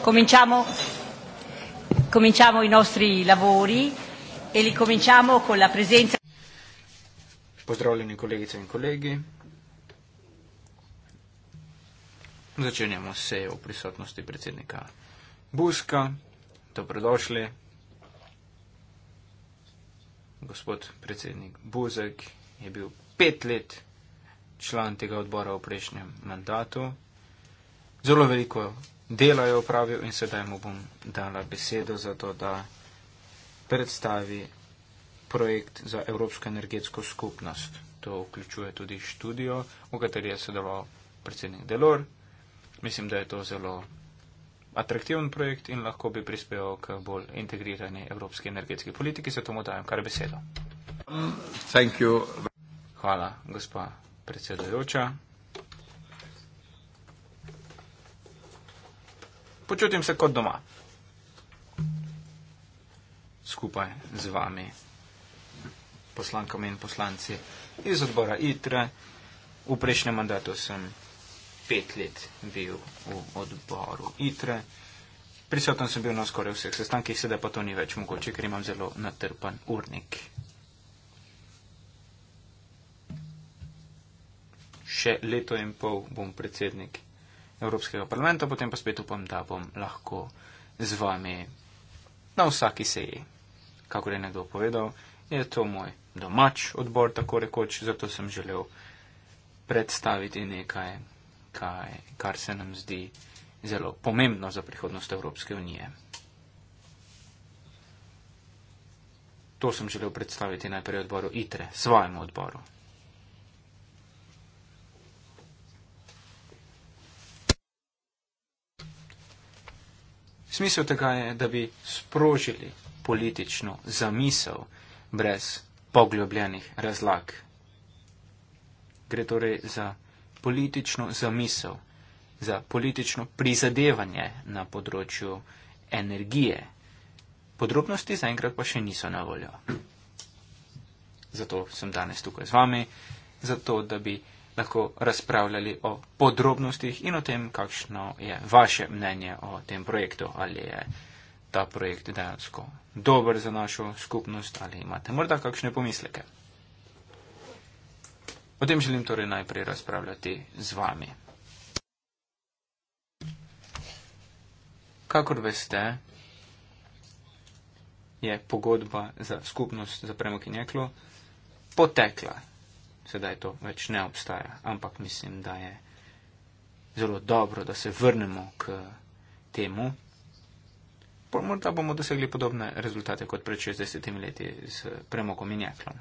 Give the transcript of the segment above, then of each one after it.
Cominciamo, cominciamo i nostri lavori e li cominciamo con la presenza. Posdrollino i colleghi e i colleghi. Začenjamo se o prisotnosti predsednika Buska. Dobrodošli. Gospod predsednik Buzek je bil pet let član tega odbora v prejšnjem mandatu. Zelo veliko dela je opravil in sedaj mu bom dala besedo za to, da predstavi projekt za Evropsko energetsko skupnost. To vključuje tudi študijo, v kateri je sodeloval predsednik Delor. Mislim, da je to zelo atraktiven projekt in lahko bi prispeval k bolj integrirani evropski energetski politiki, zato mu dajem kar besedo. Hvala, gospa predsedujoča. počutim se kot doma. Skupaj z vami, poslankami in poslanci iz odbora ITRE, v prejšnjem mandatu sem pet let bil v odboru ITRE. Prisoten sem bil na skoraj vseh sestankih, sedaj pa to ni več mogoče, ker imam zelo natrpan urnik. Še leto in pol bom predsednik Evropskega parlamenta, potem pa spet upam, da bom lahko z vami na vsaki seji. Kako je nekdo povedal, je to moj domač odbor, tako rekoč, zato sem želel predstaviti nekaj, kaj, kar se nam zdi zelo pomembno za prihodnost Evropske unije. To sem želel predstaviti najprej odboru ITRE, svojemu odboru. Smisel tega je, da bi sprožili politično zamisel brez poglobljenih razlag. Gre torej za politično zamisel, za politično prizadevanje na področju energije. Podrobnosti zaenkrat pa še niso na voljo. Zato sem danes tukaj z vami, zato da bi lahko razpravljali o podrobnostih in o tem, kakšno je vaše mnenje o tem projektu, ali je ta projekt dejansko dober za našo skupnost ali imate morda kakšne pomisleke. O tem želim torej najprej razpravljati z vami. Kakor veste, je pogodba za skupnost za premok in jeklo potekla sedaj to več ne obstaja. Ampak mislim, da je zelo dobro, da se vrnemo k temu. Morda bomo dosegli podobne rezultate kot pred 60 leti z premogom in jeklom.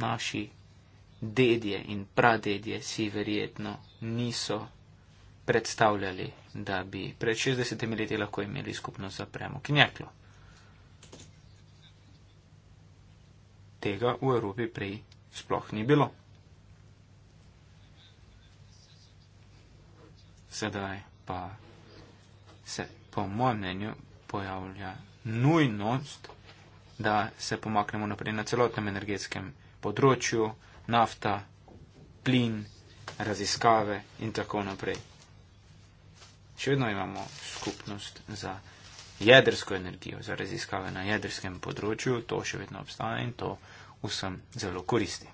Naši dedje in pradedje si verjetno niso predstavljali, da bi pred 60 leti lahko imeli skupno za premog in jeklo. tega v Evropi prej sploh ni bilo. Sedaj pa se po mojem mnenju pojavlja nujnost, da se pomaknemo naprej na celotnem energetskem področju, nafta, plin, raziskave in tako naprej. Še vedno imamo skupnost za jedrsko energijo, za raziskave na jedrskem področju, to še vedno obstaja in to vsem zelo koristi.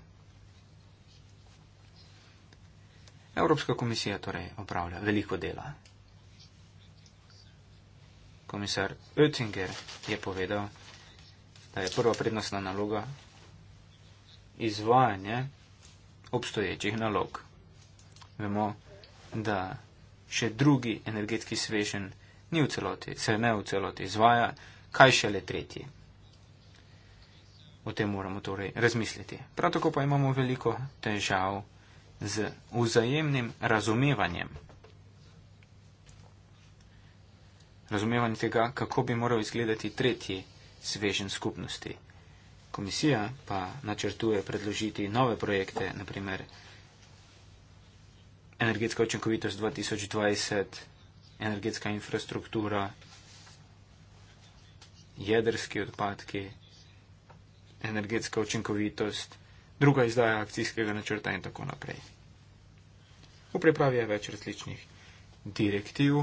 Evropska komisija torej opravlja veliko dela. Komisar Oettinger je povedal, da je prva prednostna naloga izvajanje obstoječih nalog. Vemo, da še drugi energetski svežen ni v celoti, se ne v celoti izvaja, kaj šele tretji. O tem moramo torej razmisliti. Prav tako pa imamo veliko težav z vzajemnim razumevanjem. Razumevanje tega, kako bi moral izgledati tretji svežen skupnosti. Komisija pa načrtuje predložiti nove projekte, naprimer energetska učinkovitost 2020, energetska infrastruktura, jedrski odpadki, energetska učinkovitost, druga izdaja akcijskega načrta in tako naprej. V pripravi je več različnih direktiv.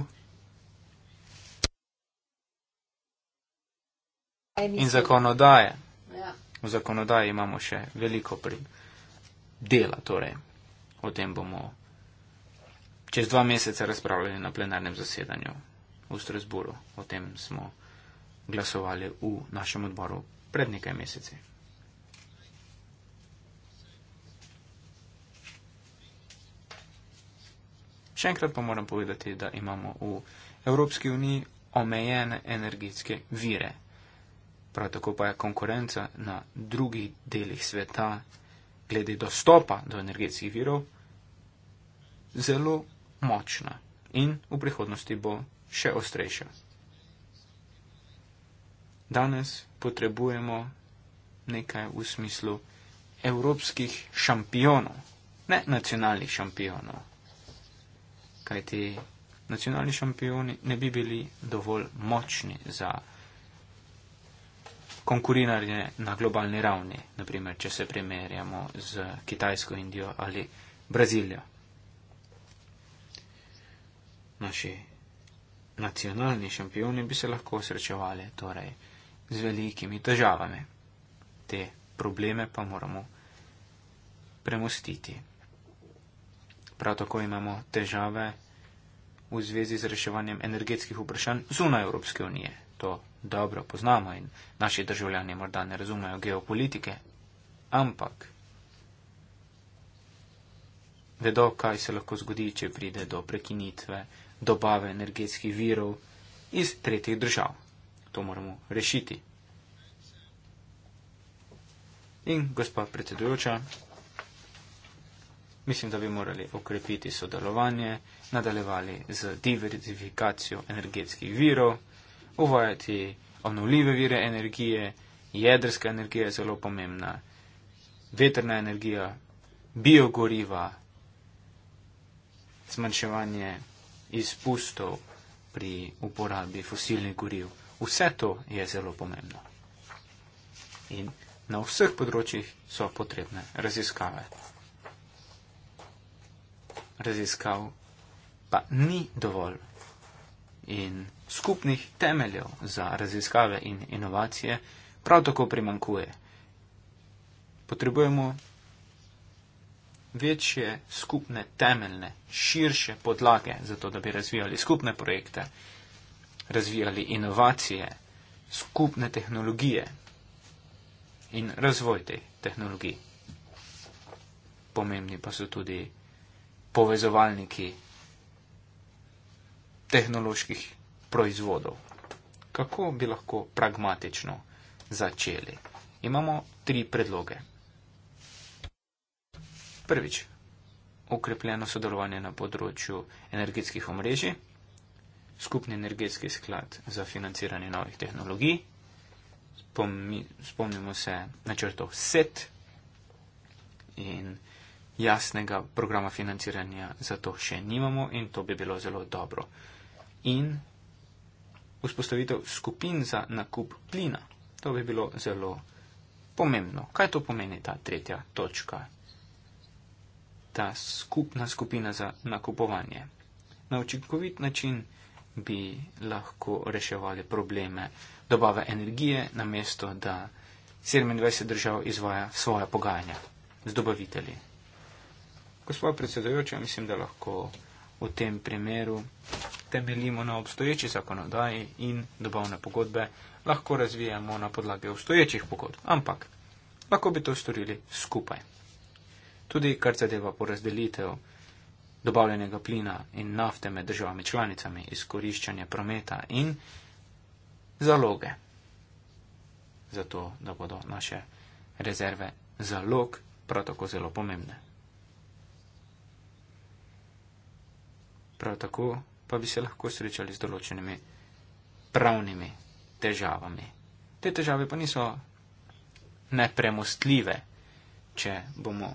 In zakonodaje. Ja. V zakonodaji imamo še veliko dela, torej o tem bomo čez dva meseca razpravljali na plenarnem zasedanju v Strasburu. O tem smo glasovali v našem odboru pred nekaj meseci. Še enkrat pa moram povedati, da imamo v Evropski uniji omejene energetske vire. Prav tako pa je konkurenca na drugih delih sveta glede dostopa do energetskih virov zelo močna in v prihodnosti bo še ostrejša. Danes potrebujemo nekaj v smislu evropskih šampionov, ne nacionalnih šampionov kajti nacionalni šampioni ne bi bili dovolj močni za konkuriranje na globalni ravni, naprimer, če se primerjamo z Kitajsko, Indijo ali Brazilijo. Naši nacionalni šampioni bi se lahko srečevali torej, z velikimi težavami. Te probleme pa moramo premostiti. Prav tako imamo težave v zvezi z reševanjem energetskih vprašanj zunaj Evropske unije. To dobro poznamo in naši državljani morda ne razumejo geopolitike, ampak vedo, kaj se lahko zgodi, če pride do prekinitve dobave energetskih virov iz tretjih držav. To moramo rešiti. In gospod predsedujoča, Mislim, da bi morali okrepiti sodelovanje, nadaljevali z diverzifikacijo energetskih virov, uvajati obnovljive vire energije, jedrska energija je zelo pomembna, veterna energija, biogoriva, zmanjševanje izpustov pri uporabi fosilnih goriv. Vse to je zelo pomembno. In na vseh področjih so potrebne raziskave raziskav pa ni dovolj. In skupnih temeljev za raziskave in inovacije prav tako primankuje. Potrebujemo večje skupne temeljne, širše podlage za to, da bi razvijali skupne projekte, razvijali inovacije, skupne tehnologije in razvoj teh tehnologij. Pomembni pa so tudi povezovalniki tehnoloških proizvodov. Kako bi lahko pragmatično začeli? Imamo tri predloge. Prvič, ukrepljeno sodelovanje na področju energetskih omrežij, skupni energetski sklad za financiranje novih tehnologij, spomnimo se načrtov SET in jasnega programa financiranja za to še nimamo in to bi bilo zelo dobro. In vzpostavitev skupin za nakup plina, to bi bilo zelo pomembno. Kaj to pomeni ta tretja točka? Ta skupna skupina za nakupovanje. Na učinkovit način bi lahko reševali probleme dobave energije, namesto da 27 držav izvaja svoje pogajanja z dobavitelji. Gospod predsedujoča, ja mislim, da lahko v tem primeru temeljimo na obstoječi zakonodaji in dobavne pogodbe lahko razvijamo na podlagi obstoječih pogodb, ampak lahko bi to storili skupaj. Tudi kar zadeva porazdelitev dobavljenega plina in nafte med državami članicami, izkoriščanje prometa in zaloge. Zato, da bodo naše rezerve zalog prav tako zelo pomembne. prav tako pa bi se lahko srečali z določenimi pravnimi težavami. Te težave pa niso nepremostljive, če bomo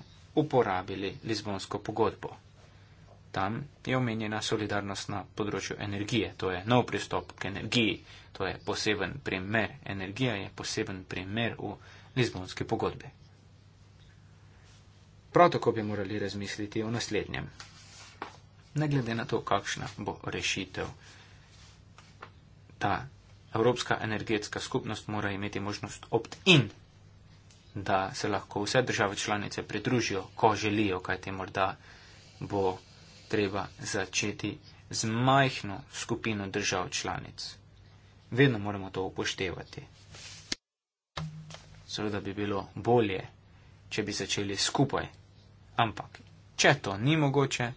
uporabili Lizbonsko pogodbo. Tam je omenjena solidarnost na področju energije, to je nov pristop k energiji, to je poseben primer, energija je poseben primer v Lizbonski pogodbi. Prav tako bi morali razmisliti o naslednjem ne glede na to, kakšna bo rešitev. Ta Evropska energetska skupnost mora imeti možnost opt-in, da se lahko vse države članice pridružijo, ko želijo, kajti morda bo treba začeti z majhno skupino držav članic. Vedno moramo to upoštevati. Seveda bi bilo bolje, če bi začeli skupaj, ampak če to ni mogoče,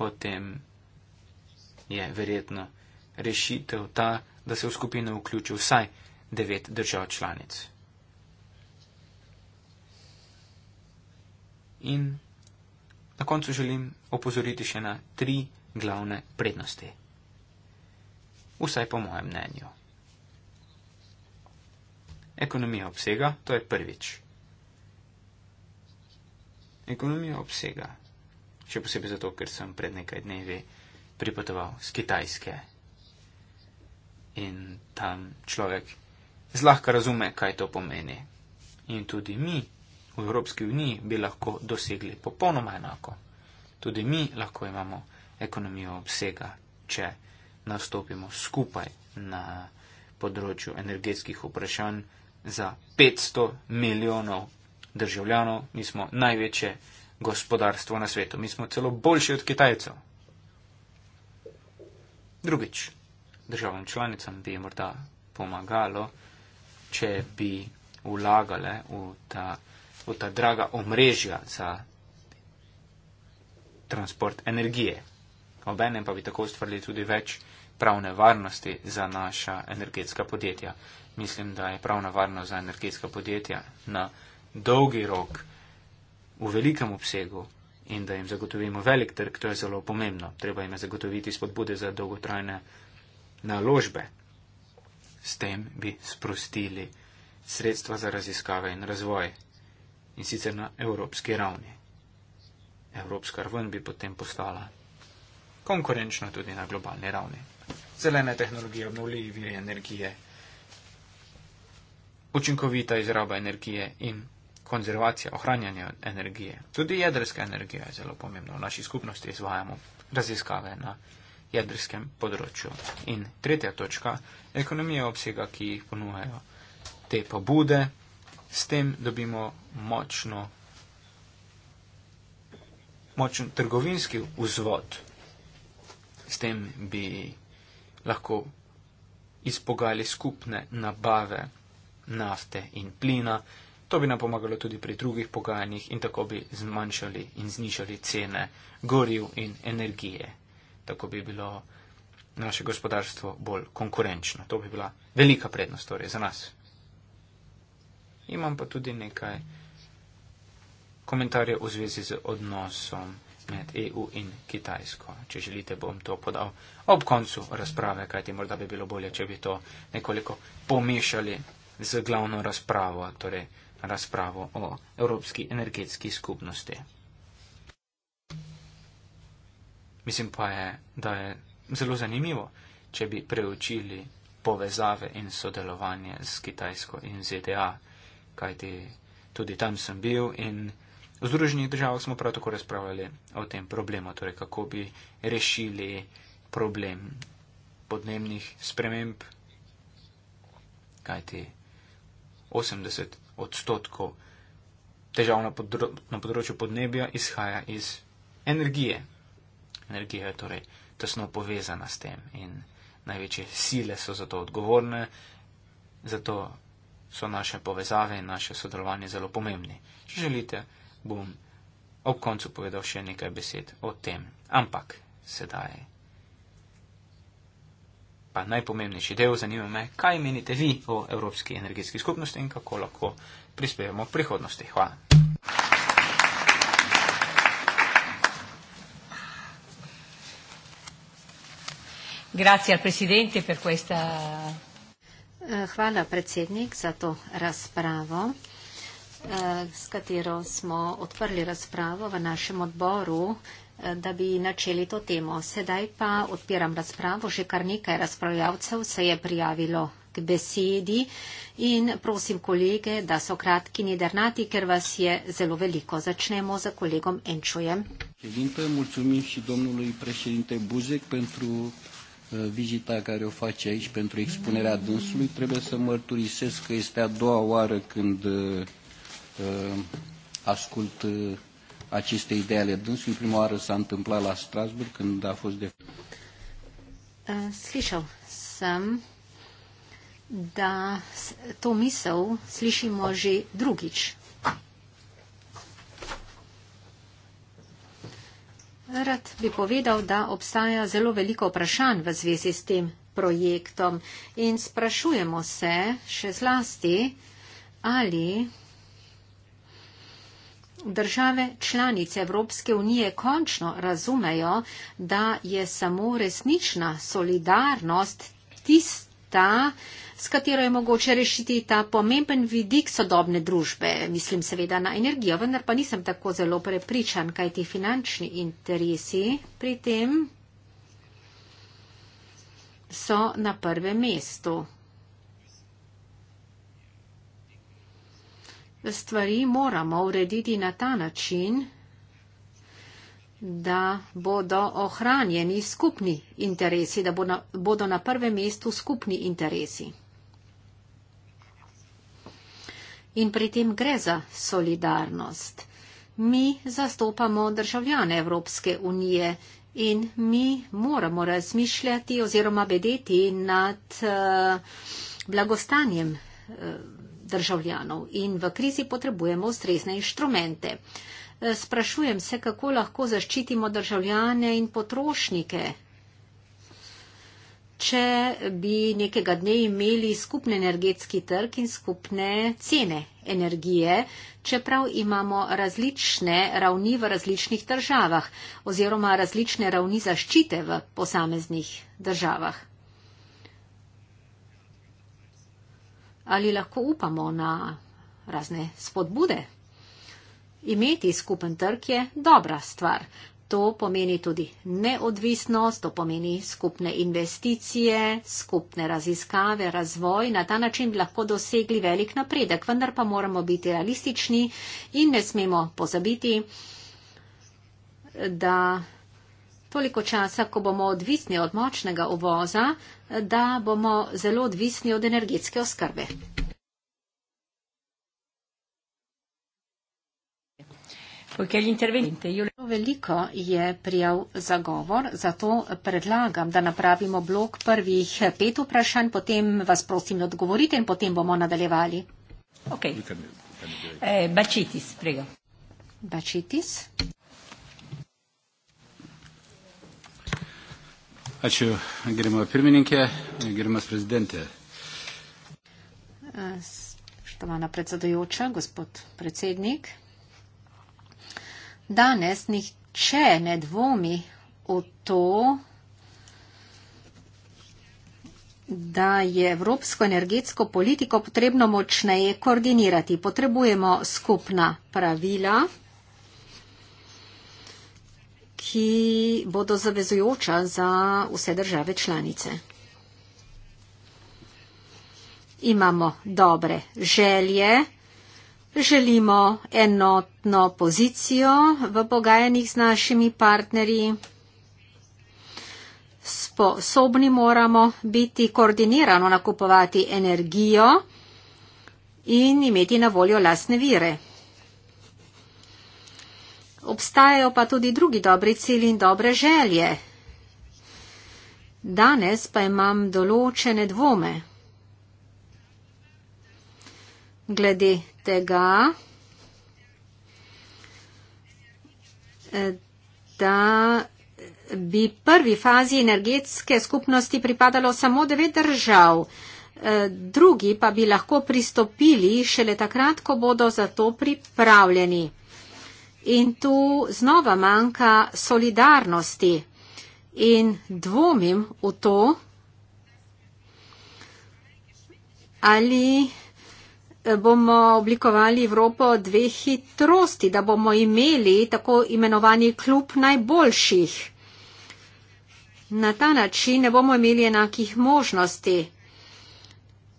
potem je verjetno rešitev ta, da se v skupino vključi vsaj devet držav članic. In na koncu želim opozoriti še na tri glavne prednosti. Vsaj po mojem mnenju. Ekonomija obsega, to je prvič. Ekonomija obsega, še posebej zato, ker sem pred nekaj dnevi pripotoval z Kitajske. In tam človek zlahka razume, kaj to pomeni. In tudi mi v Evropski uniji bi lahko dosegli popolnoma enako. Tudi mi lahko imamo ekonomijo obsega, če nastopimo skupaj na področju energetskih vprašanj za 500 milijonov državljanov. Mi smo največje gospodarstvo na svetu. Mi smo celo boljši od Kitajcev. Drugič, državam članicam bi morda pomagalo, če bi vlagale v ta, v ta draga omrežja za transport energije. Obenem pa bi tako ustvarili tudi več pravne varnosti za naša energetska podjetja. Mislim, da je pravna varnost za energetska podjetja na dolgi rok v velikem obsegu in da jim zagotovimo velik trg, to je zelo pomembno. Treba jim zagotoviti spodbude za dolgotrajne naložbe. S tem bi sprostili sredstva za raziskave in razvoj in sicer na evropski ravni. Evropska raven bi potem postala konkurenčna tudi na globalni ravni. Zelene tehnologije, obnovljivi viri energije, učinkovita izraba energije in konzervacija, ohranjanje energije. Tudi jedrska energija je zelo pomembna. V naši skupnosti izvajamo raziskave na jedrskem področju. In tretja točka, ekonomija obsega, ki jih ponujajo te pobude, s tem dobimo močno, močen trgovinski vzvod. S tem bi lahko izpogali skupne nabave nafte in plina, To bi nam pomagalo tudi pri drugih pogajanjih in tako bi zmanjšali in znižali cene goril in energije. Tako bi bilo naše gospodarstvo bolj konkurenčno. To bi bila velika prednost torej za nas. Imam pa tudi nekaj komentarjev v zvezi z odnosom med EU in Kitajsko. Če želite, bom to podal ob koncu razprave, kajti morda bi bilo bolje, če bi to nekoliko pomešali z glavno razpravo. Torej razpravo o Evropski energetski skupnosti. Mislim pa je, da je zelo zanimivo, če bi preučili povezave in sodelovanje z Kitajsko in ZDA, kajti tudi tam sem bil in v Združenih državah smo prav tako razpravljali o tem problemu, torej kako bi rešili problem podnebnih sprememb, kajti 80 odstotkov težav na, podro na področju podnebja izhaja iz energije. Energija je torej tesno povezana s tem in največje sile so za to odgovorne, zato so naše povezave in naše sodelovanje zelo pomembni. Če želite, bom ob koncu povedal še nekaj besed o tem. Ampak sedaj pa najpomembnejši del, zanima me, kaj menite vi o Evropski energetski skupnosti in kako lahko prispevamo v prihodnosti. Hvala. Grazie al Presidente per questa. Eh, hvala predsednik za to razpravo, eh, s katero smo odprli razpravo v našem odboru da bi načeli to temo. Sedaj pa odpiram razpravo. Že kar nekaj razpravljavcev se je prijavilo k besedi in prosim kolege, da so kratki nedernati, ker vas je zelo veliko. Začnemo za kolegom Enčujem. Sedinte, mulțumim și domnului președinte Buzec pentru uh, vizita care o face aici pentru expunerea dânsului. Trebuie să mărturisesc că este a doua oară când uh, uh ascult uh, acestei idei ale dânsului. Prima oară s-a întâmplat la Strasburg când a fost de... Uh, slișau sam, da to misel slišimo že drugič. Rad bi povedal, da obstaja zelo veliko vprašanj v zvezi s tem projektom in sprašujemo se še zlasti, ali države članice Evropske unije končno razumejo, da je samo resnična solidarnost tista, s katero je mogoče rešiti ta pomemben vidik sodobne družbe. Mislim seveda na energijo, vendar pa nisem tako zelo prepričan, kaj ti finančni interesi pri tem so na prvem mestu. stvari moramo urediti na ta način, da bodo ohranjeni skupni interesi, da bodo na prvem mestu skupni interesi. In pri tem gre za solidarnost. Mi zastopamo državljane Evropske unije in mi moramo razmišljati oziroma vedeti nad eh, blagostanjem eh, državljanov in v krizi potrebujemo ustrezne inštrumente. E, sprašujem se, kako lahko zaščitimo državljane in potrošnike, če bi nekega dne imeli skupni energetski trg in skupne cene energije, čeprav imamo različne ravni v različnih državah oziroma različne ravni zaščite v posameznih državah. ali lahko upamo na razne spodbude. Imeti skupen trg je dobra stvar. To pomeni tudi neodvisnost, to pomeni skupne investicije, skupne raziskave, razvoj. Na ta način bi lahko dosegli velik napredek, vendar pa moramo biti realistični in ne smemo pozabiti, da toliko časa, ko bomo odvisni od močnega uvoza, da bomo zelo odvisni od energetske oskrbe. Veliko je prijav za govor, zato predlagam, da napravimo blok prvih pet vprašanj, potem vas prosim, da odgovorite in potem bomo nadaljevali. Okay. Eh, Bačitis, prego. Bačitis. Ačiū, gerimo pirmininkė, gerimas prezidentė. Štovana predsedajoča, gospod predsednik. Danes nihče ne dvomi o to, da je evropsko energetsko politiko potrebno močneje koordinirati. Potrebujemo skupna pravila ki bodo zavezujoča za vse države članice. Imamo dobre želje, želimo enotno pozicijo v pogajanjih z našimi partnerji. Sposobni moramo biti koordinirano nakupovati energijo in imeti na voljo lasne vire. Obstajajo pa tudi drugi dobri cilji in dobre želje. Danes pa imam določene dvome glede tega, eh, da bi prvi fazi energetske skupnosti pripadalo samo devet držav, eh, drugi pa bi lahko pristopili šele takrat, ko bodo za to pripravljeni in tu znova manjka solidarnosti. In dvomim v to, ali eh, bomo oblikovali Evropo dveh hitrosti, da bomo imeli tako imenovani klub najboljših. Na ta način ne bomo imeli enakih možnosti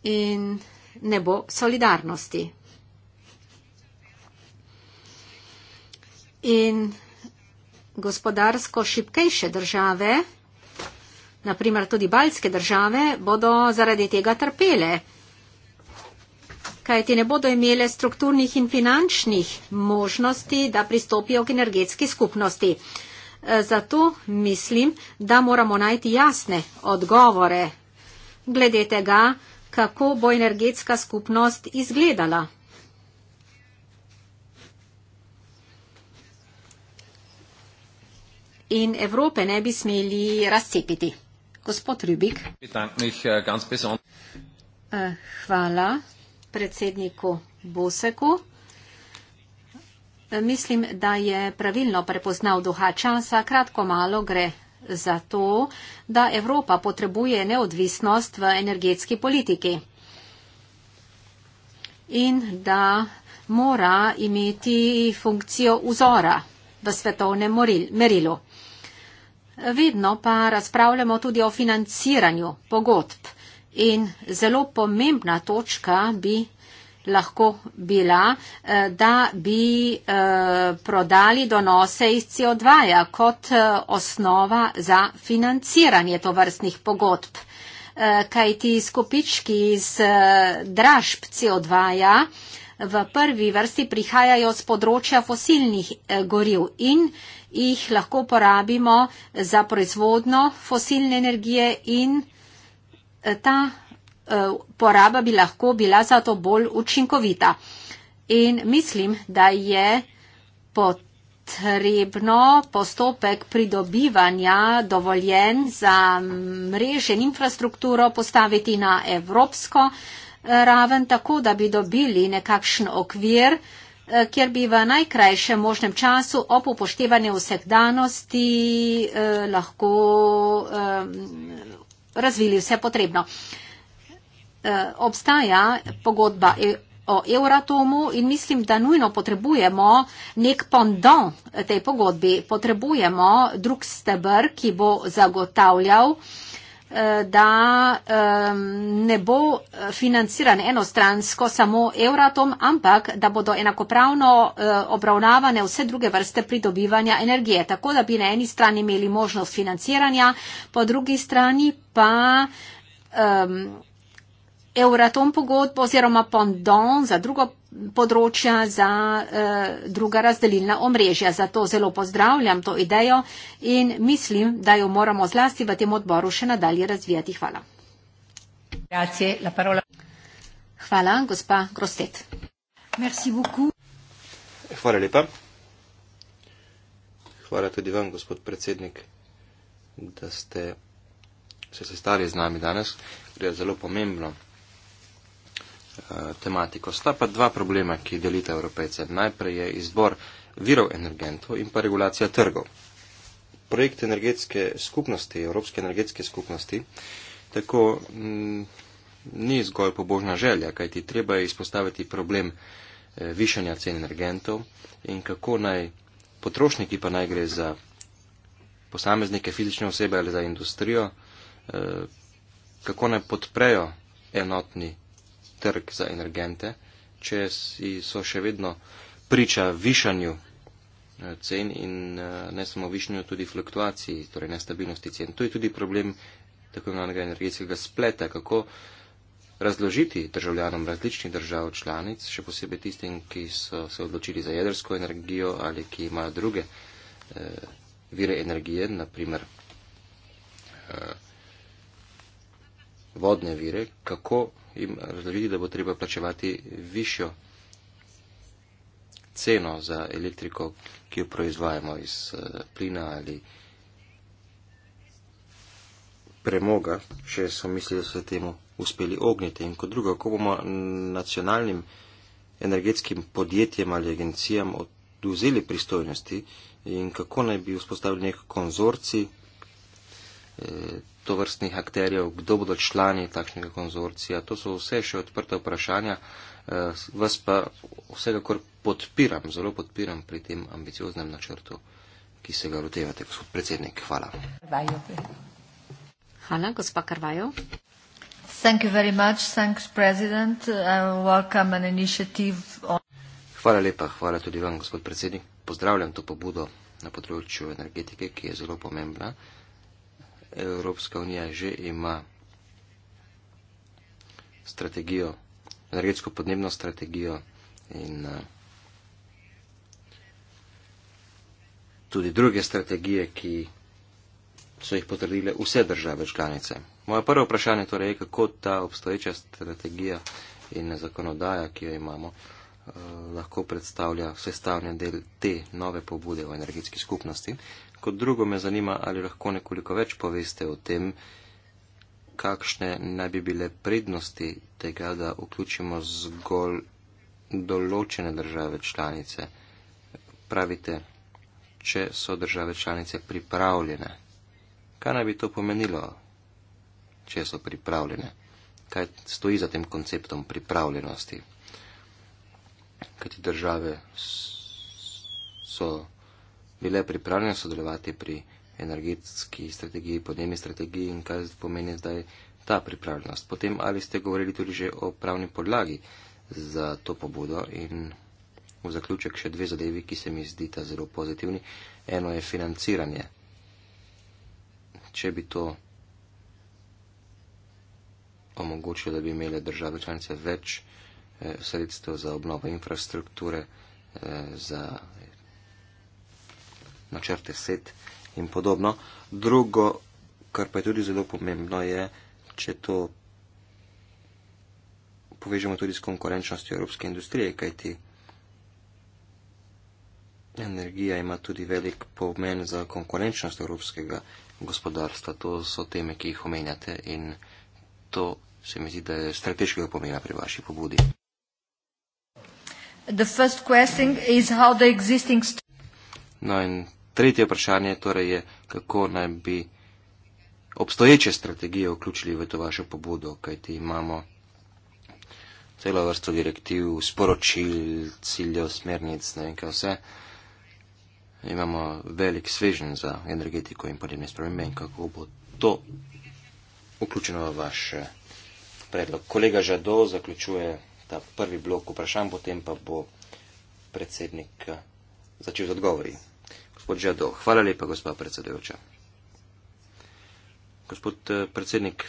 in ne bo solidarnosti. in gospodarsko šipkejše države, naprimer tudi baljske države, bodo zaradi tega trpele, kajti ne bodo imele strukturnih in finančnih možnosti, da pristopijo k energetski skupnosti. E, zato mislim, da moramo najti jasne odgovore glede tega, kako bo energetska skupnost izgledala. in Evrope ne bi smeli razcepiti. Gospod Rubik. Eh, hvala predsedniku Boseku. Eh, mislim, da je pravilno prepoznal duha časa. Kratko malo gre za to, da Evropa potrebuje neodvisnost v energetski politiki in da mora imeti funkcijo vzora v svetovnem merilu. Vedno pa razpravljamo tudi o financiranju pogodb in zelo pomembna točka bi lahko bila, eh, da bi eh, prodali donose iz CO2-ja kot eh, osnova za financiranje tovrstnih pogodb. Kaj ti skupički iz dražb CO2-ja? v prvi vrsti prihajajo z področja fosilnih eh, goriv in jih lahko porabimo za proizvodno fosilne energije in eh, ta eh, poraba bi lahko bila zato bolj učinkovita. In mislim, da je potrebno postopek pridobivanja dovoljen za mrežen infrastrukturo postaviti na evropsko raven tako, da bi dobili nekakšen okvir, eh, kjer bi v najkrajšem možnem času ob upoštevanju vseh danosti eh, lahko eh, razvili vse potrebno. Eh, obstaja pogodba e-, o Euratomu in mislim, da nujno potrebujemo nek pondon tej pogodbi. Potrebujemo drug stebr, ki bo zagotavljal eh, Eh, da eh, ne bo financiran enostransko samo Euratom, ampak da bodo enakopravno eh, obravnavane vse druge vrste pridobivanja energije. Tako da bi na eni strani imeli možnost financiranja, po drugi strani pa. Um, Euratom pogodbo oziroma pondon za drugo področja, za eh, druga razdelilna omrežja. Zato zelo pozdravljam to idejo in mislim, da jo moramo zlasti v tem odboru še nadalje razvijati. Hvala. Grazie, Hvala, gospa Grostet. Merci Hvala lepa. Hvala tudi vam, gospod predsednik, da ste se sestali z nami danes, ker je zelo pomembno. Eh, tematiko. Sta pa dva problema, ki delita Evropejce. Najprej je izbor virov energentov in pa regulacija trgov. Projekt energetske skupnosti, Evropske energetske skupnosti, tako m, mm, ni zgolj pobožna želja, kajti treba je izpostaviti problem eh, višanja cen energentov in kako naj potrošniki, pa naj gre za posameznike, fizične osebe ali za industrijo, eh, kako naj podprejo enotni trg za energente, če so še vedno priča višanju eh, cen in eh, ne samo višanju, tudi fluktuaciji, torej nestabilnosti cen. To je tudi problem tako imenovanega energetskega spleta, kako razložiti državljanom različnih držav članic, še posebej tistim, ki so se odločili za jedrsko energijo ali ki imajo druge eh, vire energije, naprimer eh, vodne vire, kako jim razložiti, da bo treba plačevati višjo ceno za elektriko, ki jo proizvajamo iz eh, plina ali premoga, še so mislili, da so se temu uspeli ogniti. In kot drugo, ko bomo nacionalnim energetskim podjetjem ali agencijam oduzeli pristojnosti in kako naj bi vzpostavili nek konzorci, eh, to vrstnih akterjev, kdo bodo člani takšnega konzorcija. To so vse še odprta vprašanja. Eh, vas pa vsekakor podpiram, zelo podpiram pri tem ambicioznem načrtu, ki se ga lotevate, gospod predsednik. Hvala. Hvala, Hvala gospa Karvajo. Thank much, hvala lepa, hvala tudi vam, gospod predsednik. Pozdravljam to pobudo na področju energetike, ki je zelo pomembna. Evropska unija že ima strategijo, energetsko podnebno strategijo in eh, tudi druge strategije, ki so jih potrdile vse države članice. Moje prvo vprašanje torej je, kako ta obstoječa strategija in zakonodaja, ki jo imamo, eh, lahko predstavlja sestavljen del te nove pobude v energetski skupnosti kot drugo me zanima, ali lahko nekoliko več poveste o tem, kakšne naj bi bile prednosti tega, da vključimo zgolj določene države članice. Pravite, če so države članice pripravljene. Kaj naj bi to pomenilo, če so pripravljene? Kaj stoji za tem konceptom pripravljenosti? Kaj ti države so pripravljene? bile pripravljene sodelovati pri energetski strategiji, podnebni strategiji in kaj pomeni zdaj ta pripravljenost. Potem ali ste govorili tudi že o pravni podlagi za to pobudo in v zaključek še dve zadevi, ki se mi zdita zelo pozitivni. Eno je financiranje. Če bi to omogočilo, da bi imele države članice več eh, sredstev za obnovo infrastrukture, eh, za načrte set in podobno. Drugo, kar pa je tudi zelo pomembno, je, če to povežemo tudi s konkurenčnostjo evropske industrije, kajti energija ima tudi velik pomen za konkurenčnost evropskega gospodarstva. To so teme, ki jih omenjate in to se mi zdi, da je strateškega pomena pri vaši pobudi. No, in Tretje vprašanje torej je, kako naj bi obstoječe strategije vključili v to vašo pobudo, kajti imamo celo vrsto direktiv, sporočil, ciljev, smernic, ne vem kaj vse. Imamo velik svežen za energetiko in podnebne spremembe in kako bo to vključeno v vaš eh, predlog. Kolega Žado zaključuje ta prvi blok vprašanj, potem pa bo predsednik eh, začel z odgovori od Žado. Hvala lepa, gospa predsedujoča. Gospod eh, predsednik,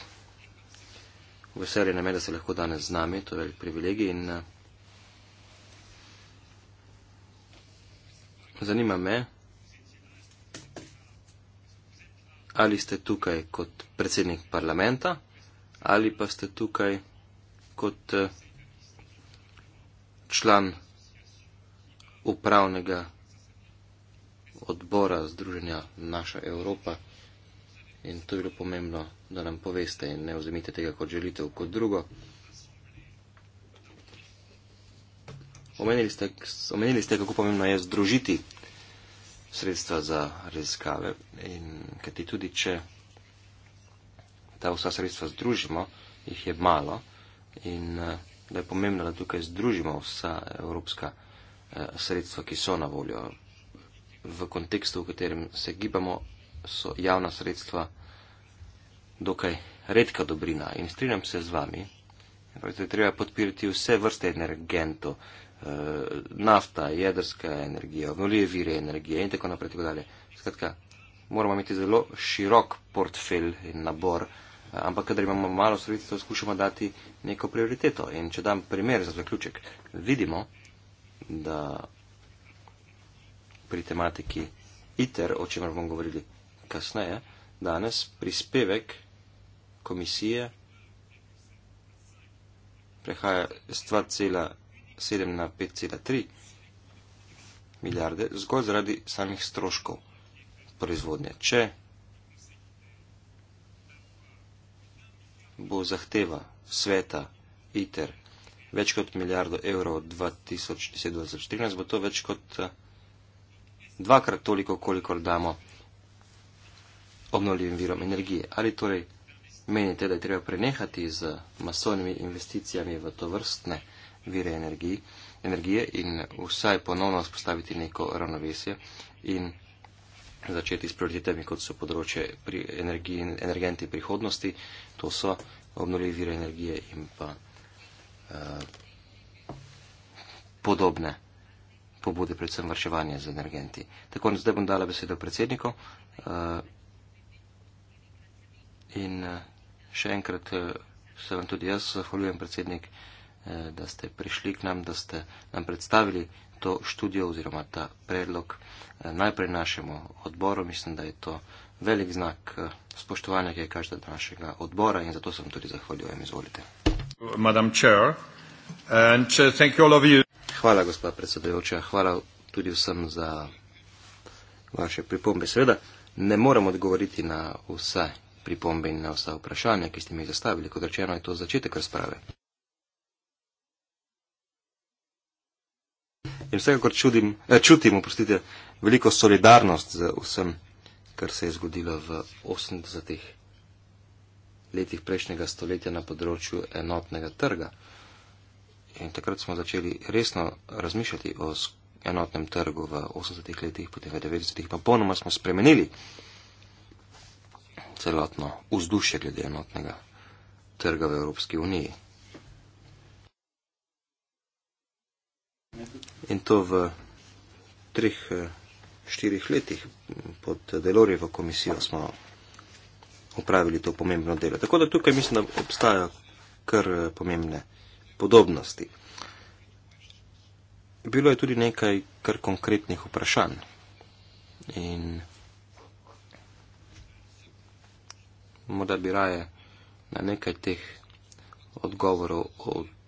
veselje na me, da se lahko danes z nami, to je velik privilegij in eh, zanima me, ali ste tukaj kot predsednik parlamenta ali pa ste tukaj kot eh, član upravnega odbora Združenja Naša Evropa. In to je bilo pomembno, da nam poveste in ne vzemite tega kot želitev, kot drugo. Omenili ste, omenili ste kako pomembno je združiti sredstva za raziskave in kajti tudi, če ta vsa sredstva združimo, jih je malo in eh, da je pomembno, da tukaj združimo vsa evropska eh, sredstva, ki so na voljo, v kontekstu, v katerem se gibamo, so javna sredstva dokaj redka dobrina. In strinjam se z vami, torej, da je treba podpirati vse vrste energentov, eh, nafta, jedrska energija, obnovljive vire energije in tako naprej. Tako Skratka, moramo imeti zelo širok portfelj in nabor, eh, ampak kadar imamo malo sredstva, skušamo dati neko prioriteto. In če dam primer za zaključek, vidimo, da pri tematiki ITER, o čemer bomo govorili kasneje, danes prispevek komisije prehaja z 2,7 na 5,3 milijarde zgolj zaradi samih stroškov proizvodnje. Če bo zahteva sveta ITER več kot milijardo evrov 2010-2014, bo to več kot eh, dvakrat toliko, kolikor damo obnovljivim virom energije. Ali torej menite, da je treba prenehati z masovnimi investicijami v to vrstne vire energiji, energije in vsaj ponovno vzpostaviti neko ravnovesje in začeti s prioritetami, kot so področje pri energiji, energenti prihodnosti, to so obnovljive vire energije in pa eh, podobne pobude, predvsem vrševanje z energenti. Tako, no, zdaj bom dala besedo predsedniku. Eh, in eh, še enkrat eh, se vam tudi jaz zahvaljujem, predsednik, da ste prišli k nam, da ste nam predstavili to študijo oziroma ta predlog najprej našemu odboru. Mislim, da je to velik znak spoštovanja, ki je každa našega odbora in zato sem tudi zahvaljujem. Izvolite. Madam Chair, and uh, thank you all of you. Hvala, gospa predsedajoča. Hvala tudi vsem za vaše pripombe. Seveda ne moram odgovoriti na vse pripombe in na vsa vprašanja, ki ste mi zastavili. Kot rečeno, je to začetek razprave. In vsekakor čudim, eh, čutim, oprostite, veliko solidarnost z vsem, kar se je zgodilo v 80-ih letih prejšnjega stoletja na področju enotnega trga. In takrat smo začeli resno razmišljati o enotnem trgu v 80-ih letih, potem v 90-ih, pa ponoma smo spremenili celotno vzdušje glede enotnega trga v Evropski uniji. In to v treh, štirih letih pod Delorjevo komisijo smo opravili to pomembno delo. Tako da tukaj mislim, da obstajajo kar pomembne podobnosti. Bilo je tudi nekaj kar konkretnih vprašanj in morda bi raje na nekaj teh odgovorov,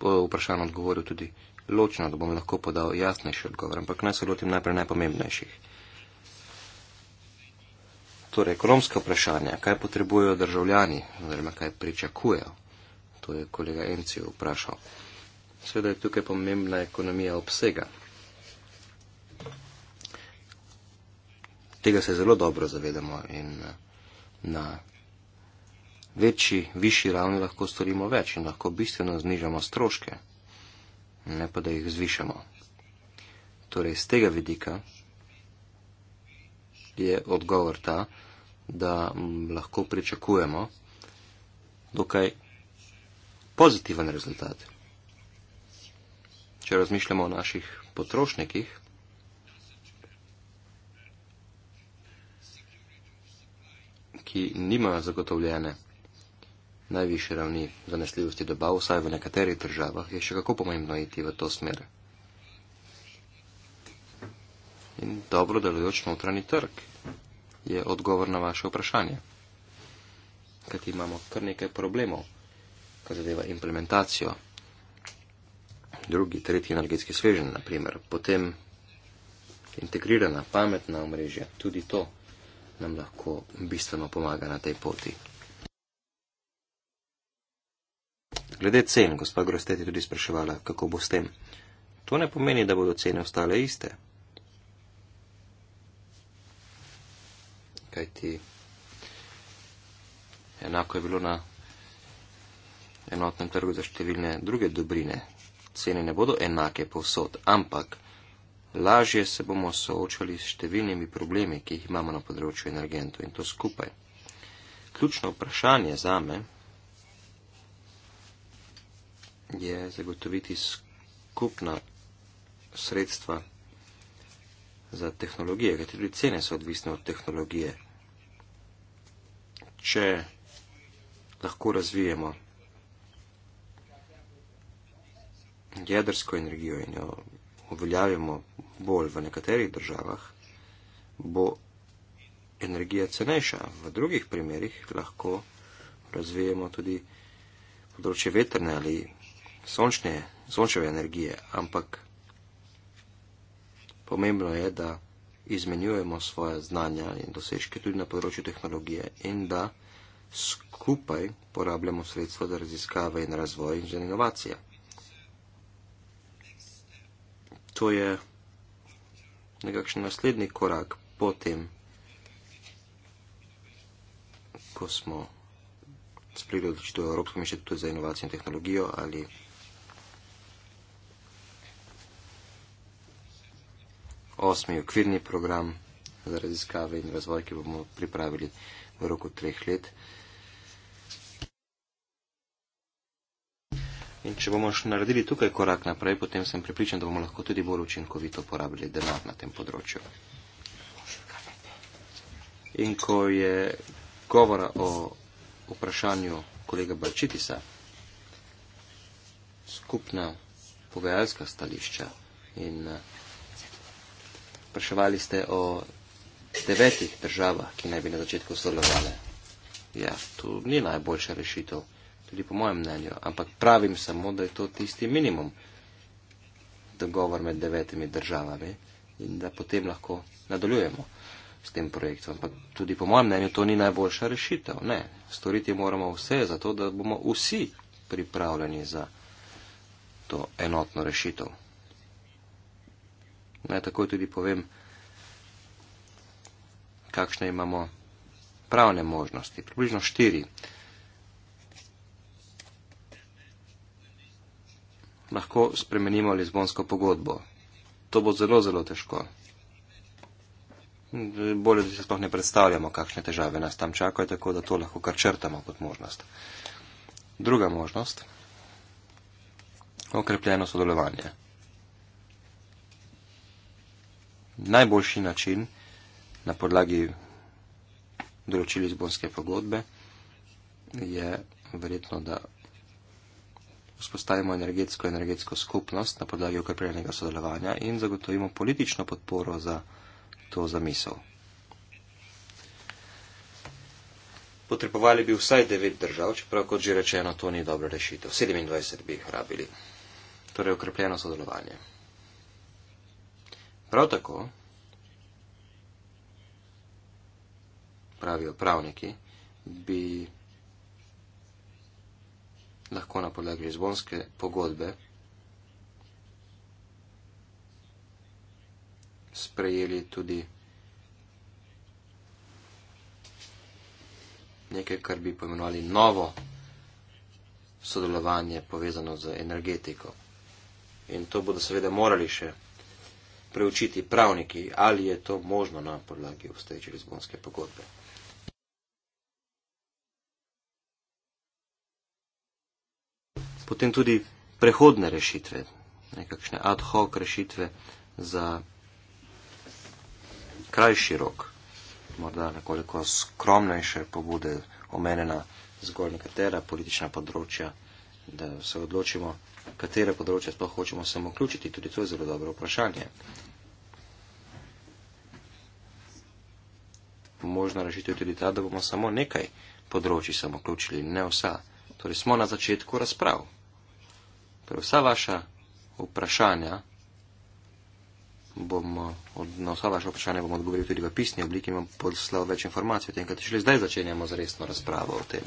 vprašanj odgovoril tudi ločno, da bom lahko podal jasnejši odgovor, ampak naj se lotim najprej najpomembnejših. Torej, ekonomska vprašanja, kaj potrebujejo državljani, oziroma kaj pričakujejo, to je kolega Encijo vprašal. Seveda je tukaj pomembna ekonomija obsega. Tega se zelo dobro zavedamo in eh, na večji, višji ravni lahko storimo več in lahko bistveno znižamo stroške, ne pa da jih zvišamo. Torej, z tega vidika je odgovor ta, da mm, lahko pričakujemo dokaj pozitiven rezultat če razmišljamo o naših potrošnikih, ki nimajo zagotovljene najviše ravni zanesljivosti dobav, vsaj v nekaterih državah, je še kako pomembno iti v to smer. In dobro delujoč notranji trg je odgovor na vaše vprašanje, kajti imamo kar nekaj problemov, kar zadeva implementacijo drugi, tretji energetski svežen, naprimer, potem integrirana, pametna omrežja, tudi to nam lahko bistveno pomaga na tej poti. Glede cen, gospa Grosteti tudi spraševala, kako bo s tem. To ne pomeni, da bodo cene ostale iste. Kaj ti enako je bilo na enotnem trgu za številne druge dobrine, cene ne bodo enake povsod, ampak lažje se bomo soočali s številnimi problemi, ki jih imamo na področju energentov in to skupaj. Ključno vprašanje za me je zagotoviti skupna sredstva za tehnologije, ker tudi cene so odvisne od tehnologije. Če lahko razvijemo jedrsko energijo in jo uveljavimo bolj v nekaterih državah, bo energija cenejša. V drugih primerih lahko razvijemo tudi področje veterne ali sončne, sončeve energije, ampak pomembno je, da izmenjujemo svoje znanja in dosežke tudi na področju tehnologije in da skupaj porabljamo sredstva za raziskave in razvoj in za inovacije to je nekakšen naslednji korak po tem, ko smo sprejeli odločitev v Evropskem inštitutu za inovacijo in tehnologijo ali osmi okvirni program za raziskave in razvoj, ki bomo pripravili v roku treh let. In če bomo še naredili tukaj korak naprej, potem sem pripričan, da bomo lahko tudi bolj učinkovito porabili denar na tem področju. In ko je govora o vprašanju kolega Balčitisa, skupna pogajalska stališča in vpraševali eh, ste o devetih državah, ki naj bi na začetku sodelovali. Ja, to ni najboljša rešitev tudi po mojem mnenju, ampak pravim samo, da je to tisti minimum dogovor med devetimi državami in da potem lahko nadaljujemo s tem projektom. Ampak tudi po mojem mnenju to ni najboljša rešitev. Ne, storiti moramo vse za to, da bomo vsi pripravljeni za to enotno rešitev. Naj takoj tudi povem, kakšne imamo pravne možnosti. Približno štiri. lahko spremenimo Lizbonsko pogodbo. To bo zelo, zelo težko. Bolje, da se sploh ne predstavljamo, kakšne težave nas tam čakajo, tako da to lahko kar črtamo kot možnost. Druga možnost. Okrepljeno sodelovanje. Najboljši način na podlagi določili izbonske pogodbe je verjetno, da vzpostavimo energetsko energetsko skupnost na podlagi ukrepljenega sodelovanja in zagotovimo politično podporo za to zamisel. Potrebovali bi vsaj 9 držav, čeprav kot že rečeno, to ni dobra rešitev. 27 bi jih rabili. Torej, ukrepljeno sodelovanje. Prav tako, pravijo pravniki, bi lahko na podlagi Lizbonske pogodbe sprejeli tudi nekaj, kar bi pojmenovali novo sodelovanje povezano z energetiko. In to bodo seveda morali še preučiti pravniki, ali je to možno na podlagi obstoječe Lizbonske pogodbe. potem tudi prehodne rešitve, nekakšne ad hoc rešitve za krajši rok, morda nekoliko skromnejše pobude omenjena zgolj nekatera politična področja, da se odločimo, katere področje sploh hočemo samo vključiti. Tudi to je zelo dobro vprašanje. Možna rešitev je tudi ta, da bomo samo nekaj področji samo vključili, ne vsa. Torej smo na začetku razprav. Torej vsa vaša vprašanja bom, na vsa vaša vprašanja bom odgovoril tudi v pisni obliki, bom poslal več informacij o tem, kaj šele zdaj začenjamo z resno razpravo o tem.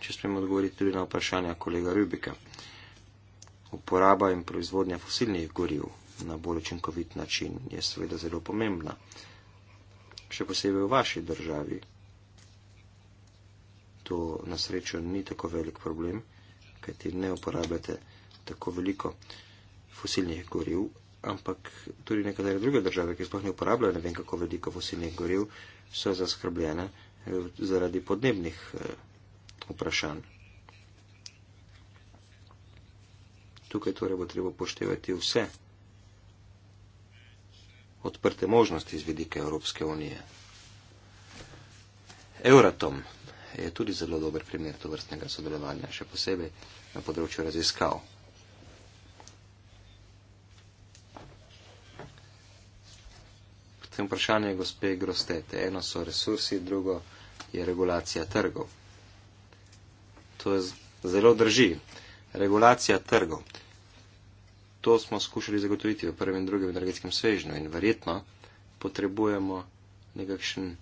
Če smemo odgovoriti tudi na vprašanja kolega Rubika. Uporaba in proizvodnja fosilnih goriv na bolj učinkovit način je seveda zelo pomembna še posebej v vaši državi. To na srečo ni tako velik problem, kajti ne uporabljate tako veliko fosilnih goriv, ampak tudi nekatere druge države, ki sploh ne uporabljajo ne vem kako veliko fosilnih goriv, so zaskrbljene eh, zaradi podnebnih eh, vprašanj. Tukaj torej bo treba poštevati vse odprte možnosti z vidika Evropske unije. Euratom je tudi zelo dober primer to vrstnega sodelovanja, še posebej na področju raziskav. Potem vprašanje gospe Grostete. Eno so resursi, drugo je regulacija trgov. To je zelo drži. Regulacija trgov to smo skušali zagotoviti v prvem in drugem energetskem svežnju in verjetno potrebujemo nekakšen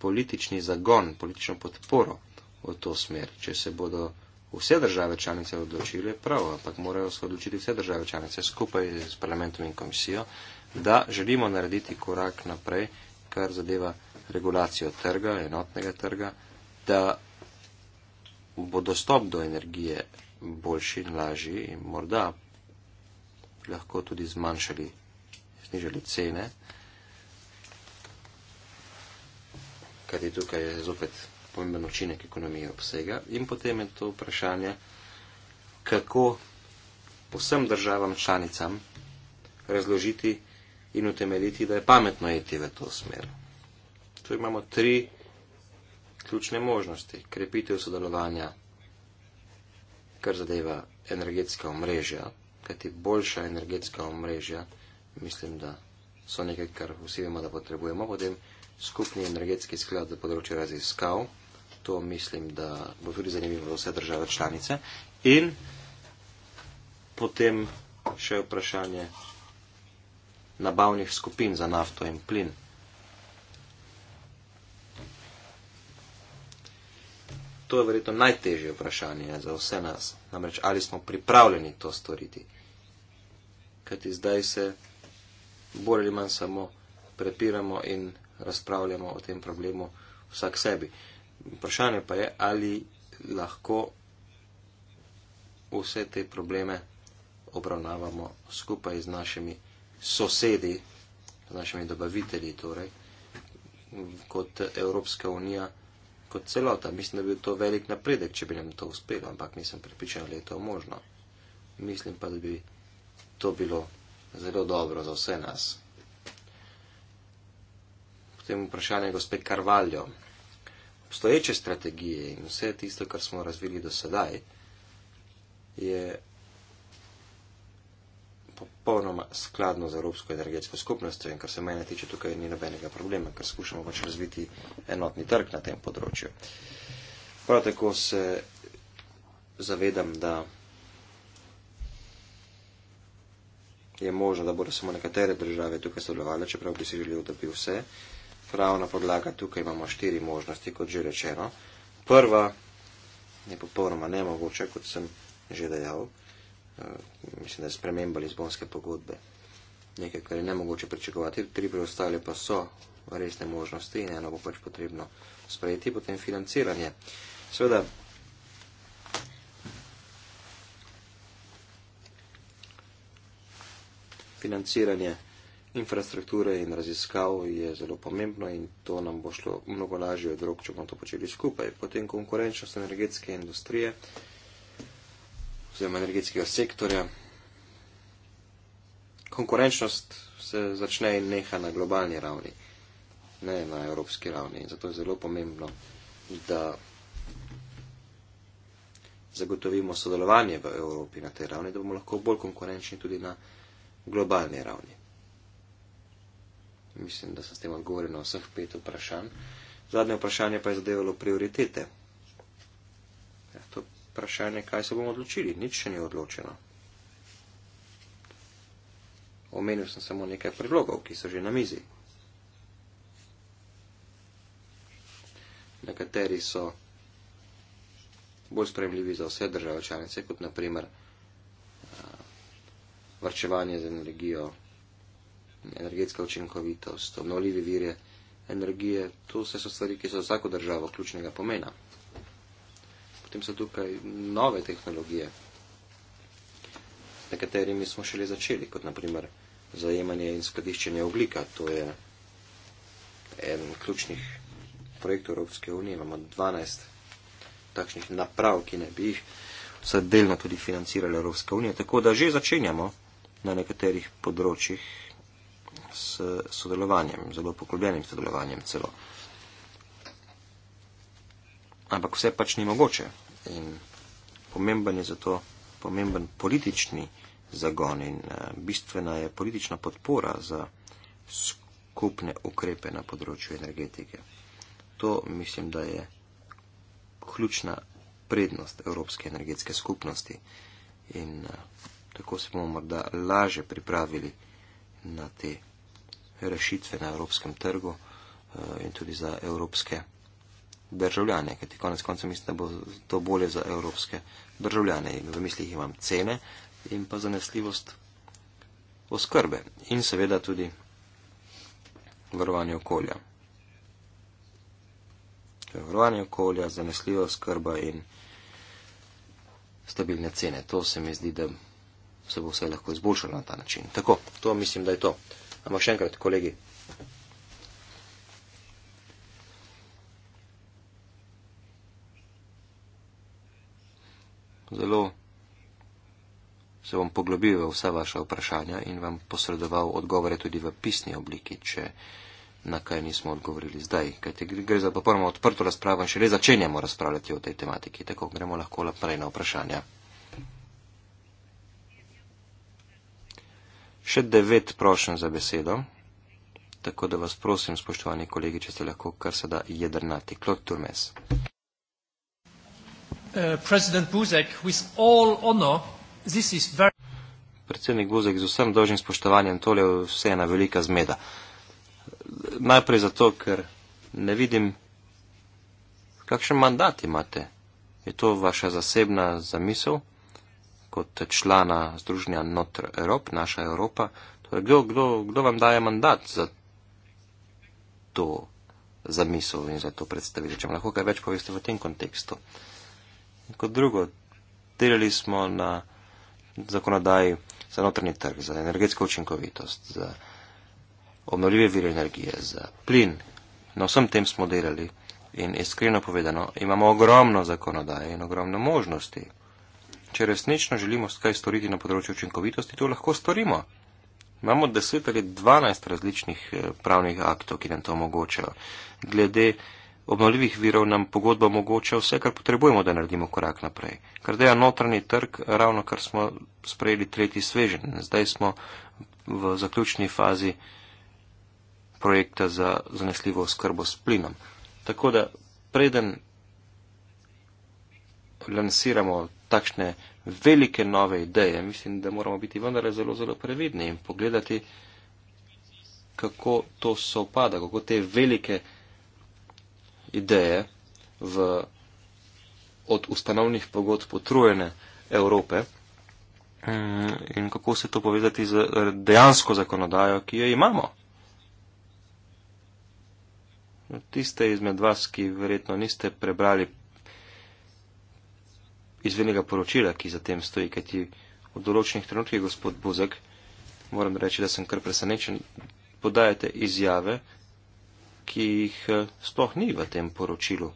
politični zagon, politično podporo v to smer, če se bodo vse države članice odločile prav, ampak morajo se odločiti vse države članice skupaj s parlamentom in komisijo, da želimo narediti korak naprej, kar zadeva regulacijo trga, enotnega trga, da bo dostop do energije boljši in lažji in morda lahko tudi zmanjšali, znižali cene, kar je tukaj zopet pomemben učinek ekonomije obsega. In potem je to vprašanje, kako vsem državam članicam razložiti in utemeljiti, da je pametno iti v to smer. Tu imamo tri ključne možnosti. Krepitev sodelovanja, kar zadeva energetska omrežja, kajti boljša energetska omrežja, mislim, da so nekaj, kar vsi vemo, da potrebujemo. Potem skupni energetski sklad za področje raziskav, to mislim, da bo tudi zanimivo za vse države članice. In potem še vprašanje nabavnih skupin za nafto in plin. to je verjetno najtežje vprašanje za vse nas. Namreč, ali smo pripravljeni to storiti. Kajti zdaj se bolj ali manj samo prepiramo in razpravljamo o tem problemu vsak sebi. Vprašanje pa je, ali lahko vse te probleme obravnavamo skupaj z našimi sosedi, z našimi dobavitelji, torej kot Evropska unija kot celota. Mislim, da bi bil to velik napredek, če bi nam to uspelo, ampak nisem pripričan, da je to možno. Mislim pa, da bi to bilo zelo dobro za vse nas. Potem vprašanje gospe Karvaljo. Obstoječe strategije in vse tisto, kar smo razvili do sedaj, je popolnoma skladno z Evropsko energetsko skupnostjo in kar se mene tiče, tukaj ni nobenega problema, ker skušamo pač razviti enotni trg na tem področju. Prav tako se zavedam, da je možno, da bodo samo nekatere države tukaj sodelovali, čeprav bi si želel, da bi vse. Pravna podlaga, tukaj imamo štiri možnosti, kot že rečeno. Prva je popolnoma nemogoče, kot sem že dejal. Eh, mislim, da je sprememba Lizbonske pogodbe. Nekaj, kar je nemogoče pričakovati, tri preostale pa so resne možnosti in eno bo pač potrebno sprejeti, potem financiranje. Sveda, financiranje infrastrukture in raziskav je zelo pomembno in to nam bo šlo mnogo lažje od rok, če bomo to počeli skupaj. Potem konkurenčnost energetske industrije oziroma energetskega sektorja. Konkurenčnost se začne in neha na globalni ravni, ne na evropski ravni. Zato je zelo pomembno, da zagotovimo sodelovanje v Evropi na tej ravni, da bomo lahko bolj konkurenčni tudi na globalni ravni. Mislim, da sem s tem odgovoril na vseh pet vprašanj. Zadnje vprašanje pa je zadevalo prioritete vprašanje, kaj se bomo odločili. Nič še ni odločeno. Omenil sem samo nekaj predlogov, ki so že na mizi. Nekateri so bolj spremljivi za vse države članice, kot naprimer eh, vrčevanje z energijo, energetska učinkovitost, obnovljivi virje energije. To vse so stvari, ki so za vsako državo ključnega pomena potem so tukaj nove tehnologije, na katerimi smo šele začeli, kot naprimer zajemanje in skladiščenje oglika. To je en ključnih projektov Evropske unije. Imamo 12 takšnih naprav, ki ne bi jih vsaj delno tudi financirali Evropska unija. Tako da že začenjamo na nekaterih področjih s sodelovanjem, zelo poklobljenim sodelovanjem celo. Ampak vse pač ni mogoče in pomemben je zato pomemben politični zagon in eh, bistvena je politična podpora za skupne ukrepe na področju energetike. To mislim, da je ključna prednost Evropske energetske skupnosti in eh, tako se bomo morda laže pripravili na te rešitve na evropskem trgu eh, in tudi za evropske državljane, ker ti konec konca mislim, da bo to bolje za evropske državljane. In v mislih imam cene in pa zanesljivost oskrbe in seveda tudi varovanje okolja. Varovanje okolja, zanesljiva oskrba in stabilne cene. To se mi zdi, da se bo vse lahko izboljšalo na ta način. Tako, to mislim, da je to. Ampak še enkrat, kolegi. zelo se bom poglobil v vsa vaša vprašanja in vam posredoval odgovore tudi v pisni obliki, če na kaj nismo odgovorili zdaj. Kajte, gre za popolnoma odprto razpravo in šele začenjamo razpravljati o tej tematiki. Tako gremo lahko naprej na vprašanja. Še devet prošen za besedo. Tako da vas prosim, spoštovani kolegi, če ste lahko kar se da jedrnati. Klot Turmes. Uh, Predsednik Buzek, z vsem dožnim spoštovanjem, tole je vse ena velika zmeda. Najprej zato, ker ne vidim, kakšen mandat imate. Je to vaša zasebna zamisel kot člana Združenja Notre Europe, naša Evropa? Torej, kdo, kdo, kdo vam daje mandat za to zamisel in za to predstavitev? Če lahko kaj več poveste v tem kontekstu kot drugo, delali smo na zakonodaji za notrni trg, za energetsko učinkovitost, za obnovljive vire energije, za plin. Na vsem tem smo delali in iskreno povedano, imamo ogromno zakonodaje in ogromno možnosti. Če resnično želimo kaj storiti na področju učinkovitosti, to lahko storimo. Imamo deset ali dvanajst različnih eh, pravnih aktov, ki nam to omogočajo. Glede obnovljivih virov nam pogodba omogoča vse, kar potrebujemo, da naredimo korak naprej. Ker da je notranji trg, ravno kar smo sprejeli tretji svežen. Zdaj smo v zaključni fazi projekta za zanesljivo skrbo s plinom. Tako da, preden lansiramo takšne velike nove ideje, mislim, da moramo biti vendarle zelo, zelo previdni in pogledati, kako to sovpada, kako te velike ideje v, od ustanovnih pogodb potrujene Evrope eh, in kako se to povezati z dejansko zakonodajo, ki jo imamo. No, tiste izmed vas, ki verjetno niste prebrali izvenega poročila, ki za tem stoji, kaj ti v določenih trenutkih, gospod Buzek, moram reči, da sem kar presenečen, podajate izjave, ki jih eh, sploh ni v tem poročilu,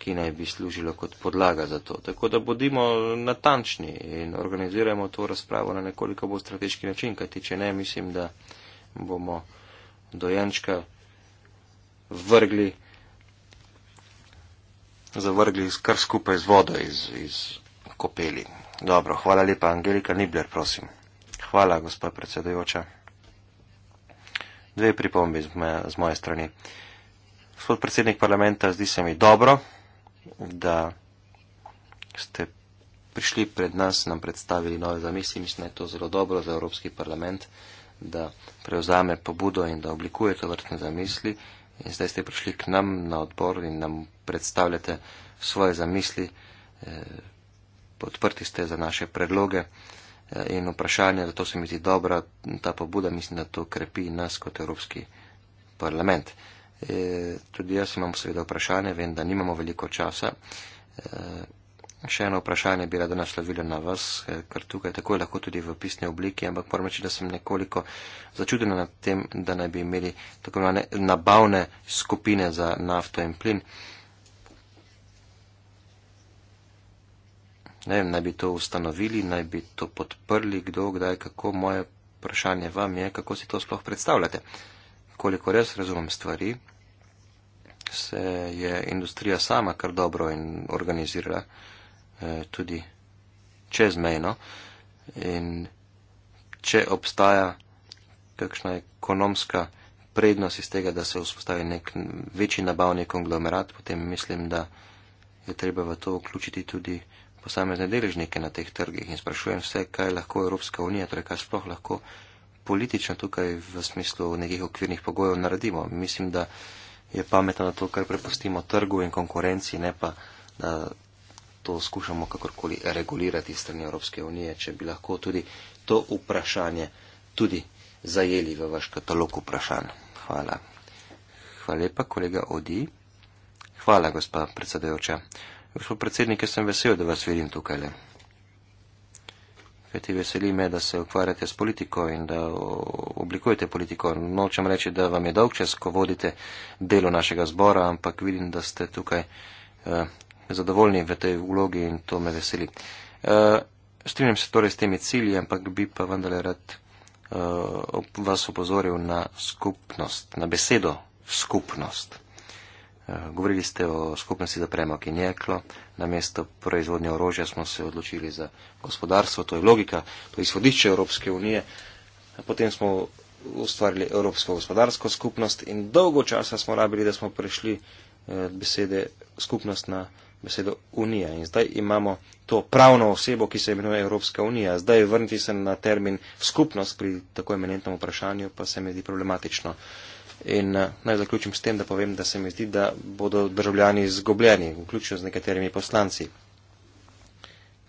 ki naj bi služilo kot podlaga za to. Tako da bodimo natančni in organizirajmo to razpravo na nekoliko bolj strateški način, kajti če ne, mislim, da bomo dojenčka vrgli, zavrgli kar skupaj z vodo iz, iz kopeli. Dobro, hvala lepa, Angelika Nibler, prosim. Hvala, gospod predsedujoča dve pripombi z, me, z moje strani. Gospod predsednik parlamenta, zdi se mi dobro, da ste prišli pred nas, nam predstavili nove zamisli. Mislim, da je to zelo dobro za Evropski parlament, da prevzame pobudo in da oblikuje to vrtne zamisli. In zdaj ste prišli k nam na odbor in nam predstavljate svoje zamisli. Eh, podprti ste za naše predloge. Eh, in vprašanje, zato se mi zdi dobra ta pobuda, mislim, da to krepi nas kot Evropski parlament. E, tudi jaz imam seveda vprašanje, vem, da nimamo veliko časa. E, še eno vprašanje bi rada naslovila na vas, ker tukaj tako je lahko tudi v pisni obliki, ampak moram reči, da sem nekoliko začudena nad tem, da naj bi imeli tako imenovane nabavne skupine za nafto in plin. E, ne vem, naj bi to ustanovili, naj bi to podprli, kdo, kdaj, kako. Moje vprašanje vam je, kako si to sploh predstavljate. Koliko res razumem stvari, se je industrija sama kar dobro in organizirala, eh, tudi čezmejno. In če obstaja kakšna ekonomska prednost iz tega, da se vzpostavi nek večji nabavni konglomerat, potem mislim, da je treba v to vključiti tudi posamezne deležnike na teh trgih in sprašujem vse, kaj lahko Evropska unija, torej kaj sploh lahko politično tukaj v smislu nekih okvirnih pogojev naredimo. Mislim, da je pametno, da to kar prepustimo trgu in konkurenci, ne pa, da to skušamo kakorkoli regulirati strani Evropske unije, če bi lahko tudi to vprašanje tudi zajeli v vaš katalog vprašanj. Hvala. Hvala lepa, kolega Odi. Hvala, gospa predsedajoča. Gospod predsednik, jaz sem vesel, da vas vidim tukaj. Kaj ti veseli me, da se ukvarjate s politiko in da oblikujete politiko. Nočem reči, da vam je dolg čas, ko vodite delo našega zbora, ampak vidim, da ste tukaj eh, zadovoljni v tej vlogi in to me veseli. Eh, strinjam se torej s temi cilji, ampak bi pa vendarle rad eh, vas opozoril na skupnost, na besedo skupnost. Eh, govorili ste o skupnosti za premok in jeklo, na mesto proizvodnje orožja smo se odločili za gospodarstvo, to je logika, to je izhodišče Evropske unije. Potem smo ustvarili Evropsko gospodarsko skupnost in dolgo časa smo rabili, da smo prišli od eh, besede skupnost na besedo Unija. In zdaj imamo to pravno osebo, ki se imenuje Evropska unija. Zdaj vrniti se na termin skupnost pri tako eminentnem vprašanju pa se mi zdi problematično. Uh, In eh, naj zaključim s tem, da povem, da se mi zdi, da bodo državljani zgobljeni, vključno z nekaterimi poslanci,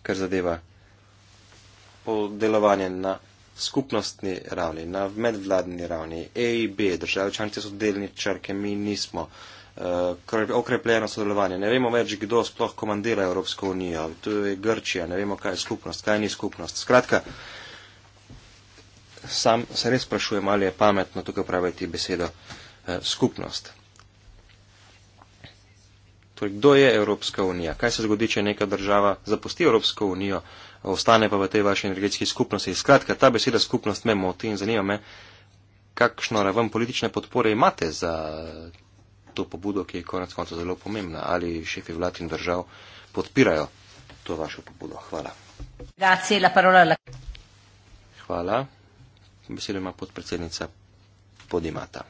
kar zadeva podelovanje na skupnostni ravni, na medvladni ravni, A in B, države članice so delni črke, mi nismo. Uh, okrepljeno sodelovanje. Ne vemo več, kdo sploh komandira Evropsko unijo. To je Grčija, ne vemo, kaj je skupnost, kaj ni skupnost. Skratka, uh, sam se res sprašujem, ali je pametno tukaj praviti besedo eh, skupnost. Torej, kdo je Evropska unija? Kaj se zgodi, če neka država zapusti Evropsko unijo, ostane pa v tej vaši energetski skupnosti? Skratka, ta beseda skupnost me moti in zanima me, kakšno raven politične podpore imate za to pobudo, ki je konec konca zelo pomembna, ali šefi vlad in držav podpirajo to vašo pobudo. Hvala. Hvala. Besedo ima podpredsednica Podimata.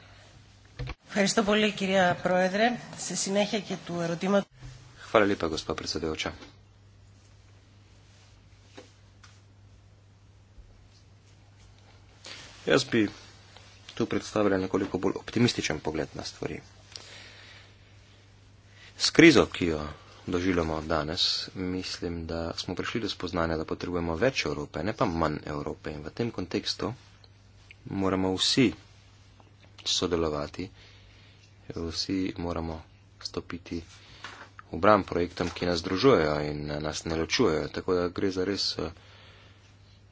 Hvala lepa, gospod predsedujoča. Jaz bi tu predstavila nekoliko bolj optimističen pogled na stvari. S krizo, ki jo doživljamo danes, mislim, da smo prišli do spoznanja, da potrebujemo več Evrope, ne pa manj Evrope. In v tem kontekstu moramo vsi sodelovati, vsi moramo stopiti v bran projektom, ki nas združujejo in nas ne ločujejo. Tako da gre za res eh,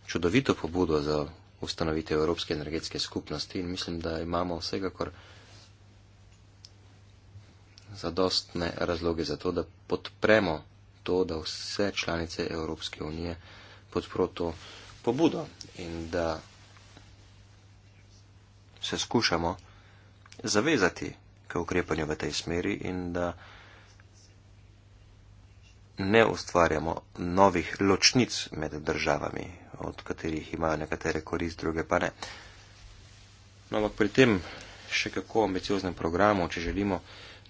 čudovito pobudo za ustanovitev Evropske energetske skupnosti in mislim, da imamo vsekakor zadostne razloge za to, da podpremo to, da vse članice Evropske unije podprto pobudo in da se skušamo zavezati k ukrepanju v tej smeri in da ne ustvarjamo novih ločnic med državami, od katerih imajo nekatere korist, druge pa ne. No, ampak pri tem še kako ambicioznem programu, če želimo,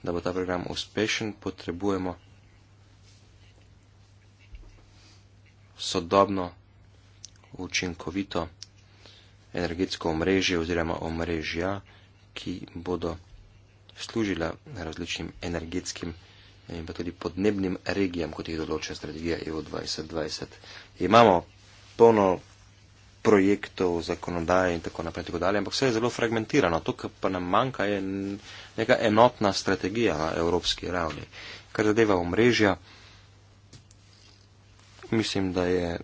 da bo ta program uspešen, potrebujemo sodobno, učinkovito, energetsko omrežje oziroma omrežja, ki bodo služila različnim energetskim in pa tudi podnebnim regijam, kot jih določa strategija EU 2020. Imamo polno projektov, zakonodaje in tako naprej, tako dalje, ampak vse je zelo fragmentirano. To, kar pa nam manjka, je neka enotna strategija na evropski ravni. Kar zadeva omrežja, mislim, da je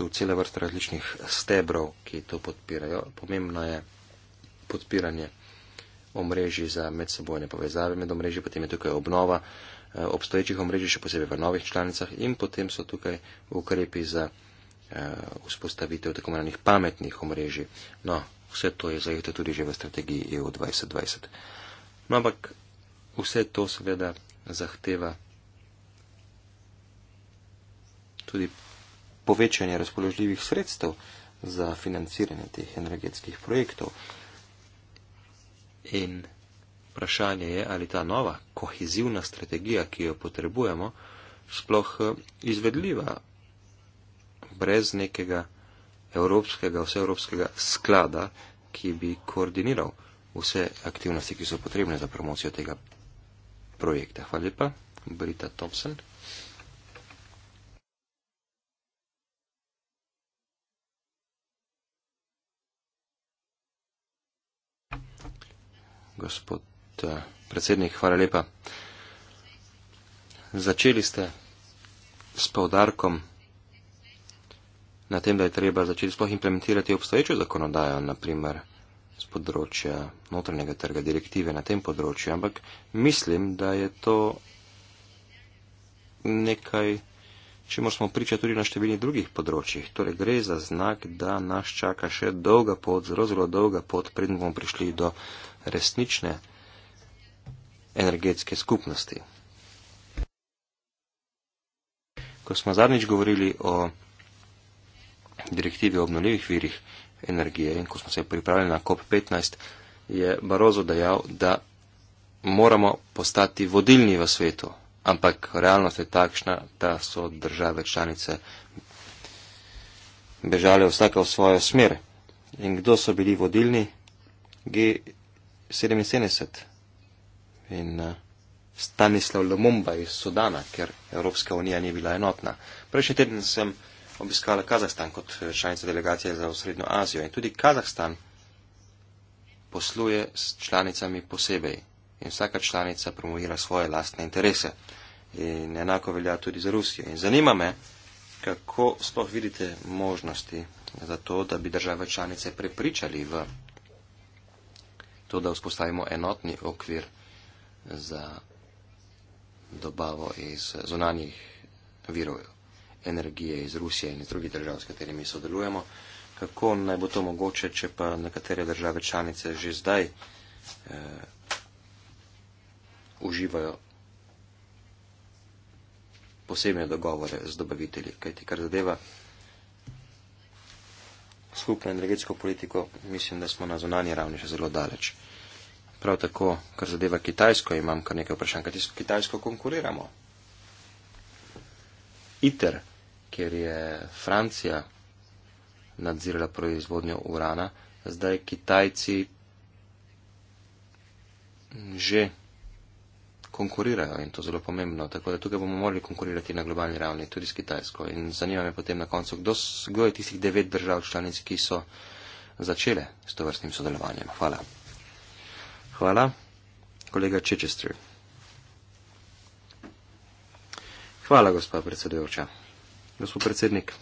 tu cela vrsta različnih stebrov, ki to podpirajo. Pomembno je podpiranje omrežji za medsebojne povezave med omrežji, potem je tukaj obnova eh, obstoječih omrežij, še posebej v novih članicah, in potem so tukaj ukrepi za eh, vzpostavitev tako imenovanih pametnih omrežij. No, vse to je zajete tudi že v strategiji EU 2020. No, ampak vse to seveda zahteva tudi povečanje razpoložljivih sredstev za financiranje teh energetskih projektov. In vprašanje je, ali ta nova kohezivna strategija, ki jo potrebujemo, sploh eh, izvedljiva brez nekega evropskega, vseevropskega sklada, ki bi koordiniral vse aktivnosti, ki so potrebne za promocijo tega projekta. Hvala lepa, Brita Thompson. gospod eh, predsednik, hvala lepa. Začeli ste s povdarkom na tem, da je treba začeti sploh implementirati obstoječo zakonodajo, naprimer z področja notranjega trga, direktive na tem področju, ampak mislim, da je to nekaj, čemu smo priča tudi na številnih drugih področjih. Torej gre za znak, da nas čaka še dolga pot, zelo, zelo dolga pot, predn bomo prišli do resnične energetske skupnosti. Ko smo zadnjič govorili o direktivi o obnovljivih virih energije in ko smo se pripravili na COP15, je Barozo dejal, da moramo postati vodilni v svetu, ampak realnost je takšna, da so države članice bežale vsaka v svojo smer. In kdo so bili vodilni? 77 in eh, Stanislav Lumumba iz Sudana, ker Evropska unija ni bila enotna. Prejšnji teden sem obiskala Kazahstan kot eh, članica delegacije za osrednjo Azijo in tudi Kazahstan posluje s članicami posebej in vsaka članica promovira svoje lastne interese. In enako velja tudi za Rusijo. In zanima me, kako sploh vidite možnosti za to, da bi države članice prepričali v to, da vzpostavimo enotni okvir za dobavo iz zonanjih virov energije iz Rusije in iz drugih držav, s katerimi sodelujemo. Kako naj bo to mogoče, če pa nekatere države članice že zdaj eh, uživajo posebne dogovore z dobavitelji, kajti kar zadeva skupno energetsko politiko, mislim, da smo na zonanji ravni še zelo daleč. Prav tako, kar zadeva Kitajsko, imam kar nekaj vprašanj, kaj Kitajsko konkuriramo. ITER, kjer je Francija nadzirala proizvodnjo urana, zdaj Kitajci že konkurirajo in to zelo pomembno. Tako da tukaj bomo morali konkurirati na globalni ravni, tudi s Kitajsko. In zanima me potem na koncu, kdo, kdo je tistih devet držav članic, ki so začele s to vrstnim sodelovanjem. Hvala. Hvala. Kolega Čečestri. Hvala, gospa predsedujoča. Gospod predsednik,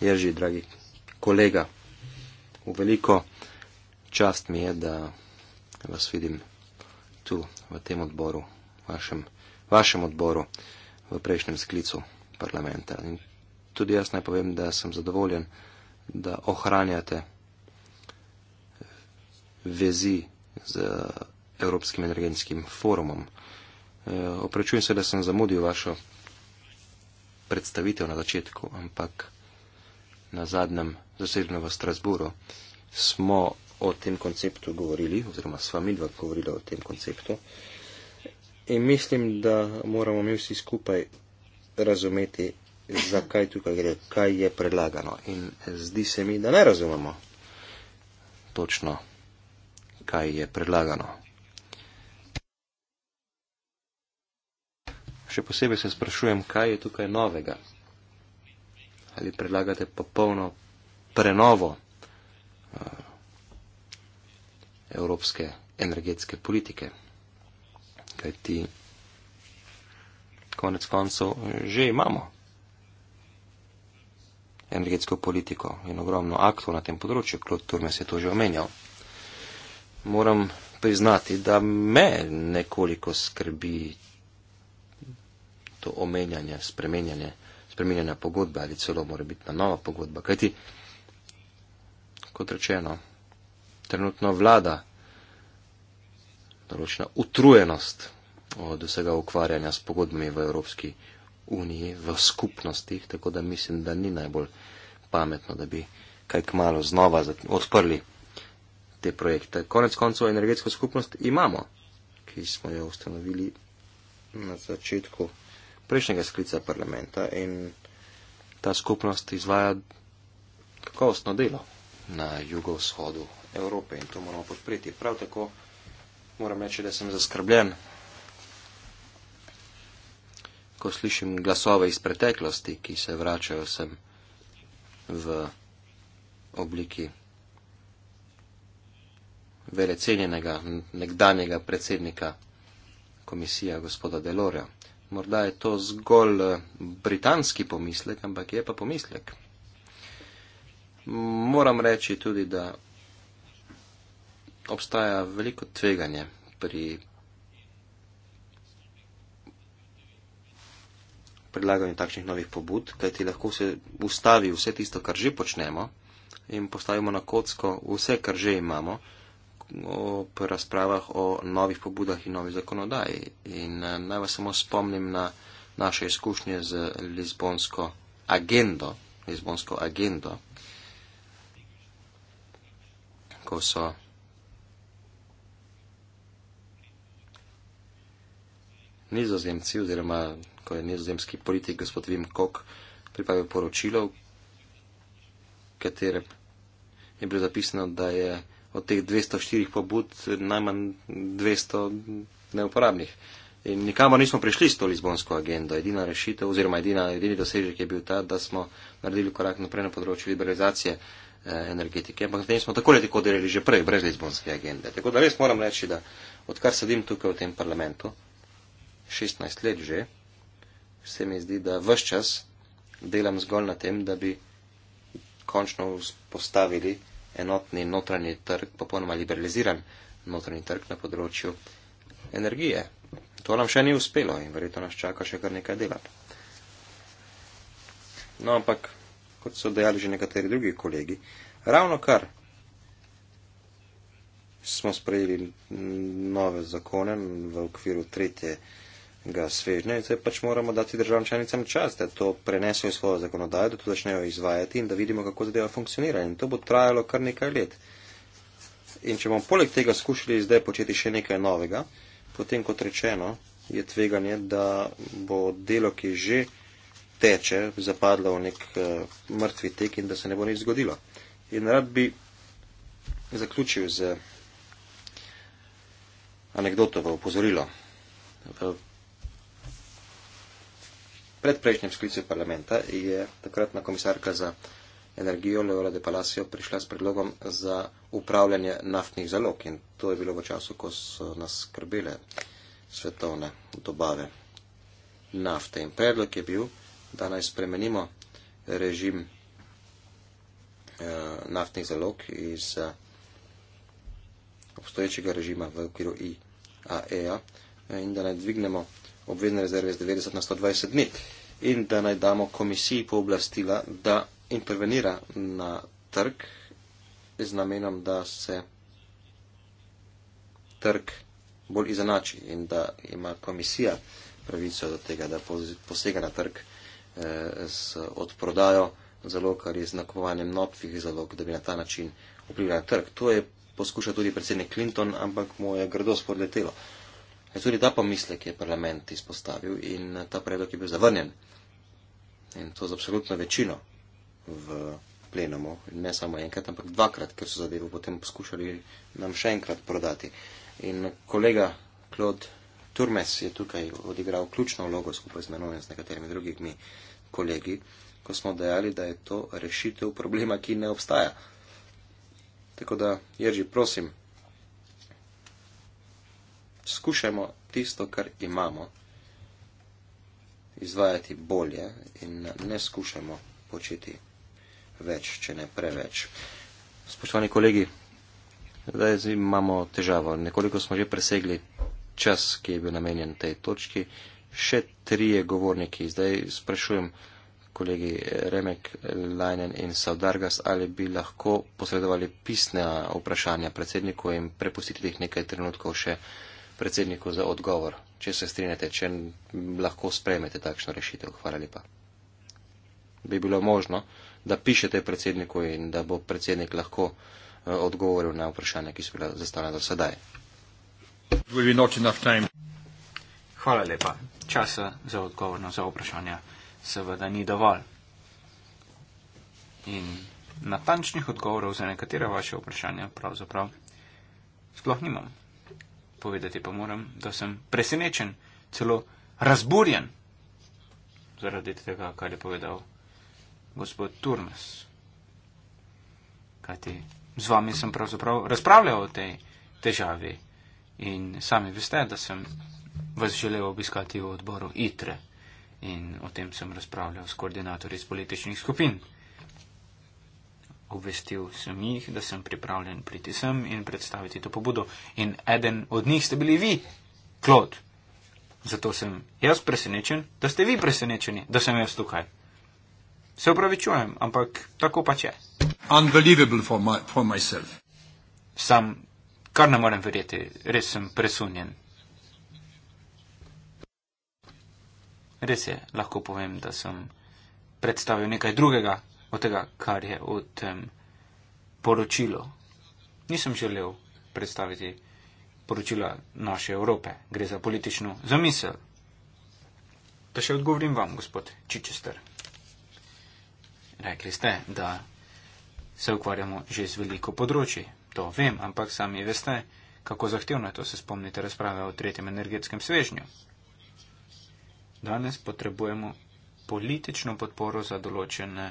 Ježi, dragi kolega, v veliko čast mi je, da vas vidim tu, v tem odboru, vašem, vašem odboru, v prejšnjem sklicu parlamenta. In tudi jaz naj povem, da sem zadovoljen, da ohranjate eh, vezi z eh, Evropskim energetskim forumom. E, eh, Oprečujem se, da sem zamudil vašo predstavitev na začetku, ampak na zadnjem zasedanju v Strasburu smo o tem konceptu govorili, oziroma sva mi dva govorila o tem konceptu. In mislim, da moramo mi vsi skupaj razumeti, zakaj tukaj gre, kaj je predlagano. In zdi se mi, da ne razumemo točno, kaj je predlagano. Še posebej se sprašujem, kaj je tukaj novega. Ali predlagate popolno prenovo? Uh, evropske energetske politike. Kaj ti konec koncev že imamo energetsko politiko in ogromno aktov na tem področju, Klod Turmes je to že omenjal. Moram priznati, da me nekoliko skrbi to omenjanje, spremenjanje, spremenjanje pogodbe ali celo mora biti na nova pogodba. Kajti, kot rečeno, trenutno vlada določena utrujenost od vsega ukvarjanja s pogodbami v Evropski uniji, v skupnostih, tako da mislim, da ni najbolj pametno, da bi kaj kmalo znova odprli te projekte. Konec koncev energetsko skupnost imamo, ki smo jo ustanovili na začetku prejšnjega sklica parlamenta in ta skupnost izvaja kakovostno delo na jugovzhodu Evrope in to moramo podpreti. Prav tako moram reči, da sem zaskrbljen. Ko slišim glasove iz preteklosti, ki se vračajo sem v obliki velecenjenega nekdanjega predsednika komisija gospoda Delorja. Morda je to zgolj eh, britanski pomislek, ampak je pa pomislek. Moram reči tudi, da obstaja veliko tveganje pri predlaganju takšnih novih pobud, kajti lahko se ustavi vse tisto, kar že počnemo in postavimo na kocko vse, kar že imamo ob razpravah o novih pobudah in novi zakonodaji. In eh, naj vas samo spomnim na naše izkušnje z Lizbonsko agendo, Lizbonsko agendo ko so nizozemci oziroma ko je nizozemski politik gospod Wim Kok pripravil poročilo, katere je bilo zapisano, da je od teh 204 pobud najmanj 200 neuporabnih. In nikamor nismo prišli s to lizbonsko agendo. Edina rešitev oziroma edina, edini dosežek je bil ta, da smo naredili korak naprej na področju liberalizacije eh, energetike. Ampak zdaj smo tako ali tako delali že prej, brez lizbonske agende. Tako da res moram reči, da odkar sedim tukaj v tem parlamentu, 16 let že, se mi zdi, da vse čas delam zgolj na tem, da bi končno vzpostavili enotni notranji trg, popolnoma liberaliziran notranji trg na področju energije. To nam še ni uspelo in verjetno nas čaka še kar nekaj dela. No, ampak, kot so dejali že nekateri drugi kolegi, ravno kar smo sprejeli nove zakone v okviru tretje ga svežnja in zdaj pač moramo dati državam članicam čas, da to prenesejo v svojo zakonodajo, da to začnejo izvajati in da vidimo, kako zadeva funkcionira. In to bo trajalo kar nekaj let. In če bomo poleg tega skušali zdaj početi še nekaj novega, potem kot rečeno je tveganje, da bo delo, ki že teče, zapadlo v nek uh, mrtvi tek in da se ne bo nič zgodilo. In rad bi zaključil z anegdotovo opozorilo predprejšnjem sklicu parlamenta je takratna komisarka za energijo Leola de Palacio prišla s predlogom za upravljanje naftnih zalog in to je bilo v času, ko so nas skrbile svetovne dobave nafte. In predlog je bil, da naj spremenimo režim eh, naftnih zalog iz eh, obstoječega režima v okviru IAEA e eh, in da naj dvignemo obvezne rezerve z 90 na 120 dni in da naj damo komisiji pooblastila, da intervenira na trg z namenom, da se trg bolj izenači in da ima komisija pravico do tega, da posega na trg eh, z odprodajo zalog ali z nakovanjem novih zalog, da bi na ta način vplivala na trg. To je poskušal tudi predsednik Clinton, ampak mu je grdo spodletelo. Je ja, tudi ta pomislek, ki je parlament izpostavil in ta predlog je bil zavrnjen. In to z absolutno večino v plenumu. Ne samo enkrat, ampak dvakrat, ker so zadevo potem poskušali nam še enkrat prodati. In kolega Klod Turmes je tukaj odigral ključno vlogo skupaj z menoj in z nekaterimi drugimi kolegi, ko smo dejali, da je to rešitev problema, ki ne obstaja. Tako da, Jerži, prosim skušajmo tisto, kar imamo, izvajati bolje in ne skušajmo početi več, če ne preveč. Spoštovani kolegi, zdaj imamo težavo. Nekoliko smo že presegli čas, ki je bil namenjen tej točki. Še trije govorniki. Zdaj sprašujem kolegi Remek, Lajnen in Saudargas, ali bi lahko posredovali pisne vprašanja predsedniku in prepustiti jih nekaj trenutkov še predsedniku za odgovor. Če se strinjate, če lahko sprejmete takšno rešitev, hvala lepa. Bi bilo možno, da pišete predsedniku in da bo predsednik lahko eh, odgovoril na vprašanja, ki so bila zastavljena do sedaj. Hvala lepa. Časa za odgovor na vprašanja seveda ni dovolj. In natančnih odgovorov za nekatera vaše vprašanja pravzaprav sploh nimam. Povedati pa moram, da sem presenečen, celo razburjen zaradi tega, kar je povedal gospod Turmes. Kajti z vami sem pravzaprav razpravljal o tej težavi in sami veste, da sem vas želel obiskati v odboru ITRE in o tem sem razpravljal s koordinatorji iz političnih skupin. Obvestil sem jih, da sem pripravljen priti sem in predstaviti to pobudo. In eden od njih ste bili vi, Klod. Zato sem jaz presenečen, da ste vi presenečeni, da sem jaz tukaj. Se upravičujem, ampak tako pač je. Unbelievable for, my, for myself. Sam, kar ne morem verjeti, res sem presunjen. Res je, lahko povem, da sem predstavil nekaj drugega, od tega, kar je v tem poročilu. Nisem želel predstaviti poročila naše Evrope, gre za politično zamisel. Da še odgovorim vam, gospod Čičester. Rekli ste, da se ukvarjamo že z veliko področji. To vem, ampak sami veste, kako zahtevno je to, se spomnite razprave o tretjem energetskem svežnju. Danes potrebujemo politično podporo za določene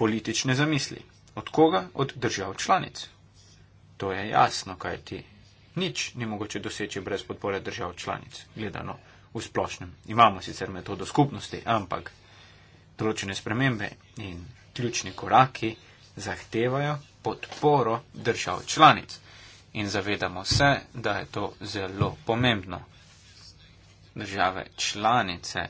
politične zamisli. Od koga? Od držav članic. To je jasno, kaj ti. Nič ni mogoče doseči brez podpore držav članic, gledano v splošnem. Imamo sicer metodo skupnosti, ampak določene spremembe in ključni koraki zahtevajo podporo držav članic. In zavedamo se, da je to zelo pomembno. Države članice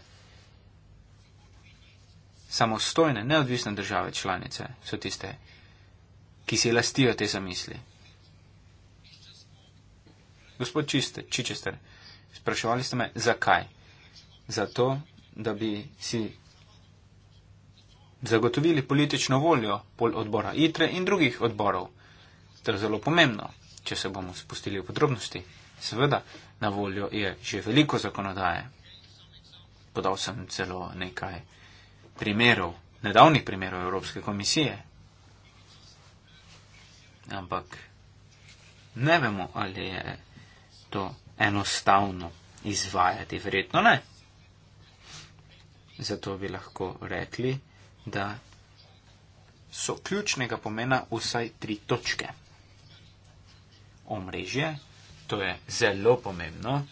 samostojne, neodvisne države članice so tiste, ki si lastijo te zamisli. Gospod Čiste, Čičester, spraševali ste me, zakaj? Zato, da bi si zagotovili politično voljo pol odbora ITRE in drugih odborov. To je zelo pomembno, če se bomo spustili v podrobnosti. Seveda, na voljo je že veliko zakonodaje. Podal sem celo nekaj primerov, nedavnih primerov Evropske komisije. Ampak ne vemo, ali je to enostavno izvajati, verjetno ne. Zato bi lahko rekli, da so ključnega pomena vsaj tri točke. Omrežje, to je zelo pomembno,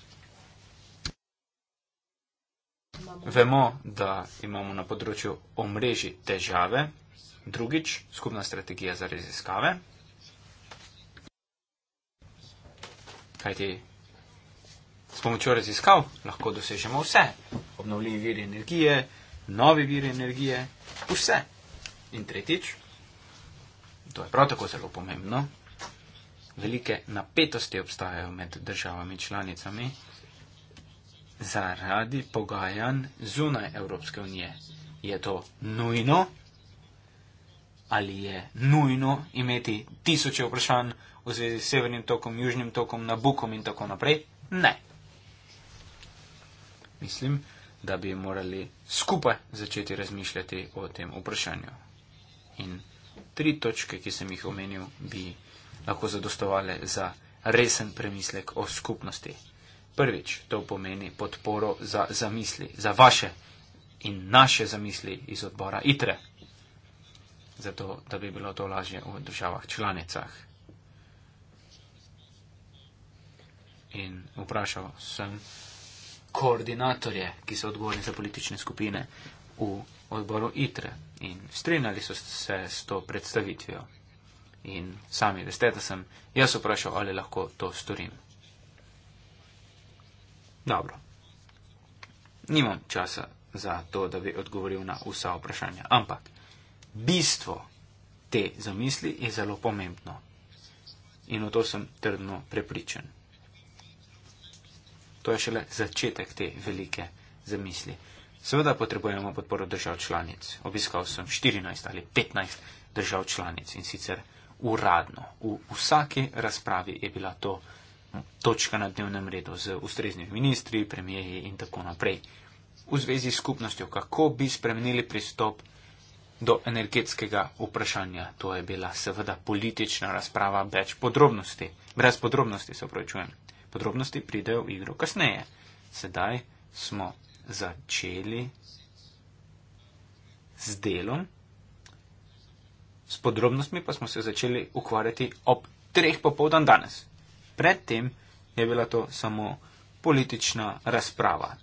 Vemo, da imamo na področju omrežji težave. Drugič, skupna strategija za raziskave. Kajti s pomočjo raziskav lahko dosežemo vse. Obnovljivi viri energije, novi viri energije, vse. In tretjič, to je prav tako zelo pomembno, velike napetosti obstajajo med državami članicami, zaradi pogajanj zunaj Evropske unije. Je to nujno? Ali je nujno imeti tisoče vprašanj v zvezi s Severnim tokom, Južnim tokom, Nabukom in tako naprej? Ne. Mislim, da bi morali skupaj začeti razmišljati o tem vprašanju. In tri točke, ki sem jih omenil, bi lahko zadostovale za resen premislek o skupnosti prvič to pomeni podporo za zamisli, za vaše in naše zamisli iz odbora ITRE, zato da bi bilo to lažje v državah članicah. In vprašal sem koordinatorje, ki so odgovorni za politične skupine v odboru ITRE in strinjali so se s to predstavitvijo. In sami veste, da sem jaz vprašal, ali lahko to storim. Dobro. Nimam časa za to, da bi odgovoril na vsa vprašanja, ampak bistvo te zamisli je zelo pomembno. In o to sem trdno prepričan. To je šele začetek te velike zamisli. Seveda potrebujemo podporo držav članic. Obiskal sem 14 ali 15 držav članic in sicer uradno. V vsaki razpravi je bila to točka na dnevnem redu z ustreznimi ministri, premijeji in tako naprej. V zvezi s skupnostjo, kako bi spremenili pristop do energetskega vprašanja? To je bila seveda politična razprava brez podrobnosti. Brez podrobnosti se upravičujem. Podrobnosti pridejo v igro kasneje. Sedaj smo začeli z delom, s podrobnostmi pa smo se začeli ukvarjati ob treh popovdan danes predtem je bila to samo politična razprava.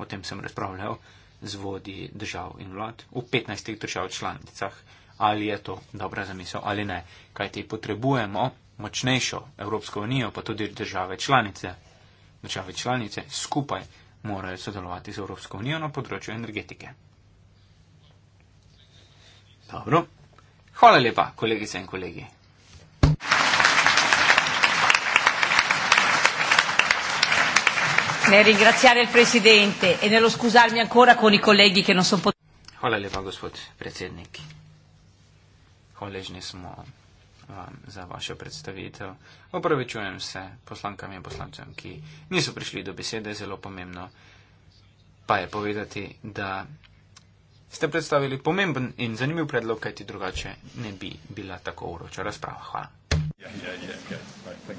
O tem sem razpravljal z vodi držav in vlad v 15 držav članicah, ali je to dobra zamisel ali ne. Kaj ti potrebujemo močnejšo Evropsko unijo, pa tudi države članice. Države članice skupaj morajo sodelovati z Evropsko unijo na področju energetike. Dobro. Hvala lepa, kolegice in kolegi. nel ringraziare il presidente e nello scusarmi ancora con i colleghi che non sono potuti. Hvala lepa, gospod predsednik. Hvaležni smo vam za vašo predstavitev. Opravičujem se poslankam in poslancem, ki niso prišli do besede. Zelo pomembno pa je povedati, da ste predstavili pomemben in zanimiv predlog, kajti drugače ne bi bila tako uroča razprava. Hvala. Yeah, yeah, yeah, yeah. Right,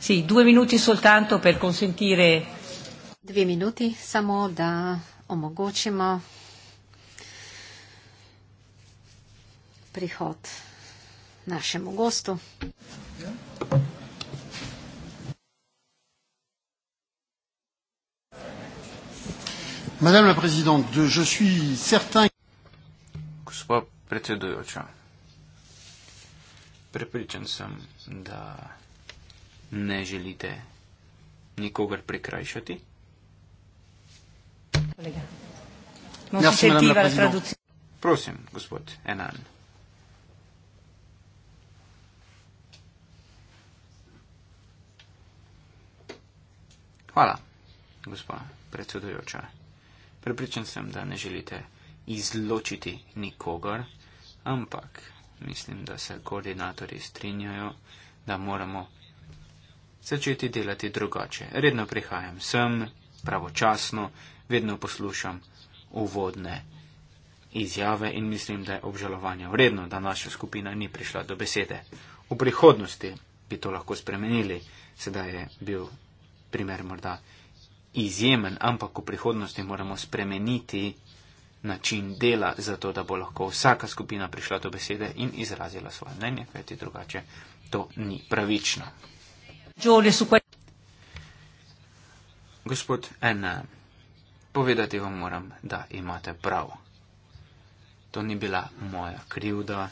Sì, due minuti soltanto per consentire. Dve minuti samo da omogočimo prihod našemu gostu. Madame la Présidente, je suis certain. Gospod predsedujoča, prepričan sem, da ne želite nikogar prikrajšati? Ja, se nam lahko traducirate. Prosim, gospod Enan. Hvala, gospod predsedujoča. Prepričan sem, da ne želite izločiti nikogar, ampak mislim, da se koordinatori strinjajo, da moramo začeti delati drugače. Redno prihajam sem, pravočasno, vedno poslušam uvodne izjave in mislim, da je obžalovanje vredno, da naša skupina ni prišla do besede. V prihodnosti bi to lahko spremenili, sedaj je bil primer morda izjemen, ampak v prihodnosti moramo spremeniti način dela, zato da bo lahko vsaka skupina prišla do besede in izrazila svoje mnenje, kajti drugače to ni pravično. Giulio, su questo. Gospod N., povedati vam moram, da imate prav. To ni bila moja krivda.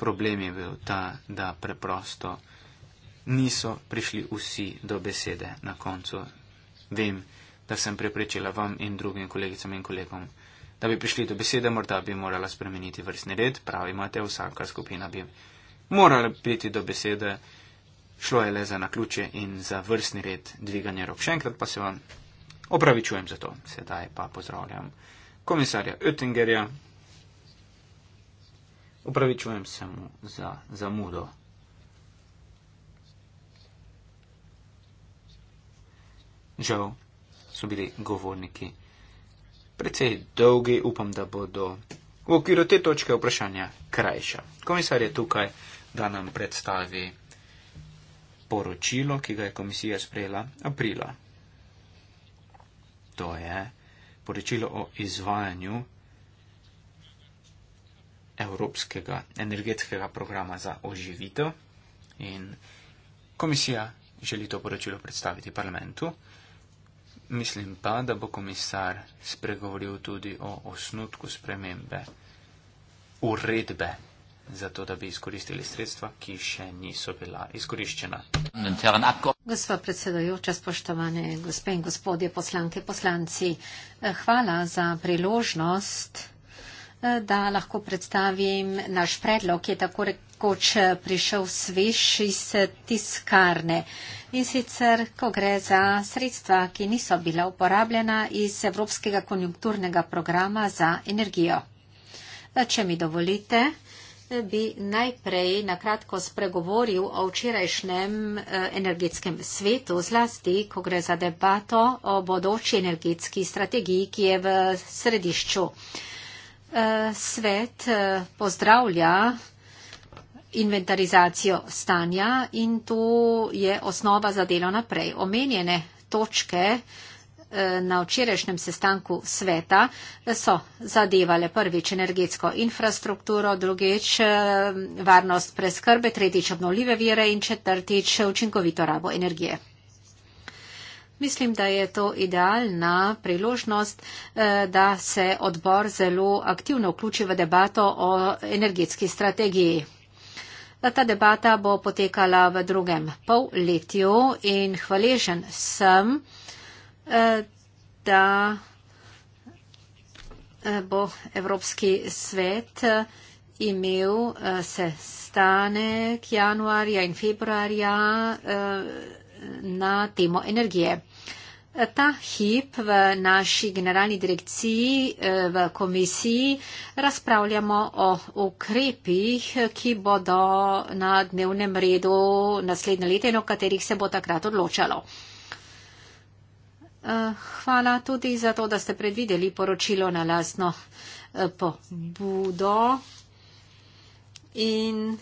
Problem je bil ta, da preprosto niso prišli vsi do besede na koncu. Vem, da sem preprečila vam in drugim kolegicam in kolegom, da bi prišli do besede, morda bi morala spremeniti vrstni red, pravi imate, vsaka skupina bi morala priti do besede šlo je le za naključje in za vrstni red dviganja rok. Še enkrat pa se vam opravičujem za to. Sedaj pa pozdravljam komisarja Oettingerja. Opravičujem se mu za zamudo. Žal so bili govorniki precej dolgi, upam, da bodo v okviru te točke vprašanja krajša. Komisar je tukaj, da nam predstavi poročilo, ki ga je komisija sprejela aprila. To je poročilo o izvajanju Evropskega energetskega programa za oživitev in komisija želi to poročilo predstaviti parlamentu. Mislim pa, da bo komisar spregovoril tudi o osnutku spremembe uredbe zato da bi izkoristili sredstva, ki še niso bila izkoriščena. Gospa predsedajoča, spoštovane gospe in gospodje, poslanke, poslanci, hvala za priložnost, da lahko predstavim naš predlog, ki je tako rekoč prišel svež iz tiskarne. In sicer, ko gre za sredstva, ki niso bila uporabljena iz Evropskega konjunkturnega programa za energijo. Če mi dovolite, bi najprej nakratko spregovoril o včerajšnjem eh, energetskem svetu, zlasti, ko gre za debato o bodoči energetski strategiji, ki je v središču. Eh, svet eh, pozdravlja inventarizacijo stanja in to je osnova za delo naprej. Omenjene točke Eh, na včerajšnjem sestanku sveta so zadevale prvič energetsko infrastrukturo, drugič eh, varnost preskrbe, tretjič obnovljive vire in četrtič učinkovito rabo energije. Mislim, da je to idealna priložnost, eh, da se odbor zelo aktivno vključi v debato o energetski strategiji. Ta debata bo potekala v drugem pol letju in hvaležen sem, da eh, bo Evropski svet eh, imel eh, sestanek januarja in februarja na temo energije. Ta hip v naši generalni direkciji, v komisiji, razpravljamo o ukrepih, ki bodo na dnevnem redu naslednje leto in o katerih se bo takrat odločalo. Eh, hvala tudi za to, da ste predvideli poročilo na lastno eh, pobudo. In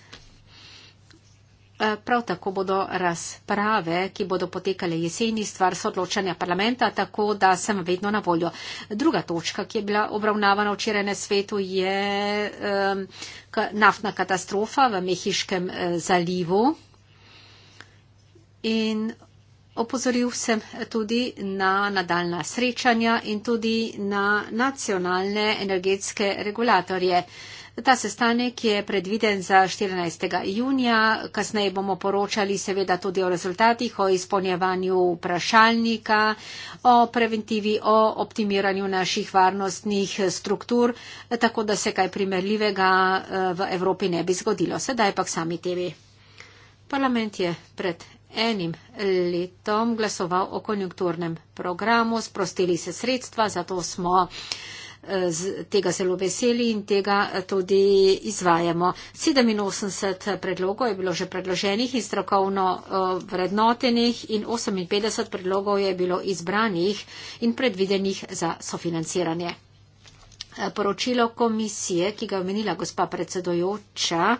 eh, prav tako bodo razprave, ki bodo potekale jeseni, stvar sodločanja parlamenta, tako da sem vedno na voljo. Druga točka, ki je bila obravnavana včeraj na svetu, je naftna katastrofa v Mehiškem zalivu. In Opozoril sem tudi na nadaljna srečanja in tudi na nacionalne energetske regulatorje. Ta sestanek je predviden za 14. junija, kasneje bomo poročali seveda tudi o rezultatih, o izpolnjevanju vprašalnika, o preventivi, o optimiranju naših varnostnih struktur, tako da se kaj primerljivega eh, v Evropi ne bi zgodilo. Sedaj pa k sami TV. Parlament je pred enim letom glasoval o konjunkturnem programu, sprostili se sredstva, zato smo eh, tega zelo veseli in tega eh, tudi izvajamo. 87 predlogov je bilo že predloženih in strokovno eh, vrednotenih in 58 predlogov je bilo izbranih in predvidenih za sofinanciranje. Eh, poročilo komisije, ki ga je omenila gospa predsedojoča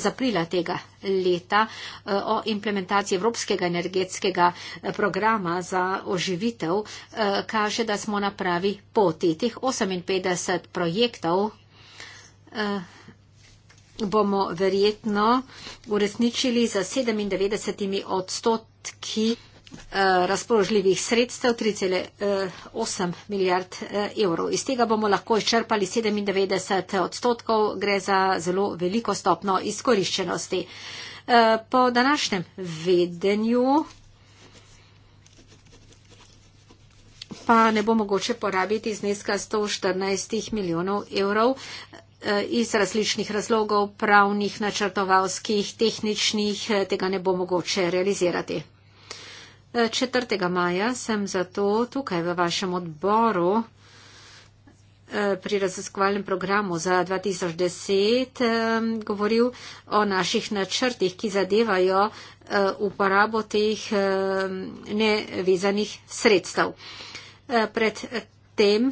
z aprila tega leta eh, o implementaciji Evropskega energetskega eh, programa za oživitev, kaže, da smo na pravi poti. Teh 58 projektov bomo verjetno uresničili za 97 odstotki Eh, razpoložljivih sredstev 3,8 eh, milijard eh, evrov. Iz tega bomo lahko izčrpali 97 odstotkov, gre za zelo veliko stopno izkoriščenosti. Po današnjem vedenju pa ne bo mogoče porabiti zneska 114 milijonov evrov iz različnih razlogov, pravnih, načrtovalskih, tehničnih, tega ne bo mogoče realizirati. 4. maja sem zato tukaj v vašem odboru eh, pri raziskovalnem programu za 2010 eh, govoril o naših načrtih, ki zadevajo eh, uporabo teh nevezanih sredstev. Pred tem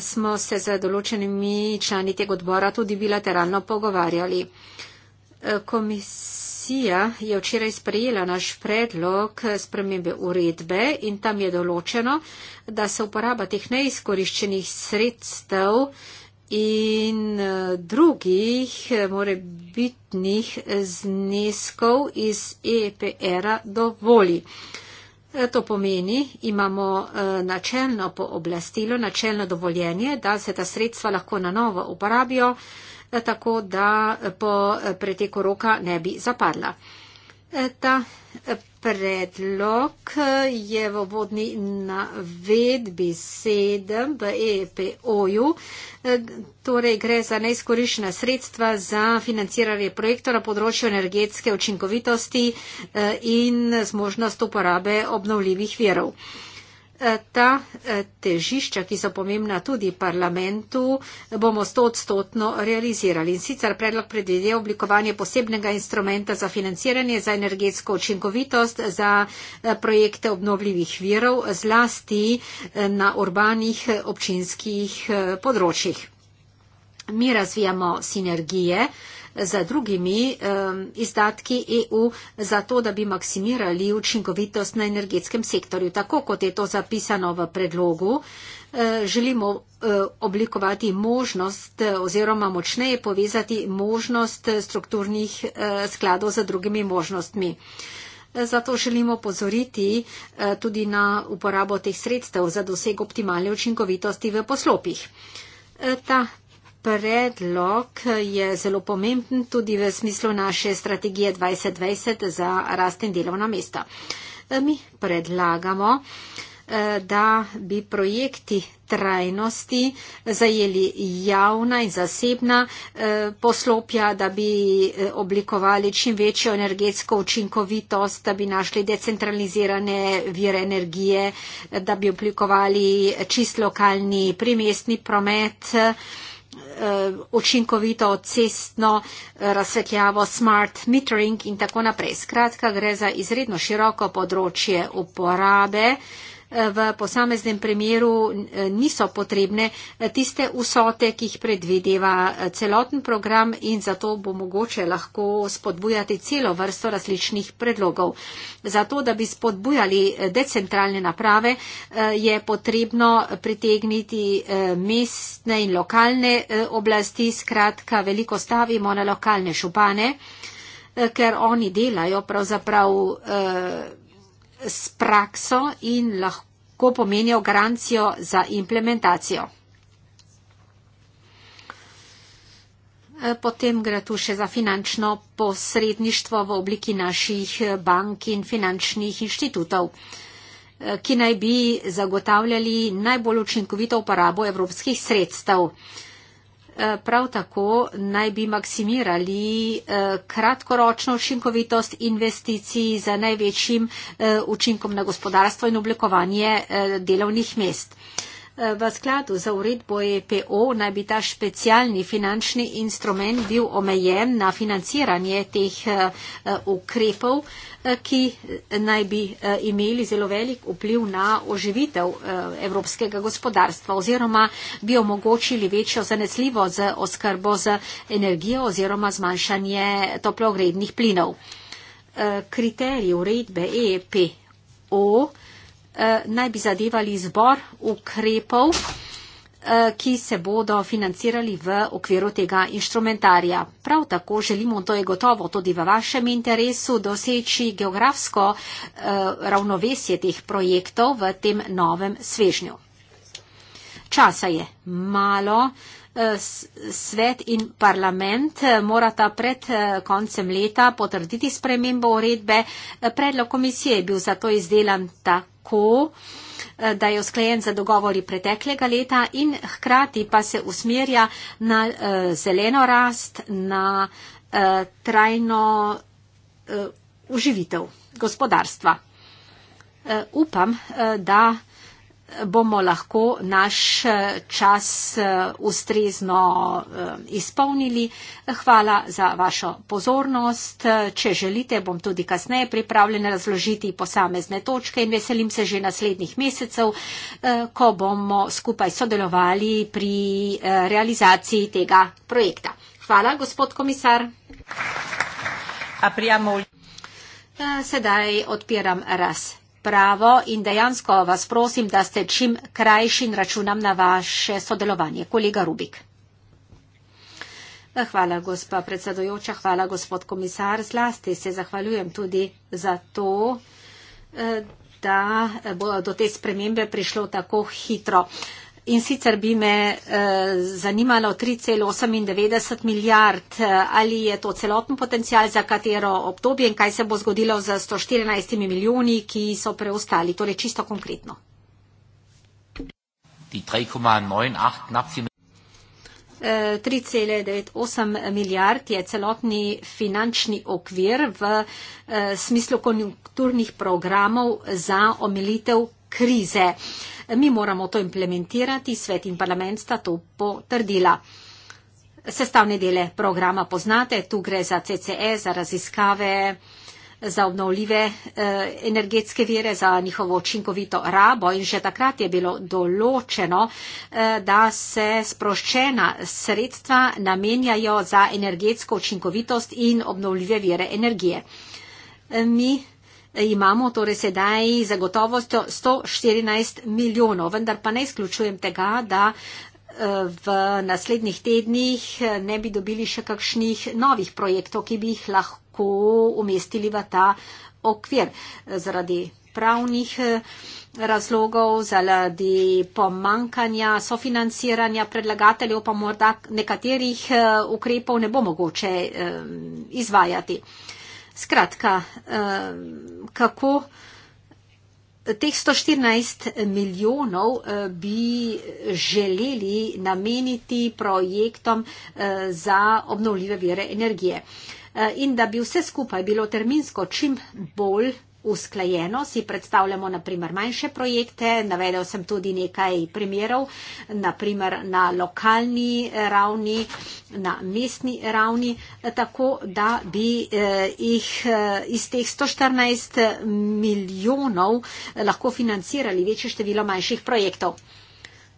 smo se z določenimi člani tega odbora tudi bilateralno pogovarjali. Komisija komisija je včeraj sprejela naš predlog spremembe uredbe in tam je določeno, da se uporaba teh neizkoriščenih sredstev in eh, drugih eh, morebitnih zneskov iz EPR-a dovoli. Eh, to pomeni, imamo načelno pooblastilo, načelno dovoljenje, da se ta sredstva lahko na novo uporabijo tako da po preteku roka ne bi zapadla. Ta predlog je v vodni navedbi 7 v EPO-ju, torej gre za neizkoriščena sredstva za financiranje projektov na področju energetske učinkovitosti eh, in zmožnost uporabe obnovljivih verov ta eh, težišča, ki so pomembna tudi parlamentu, bomo stotstotno realizirali. In sicer predlog predvideva oblikovanje posebnega instrumenta za financiranje za energetsko učinkovitost za eh, projekte obnovljivih virov, zlasti eh, na urbanih občinskih področjih. Mi razvijamo sinergije za drugimi izdatki EU za to, da bi maksimirali učinkovitost na energetskem sektorju. Tako kot je to zapisano v predlogu, eh, želimo eh, oblikovati možnost eh, oziroma močneje povezati možnost strukturnih skladov za drugimi možnostmi. Zato želimo pozoriti tudi na uporabo teh sredstev za doseg optimalne učinkovitosti v poslopih. Ta Predlog je zelo pomemben tudi v smislu naše strategije 2020 za rast in delovna mesta. Mi predlagamo, eh, da bi projekti trajnosti zajeli javna in zasebna eh, poslopja, da bi eh, oblikovali čim večjo energetsko učinkovitost, da bi našli decentralizirane vire energije, da bi oblikovali čist lokalni primestni promet. Eh, učinkovito cestno eh, razsvetljavo, smart metering in tako naprej. Skratka, gre za izredno široko področje uporabe v posameznem primeru eh, niso potrebne eh, tiste vsote, ki jih predvideva eh, celoten program in zato bo mogoče lahko spodbujati celo vrsto različnih predlogov. Zato, da bi spodbujali decentralne naprave, je potrebno pritegniti mestne in lokalne oblasti, skratka veliko stavimo na lokalne župane, ker oni delajo pravzaprav s prakso in lahko pomenijo garancijo za implementacijo. E, potem gre tu še za finančno posredništvo v obliki naših bank in finančnih inštitutov, e, ki naj bi zagotavljali najbolj učinkovito uporabo evropskih sredstev. Eh, prav tako naj bi maksimirali eh, kratkoročno učinkovitost investicij za največjim eh, učinkom na gospodarstvo in oblikovanje delovnih mest. V skladu za uredbo EPO naj bi ta specialni finančni instrument bil omejen na financiranje teh eh, eh, ukrepov, eh, ki naj bi imeli zelo velik vpliv na oživitev evropskega gospodarstva oziroma bi omogočili večjo zanesljivo z oskrbo z energijo oziroma zmanjšanje toplogrednih plinov. Kriterij uredbe EPO Eh, naj bi zadevali zbor ukrepov, eh, ki se bodo financirali v okviru tega inštrumentarja. Prav tako želimo, to je gotovo tudi v vašem interesu, doseči geografsko eh, ravnovesje teh projektov v tem novem svežnju časa je malo. Eh, svet in parlament eh, morata pred eh, koncem leta potrditi spremembo uredbe. Predlog komisije je bil zato izdelan tako, da je usklajen za dogovori preteklega leta in hkrati pa se usmerja na zeleno rast, na trajno uživitev gospodarstva. Upam, da bomo lahko naš eh, čas eh, ustrezno eh, izpolnili. Hvala za vašo pozornost. Če želite, bom tudi kasneje pripravljen razložiti posamezne točke in veselim se že naslednjih mesecev, ko bomo skupaj sodelovali pri realizaciji tega projekta. Hvala, gospod komisar. Sedaj odpiram raz pravo in dejansko vas prosim, da ste čim krajši in računam na vaše sodelovanje. Kolega Rubik. Eh, hvala, gospa predsedojoča, hvala, gospod komisar. Zlasti se zahvaljujem tudi za to, eh, da bo do te spremembe prišlo tako hitro. In sicer bi me eh, zanimalo 3,98 milijard, ali je to celoten potencial, za katero obdobje in kaj se bo zgodilo z 114 milijoni, ki so preostali. Torej, čisto konkretno. Eh, 3,98 milijard je celotni finančni okvir v eh, smislu konjunkturnih programov za omilitev krize. Mi moramo to implementirati, svet in parlament sta to potrdila. Sestavne dele programa poznate, tu gre za CCE, za raziskave, za obnovljive eh, energetske vire, za njihovo učinkovito rabo in že takrat je bilo določeno, eh, da se sproščena sredstva namenjajo za energetsko učinkovitost in obnovljive vire energije. Mi imamo torej sedaj za gotovostjo 114 milijonov, vendar pa ne izključujem tega, da eh, v naslednjih tednih eh, ne bi dobili še kakšnih novih projektov, ki bi jih lahko umestili v ta okvir. Zaradi pravnih eh, razlogov, zaradi pomankanja sofinanciranja predlagateljev pa morda nekaterih ukrepov ne bo mogoče izvajati. Skratka, eh, kako teh 114 milijonov eh, bi želeli nameniti projektom eh, za obnovljive vire energije. In da bi vse skupaj bilo terminsko čim bolj usklajeno, si predstavljamo naprimer manjše projekte, navedel sem tudi nekaj primerov, naprimer na lokalni ravni, na mestni ravni, tako da bi eh, jih eh, iz teh 114 milijonov eh, lahko financirali večje število manjših projektov.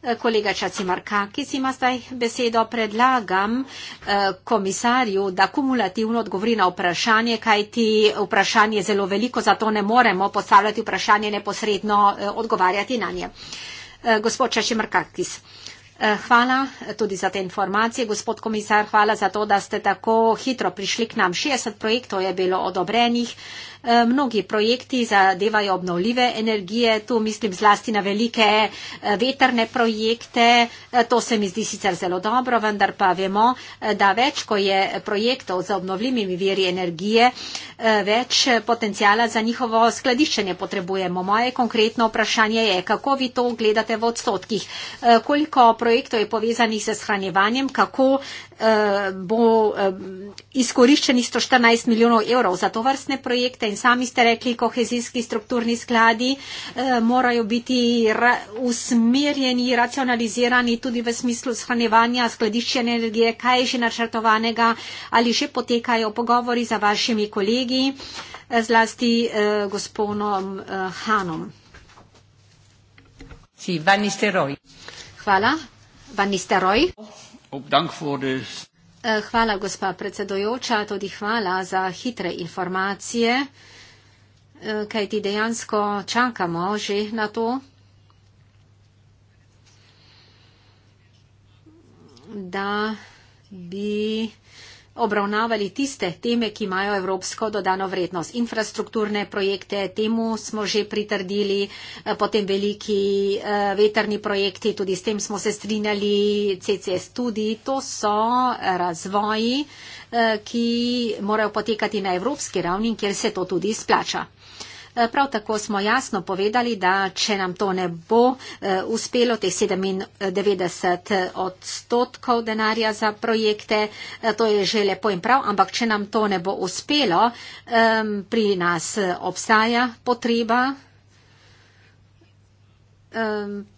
Eh, kolega Čacimarkakis ima zdaj besedo. Predlagam eh, komisarju, da kumulativno odgovori na vprašanje, kaj ti vprašanje je zelo veliko, zato ne moremo postavljati vprašanje neposredno eh, odgovarjati na nje. Gospod Čacimarkakis. Hvala tudi za te informacije. Gospod komisar, hvala za to, da ste tako hitro prišli k nam. 60 projektov je bilo odobrenih. Eh, mnogi projekti zadevajo obnovljive energije, tu mislim zlasti na velike eh, veterne projekte, eh, to se mi zdi sicer zelo dobro, vendar pa vemo, da več, ko je projektov za obnovljivimi viri energije, več potencijala za njihovo skladiščenje potrebujemo. Moje konkretno vprašanje je, kako vi to gledate v odstotkih, koliko projektov je povezanih s shranjevanjem, kako uh, bo um, eh, izkoriščeni 114 milijonov evrov za to vrstne projekte in sami ste rekli, kohezijski strukturni skladi uh, morajo biti ra usmerjeni, racionalizirani tudi v smislu shranjevanja skladiščene energije, kaj je že načrtovanega ali že potekajo pogovori za vašimi kolegi, eh, zlasti uh, gospodom uh, Hanom. Si, Hvala. Van Nistelrooy. Eh, hvala, gospa predsedojoča, tudi hvala za hitre informacije, eh, kaj ti dejansko čakamo že na to, da bi obravnavali tiste teme, ki imajo evropsko dodano vrednost. Infrastrukturne projekte, temu smo že pritrdili, eh, potem veliki eh, veterni projekti, tudi s tem smo se strinjali, CCS tudi, to so razvoji, eh, ki morajo potekati na evropski ravni, kjer se to tudi splača. Eh, prav tako smo jasno povedali, da če nam to ne bo eh, uspelo, teh 97 eh, odstotkov denarja za projekte, to je že lepo in prav, ampak če nam to ne bo uspelo, pri nas obstaja potreba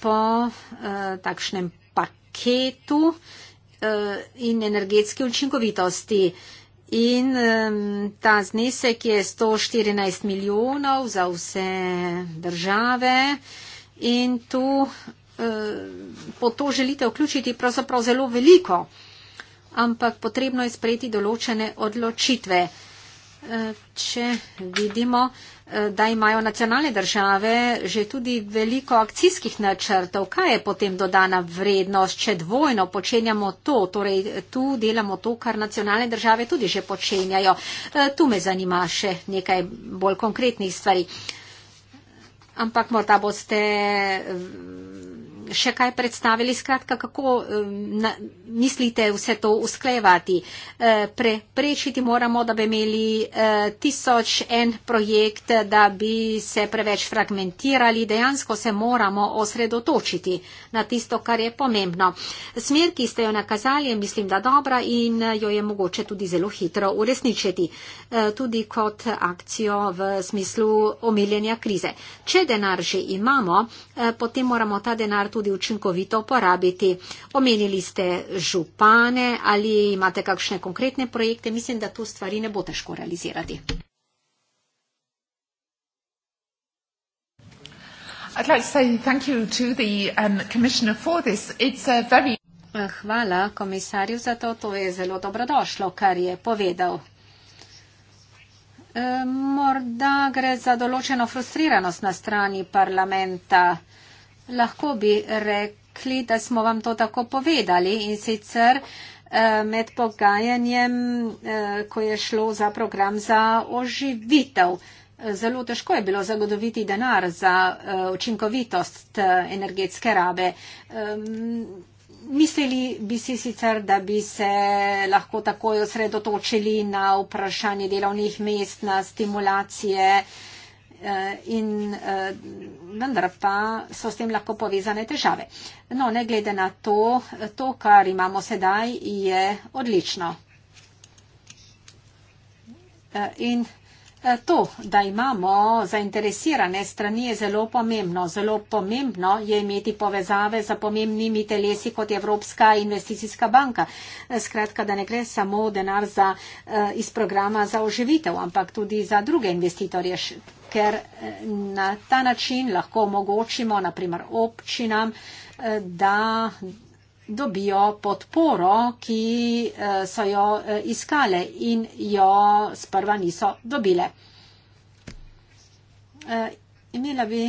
po takšnem paketu in energetski učinkovitosti. In um, ta znesek je 114 milijonov za vse države in tu uh, eh, po to želite vključiti pravzaprav zelo veliko, ampak potrebno je sprejeti določene odločitve. Uh, če vidimo, uh, Eh, da imajo nacionalne države že tudi veliko akcijskih načrtov. Kaj je potem dodana vrednost, če dvojno počenjamo to, torej tu delamo to, kar nacionalne države tudi že počenjajo. Eh, tu me zanima še nekaj bolj konkretnih stvari. Ampak morda boste še kaj predstavili. Skratka, kako eh, na, mislite vse to usklejevati? E, preprečiti moramo, da bi imeli e, tisoč en projekt, da bi se preveč fragmentirali. Dejansko se moramo osredotočiti na tisto, kar je pomembno. Smer, ki ste jo nakazali, je mislim, da dobra in jo je mogoče tudi zelo hitro uresničiti. E, tudi kot akcijo v smislu omiljenja krize. Če denar že imamo, Eh, potem moramo ta denar tudi učinkovito porabiti. Omenili ste župane ali imate kakšne konkretne projekte. Mislim, da tu stvari ne bo težko realizirati. Um, eh, hvala komisarju za to. To je zelo dobrodošlo, kar je povedal. Eh, morda gre za določeno frustriranost na strani parlamenta. Lahko bi rekli, da smo vam to tako povedali in sicer eh, med pogajanjem, eh, ko je šlo za program za oživitev. Zelo težko je bilo zagotoviti denar za učinkovitost energetske rabe. Mislili bi si sicer, da bi se lahko takoj osredotočili na vprašanje delovnih mest, na stimulacije, eh, in eh, vendar pa so s tem lahko povezane težave. No, ne glede na to, to, kar imamo sedaj, je odlično. Eh, in Eh, to, da imamo zainteresirane strani, je zelo pomembno. Zelo pomembno je imeti povezave za pomembnimi telesi kot Evropska investicijska banka. Eh, skratka, da ne gre samo denar za, eh, iz programa za oživitev, ampak tudi za druge investitorje, ker na ta način lahko omogočimo, naprimer, občinam, da dobijo podporo, ki eh, so jo eh, iskale in jo sprva niso dobile. Eh, imela bi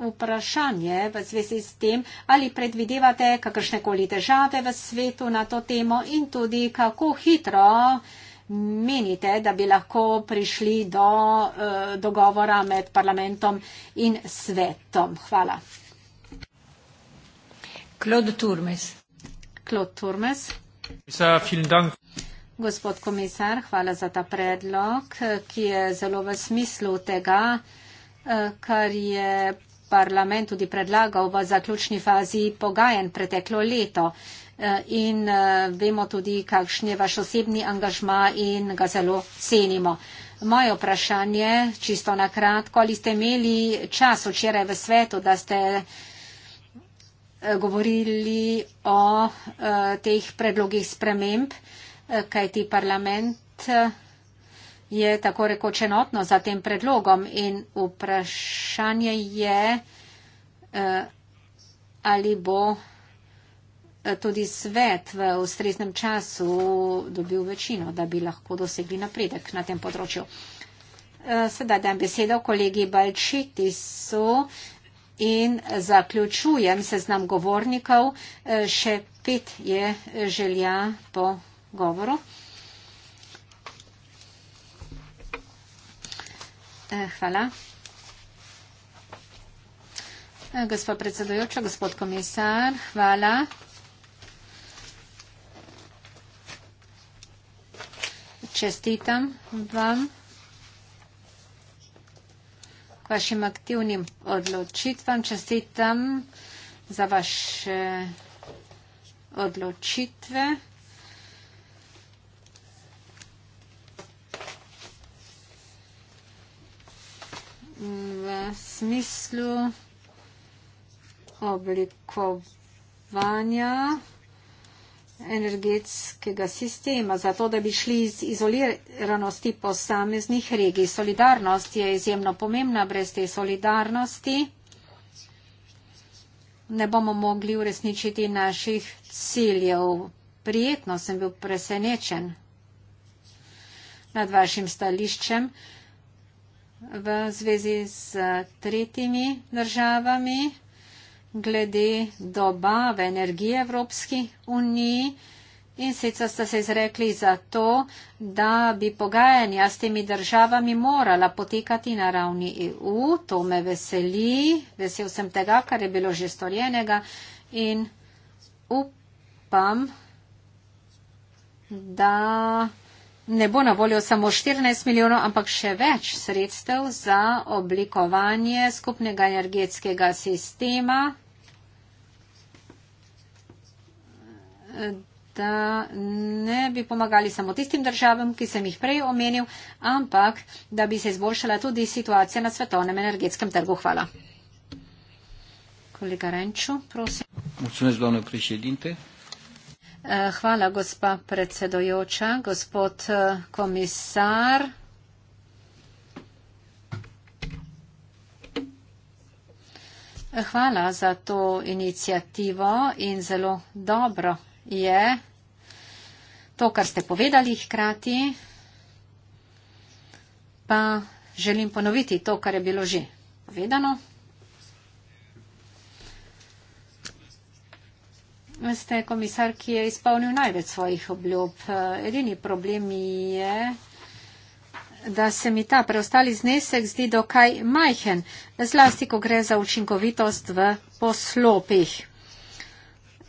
vprašanje v zvezi s tem, ali predvidevate kakršne koli težave v svetu na to temo in tudi kako hitro menite, da bi lahko prišli do uh, dogovora med parlamentom in svetom. Hvala. Claude Turmes. Claude Turmes. Gospod komisar, hvala za ta predlog, ki je zelo v smislu tega, eh, kar je parlament tudi predlagal v zaključni fazi pogajen preteklo leto. Eh, in eh, vemo tudi, kakšen je vaš osebni angažma in ga zelo cenimo. Moje vprašanje, čisto na kratko, ali ste imeli čas včeraj v svetu, da ste Eh, govorili o eh, teh predlogih sprememb, eh, kajti parlament je tako rekoč enotno za tem predlogom in vprašanje je, ali bo tudi svet v ustreznem času dobil večino, da bi lahko dosegli napredek na tem področju. Sedaj dam besedo kolegi Balčitisu, In zaključujem seznam govornikov. E, še pet je želja po govoru. E, hvala. E, gospod predsedujoča, gospod komisar, hvala. Čestitam vam vašim aktivnim odločitvam. Čestitam za vaše odločitve. V smislu oblikovanja energetskega sistema, zato da bi šli iz izoliranosti posameznih regij. Solidarnost je izjemno pomembna, brez te solidarnosti ne bomo mogli uresničiti naših ciljev. Prijetno sem bil presenečen nad vašim stališčem v zvezi z tretjimi državami glede dobave energije Evropski uniji in sicer ste se izrekli za to, da bi pogajanja s temi državami morala potekati na ravni EU. To me veseli, vesel sem tega, kar je bilo že storjenega in upam, da ne bo na voljo samo 14 milijonov, ampak še več sredstev za oblikovanje skupnega energetskega sistema da ne bi pomagali samo tistim državam, ki sem jih prej omenil, ampak da bi se izboljšala tudi situacija na svetovnem energetskem trgu. Hvala. Kolega Renču, prosim. Eh, hvala, gospa predsedojoča, gospod eh, komisar. Eh, hvala za to inicijativo in zelo dobro je to, kar ste povedali hkrati, pa želim ponoviti to, kar je bilo že povedano. Veste, komisar, ki je izpolnil največ svojih obljub, edini problem je, da se mi ta preostali znesek zdi dokaj majhen, zlasti, ko gre za učinkovitost v poslopih.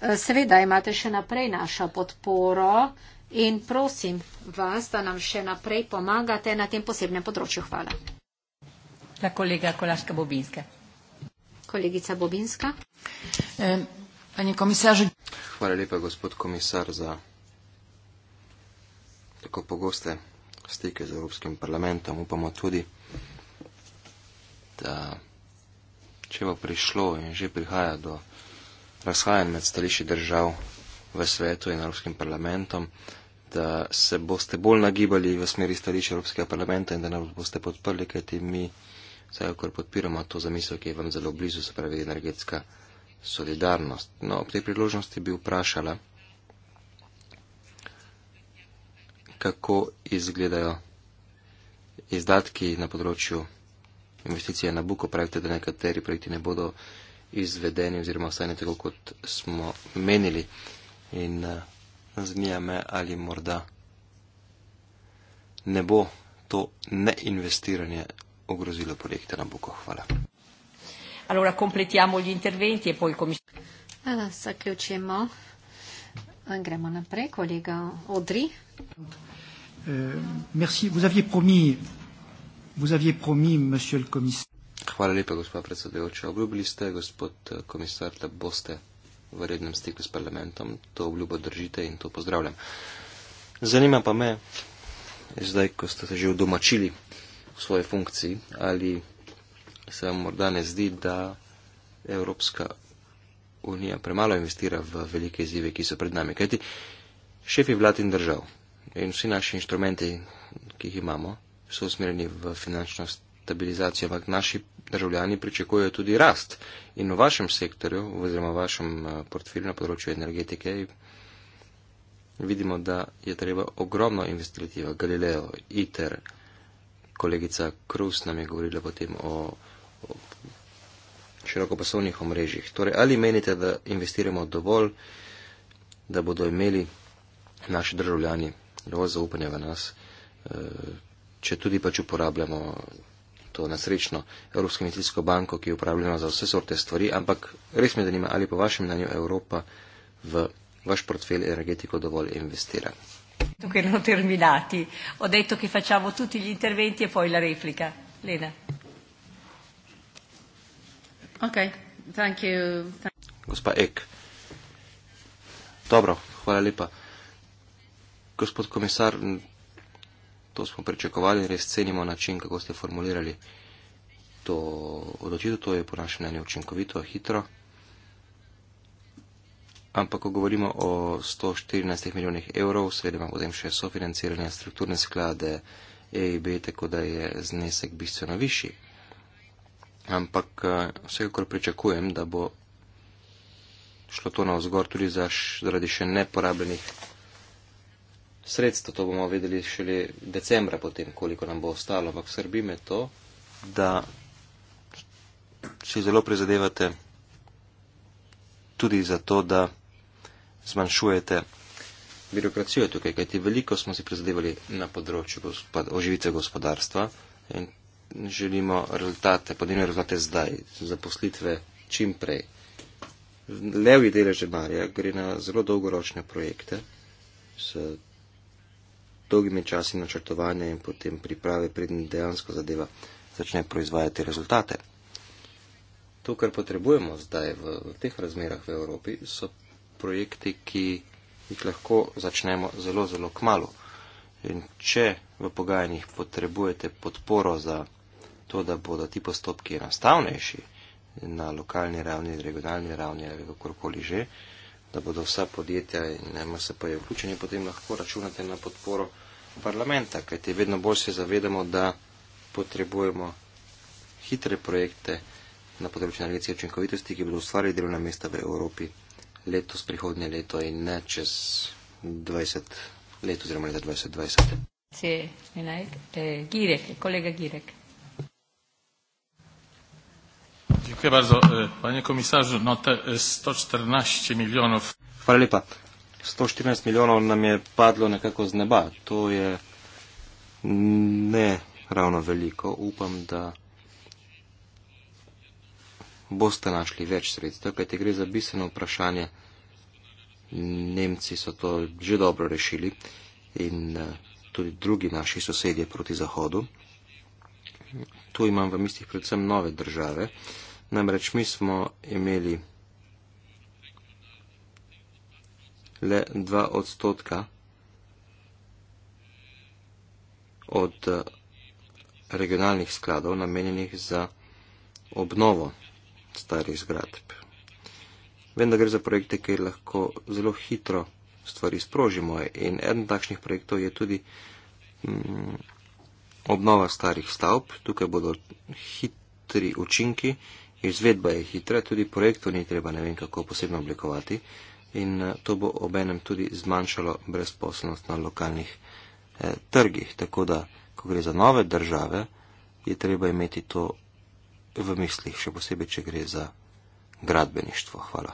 Eh, seveda imate še naprej našo podporo in prosim vas, da nam še naprej pomagate na tem posebnem področju. Hvala. La kolega Kolaška Bobinska. Kolegica Bobinska. Eh, e, komisar... Hvala lepa, gospod komisar, za tako pogoste stike z Evropskim parlamentom. Upamo tudi, da če bo prišlo in že prihaja do razhajanj med stališči držav v svetu in Evropskim parlamentom, da se boste bolj nagibali v smeri stališča Evropskega parlamenta in da nam boste podprli, kajti mi vsakakor podpiramo to zamisel, ki je vam zelo blizu, se pravi energetska solidarnost. No, ob tej priložnosti bi vprašala, kako izgledajo izdatki na področju investicije na Buko. Pravite, da nekateri projekti ne bodo izvedeni oziroma vsaj ne tako, kot smo menili. In uh, zanima me, ali morda ne bo to neinvestiranje ogrozilo projekte na Boko. Hvala. Allora, completiamo gli interventi e poi comincia. Allora, sacchiamo. Andiamo eh, naprè, collega Audrey. Eh, merci, vous aviez promis, vous aviez promis, monsieur le commissaire. Hvala lepa, gospa predsedujoča. Obljubili ste, gospod eh, komisar, da boste v rednem stiku s parlamentom. To obljubo držite in to pozdravljam. Zanima pa me, zdaj, ko ste se že vdomačili v svoje funkciji, ali se vam morda ne zdi, da Evropska unija premalo investira v velike izzive, ki so pred nami. Kajti šefi vlad in držav in vsi naši inštrumenti, ki jih imamo, so usmerjeni v finančnost stabilizacijo, ampak naši državljani pričakujejo tudi rast. In v vašem sektorju, oziroma v vašem eh, portfelju na področju energetike, vidimo, da je treba ogromno investirati v Galileo, ITER. Kolegica Krus nam je govorila potem o, o širokopasovnih omrežjih. Torej, ali menite, da investiramo dovolj, da bodo imeli naši državljani dovolj zaupanja v nas, eh, če tudi pač uporabljamo to nesrečno Evropsko investicijsko banko, ki je upravljena za vse sorte stvari, ampak res me zanima, ali po vašem mnenju Evropa v vaš portfelj energetiko dovolj investira. Tukaj erano terminati. Ho detto che facciamo tutti gli interventi e poi la replica. Lena. Ok, thank you. Gospa Ek. Dobro, hvala lepa. Gospod komisar, to smo pričakovali in res cenimo način, kako ste formulirali to odločitev. To je po našem mnenju učinkovito, hitro. Ampak, ko govorimo o 114 milijonih evrov, seveda imamo potem še sofinanciranje strukturne sklade EIB, tako da je znesek bistveno višji. Ampak eh, vsekakor pričakujem, da bo šlo to na vzgor tudi zaradi še neporabljenih sredstvo, to bomo videli šele decembra potem, koliko nam bo ostalo, ampak srbi me to, da si zelo prizadevate tudi za to, da zmanjšujete birokracijo tukaj, kajti veliko smo si prizadevali na področju gospod, oživice gospodarstva in želimo rezultate, podnebne rezultate zdaj, zaposlitve čim prej. Levi delež Marja gre na zelo dolgoročne projekte, dolgimi časi načrtovanja in potem priprave, preden dejansko zadeva začne proizvajati rezultate. To, kar potrebujemo zdaj v, v teh razmerah v Evropi, so projekti, ki jih lahko začnemo zelo, zelo kmalo. In če v pogajanjih potrebujete podporo za to, da bodo ti postopki enostavnejši na lokalni ravni, regionalni ravni ali kakorkoli že, da bodo vsa podjetja in MSP-je vključeni, potem lahko računate na podporo parlamenta, kajte vedno bolj se zavedamo, da potrebujemo hitre projekte na področju energetske učinkovitosti, ki bodo ustvarili delovna mesta v Evropi letos, prihodnje leto in ne čez 20 let oziroma leta 2020. Eh, e, no e, Hvala lepa. 114 milijonov nam je padlo nekako z neba. To je ne ravno veliko. Upam, da boste našli več sredstev, kajte gre za bistveno vprašanje. Nemci so to že dobro rešili in eh, tudi drugi naši sosedje proti zahodu. Tu imam v mislih predvsem nove države. Namreč mi smo imeli le 2 odstotka od eh, regionalnih skladov namenjenih za obnovo starih zgradb. Vendar gre za projekte, kjer lahko zelo hitro stvari sprožimo in eden takšnih projektov je tudi mm, obnova starih stavb. Tukaj bodo hitri učinki, izvedba je hitra, tudi projektov ni treba ne vem kako posebno oblikovati in eh, to bo obenem tudi zmanjšalo brezposobnost na lokalnih eh, trgih. Tako da, ko gre za nove države, je treba imeti to v mislih, še posebej, če gre za gradbeništvo. Hvala.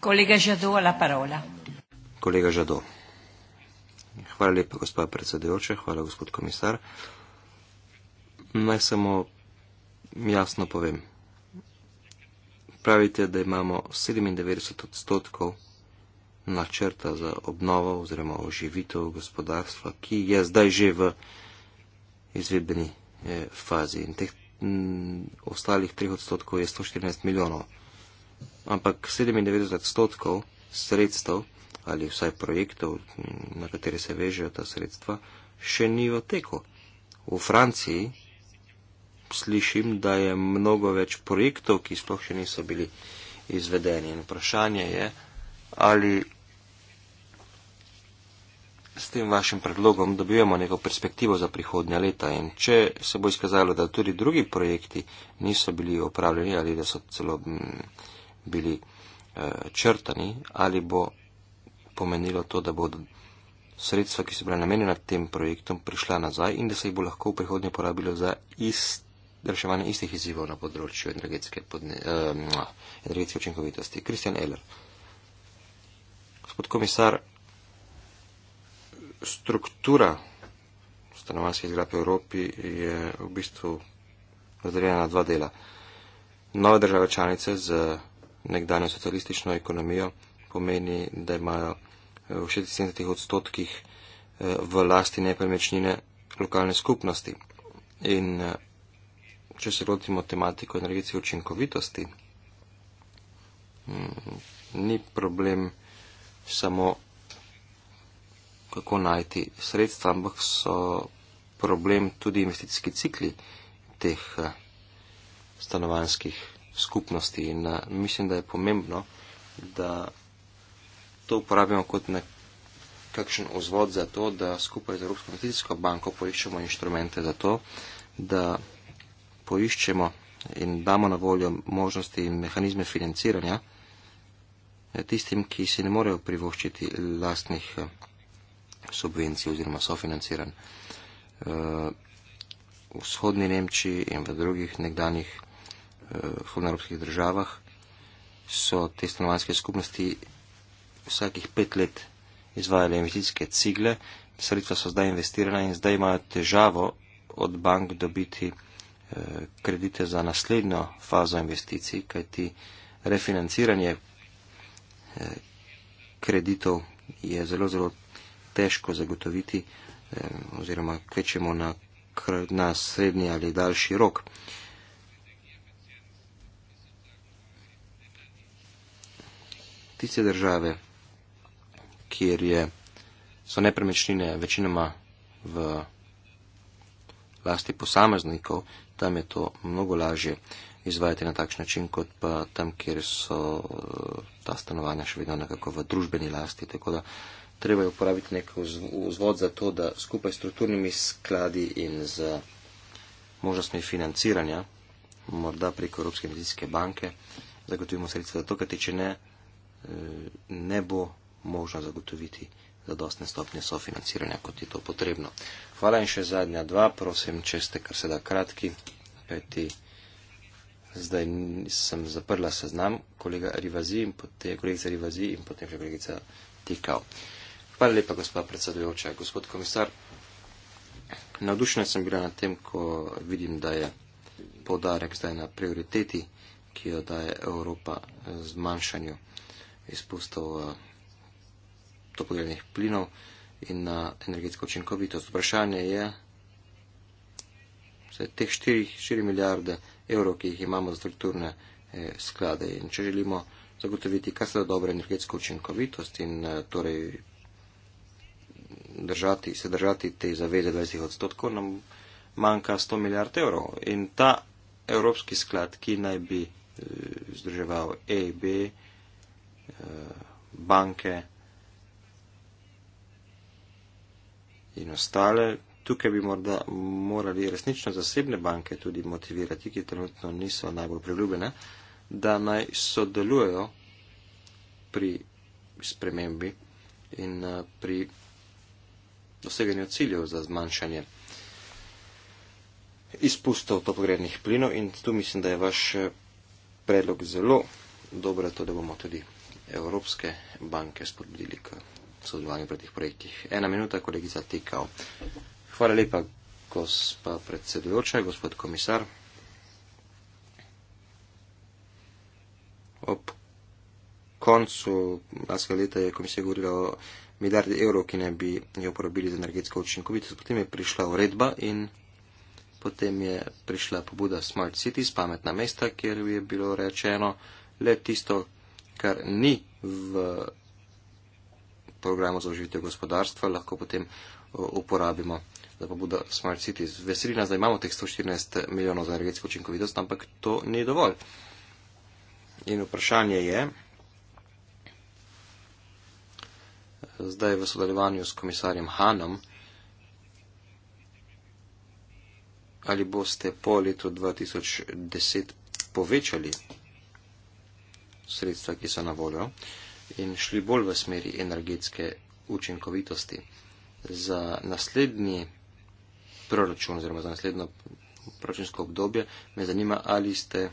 Kolega Žado, la parola. Kolega Žado. Hvala lepa, gospod predsedujoče, hvala, gospod komisar. Naj samo jasno povem pravite, da imamo 97 odstotkov načrta za obnovo oziroma oživitev gospodarstva, ki je zdaj že v izvedbeni eh, fazi. In teh ostalih 3 odstotkov je 114 milijonov. Ampak 97 odstotkov sredstev ali vsaj projektov, na katere se vežejo ta sredstva, še ni v teku. V Franciji slišim, da je mnogo več projektov, ki sploh še niso bili izvedeni. In vprašanje je, ali s tem vašim predlogom dobivamo neko perspektivo za prihodnja leta in če se bo izkazalo, da tudi drugi projekti niso bili opravljeni ali da so celo mm, bili eh, črtani, ali bo pomenilo to, da bodo sredstva, ki so bila namenjena tem projektom, prišla nazaj in da se jih bo lahko v prihodnje porabilo za isto reševanje istih izzivov na področju energetske, podne, eh, energetske učinkovitosti. Kristjan Eller. Gospod komisar, struktura stanovanjskih zgrad v Evropi je v bistvu razdeljena na dva dela. Nove države članice z nekdanjo socialistično ekonomijo pomeni, da imajo v 60 odstotkih eh, v lasti nepremečnine lokalne skupnosti. In eh, če se lotimo tematiko energetske učinkovitosti, mm, ni problem samo kako najti sredstva, ampak so problem tudi investicijski cikli teh eh, stanovanskih skupnosti. In eh, mislim, da je pomembno, da to uporabimo kot nekakšen ozvod za to, da skupaj z Evropsko investicijsko banko poiščemo inštrumente za to, da poiščemo in damo na voljo možnosti in mehanizme financiranja eh, tistim, ki si ne morejo privoščiti lastnih eh, subvencij oziroma sofinanciran. Eh, v vzhodni Nemčiji in v drugih nekdanjih vzhodnoevropskih državah so te stanovanske skupnosti vsakih pet let izvajale investicijske cigle, sredstva so zdaj investirana in zdaj imajo težavo od bank dobiti kredite za naslednjo fazo investicij, kajti refinanciranje eh, kreditov je zelo, zelo težko zagotoviti eh, oziroma kvečemo na, na srednji ali daljši rok. Tiste države, kjer je, so nepremečnine večinoma v lasti posameznikov, tam je to mnogo lažje izvajati na takšen način, kot pa tam, kjer so eh, ta stanovanja še vedno nekako v družbeni lasti. Tako da treba je uporabiti nek vzvod za to, da skupaj s strukturnimi skladi in z možnostmi financiranja, morda preko Evropske medicinske banke, zagotovimo sredstva za to, kajti če ne, eh, ne bo možno zagotoviti zadostne stopnje sofinanciranja, kot je to potrebno. Hvala in še zadnja dva, prosim, če ste kar se da kratki, kajti zdaj sem zaprla seznam kolega Rivazi in potem kolegica Rivazi in potem še kolegica Tikao. Hvala lepa, gospod predsedujoča. Gospod komisar, navdušena sem bila na tem, ko vidim, da je podarek zdaj na prioriteti, ki jo daje Evropa zmanjšanju izpustov eh, toplogrednih plinov in na energetsko učinkovitost. Vprašanje je, se je teh 4, 4 milijarde evrov, ki jih imamo za strukturne eh, sklade in če želimo zagotoviti, kar se da dobro energetsko učinkovitost in eh, torej držati, se držati te zaveze 20 odstotkov, nam manjka 100 milijard evrov. In ta evropski sklad, ki naj bi eh, združeval EIB, eh, banke, in ostale. Tukaj bi morda morali resnično zasebne banke tudi motivirati, ki trenutno niso najbolj priljubljene, da naj sodelujo pri spremembi in eh, pri doseganju ciljev za zmanjšanje izpustov topogrednih plinov in tu mislim, da je vaš eh, predlog zelo dobro, to, da bomo tudi evropske banke spodbudili k sodelovanju pri teh projektih. Ena minuta, kolegica Tikao. Hvala lepa, gospa predsedujoča, gospod komisar. Ob koncu lanskega leta je komisija govorila o milijardi evrov, ki ne bi jo uporabili za energetsko učinkovitost. Potem je prišla uredba in potem je prišla pobuda Smart Cities, pametna mesta, kjer je bilo rečeno le tisto, kar ni v programu za oživitev gospodarstva lahko potem uporabimo, da pa bodo smart cities. Veseli nas, da imamo teh 114 milijonov za energetsko učinkovitost, ampak to ni dovolj. In vprašanje je, zdaj v sodelovanju s komisarjem Hanom, ali boste po letu 2010 povečali sredstva, ki so na voljo. Uh, in šli bolj v smeri energetske učinkovitosti. Za naslednji proračun oziroma za naslednjo proračunsko obdobje me zanima, ali ste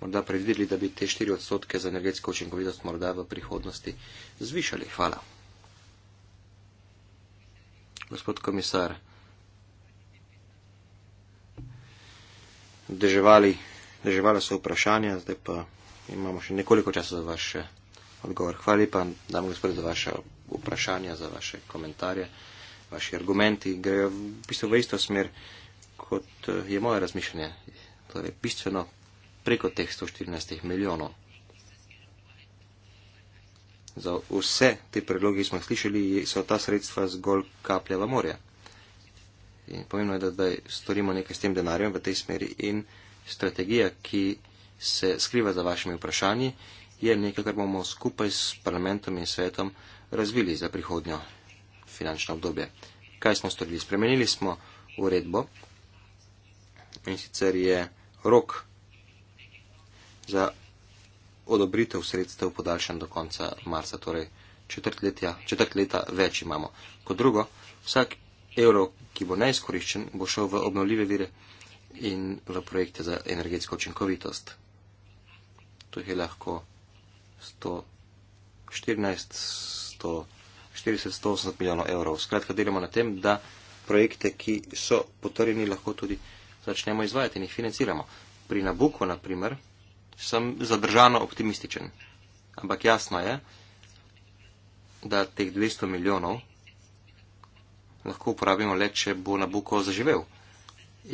morda predvideli, da bi te 4 odstotke za energetsko učinkovitost morda v prihodnosti zvišali. Hvala. Gospod komisar, deževali, deževala so vprašanja, zdaj pa imamo še nekoliko časa za vaše odgovor. Hvala lepa, dame gospode, za vaše vprašanja, za vaše komentarje, vaše argumenti. Grejo v bistvu v isto smer, kot eh, je moje razmišljanje. Torej, bistveno preko teh 114 milijonov. Za vse te predloge, ki smo jih slišali, so ta sredstva zgolj kaplja v morje. In pomembno je, da, da storimo nekaj s tem denarjem v tej smeri in strategija, ki se skriva za vašimi vprašanji je nekaj, kar bomo skupaj s parlamentom in svetom razvili za prihodnjo finančno obdobje. Kaj smo storili? Spremenili smo uredbo in sicer je rok za odobritev sredstev podaljšan do konca marca, torej četrt leta več imamo. Kot drugo, vsak evro, ki bo neizkoriščen, bo šel v obnovljive vire in v projekte za energetsko učinkovitost. To je lahko 114, 140, 180 milijonov evrov. Skratka, delamo na tem, da projekte, ki so potrjeni, lahko tudi začnemo izvajati in jih financiramo. Pri Nabuku, na primer, sem zadržano optimističen. Ampak jasno je, da teh 200 milijonov lahko uporabimo le, če bo Nabuko zaživel.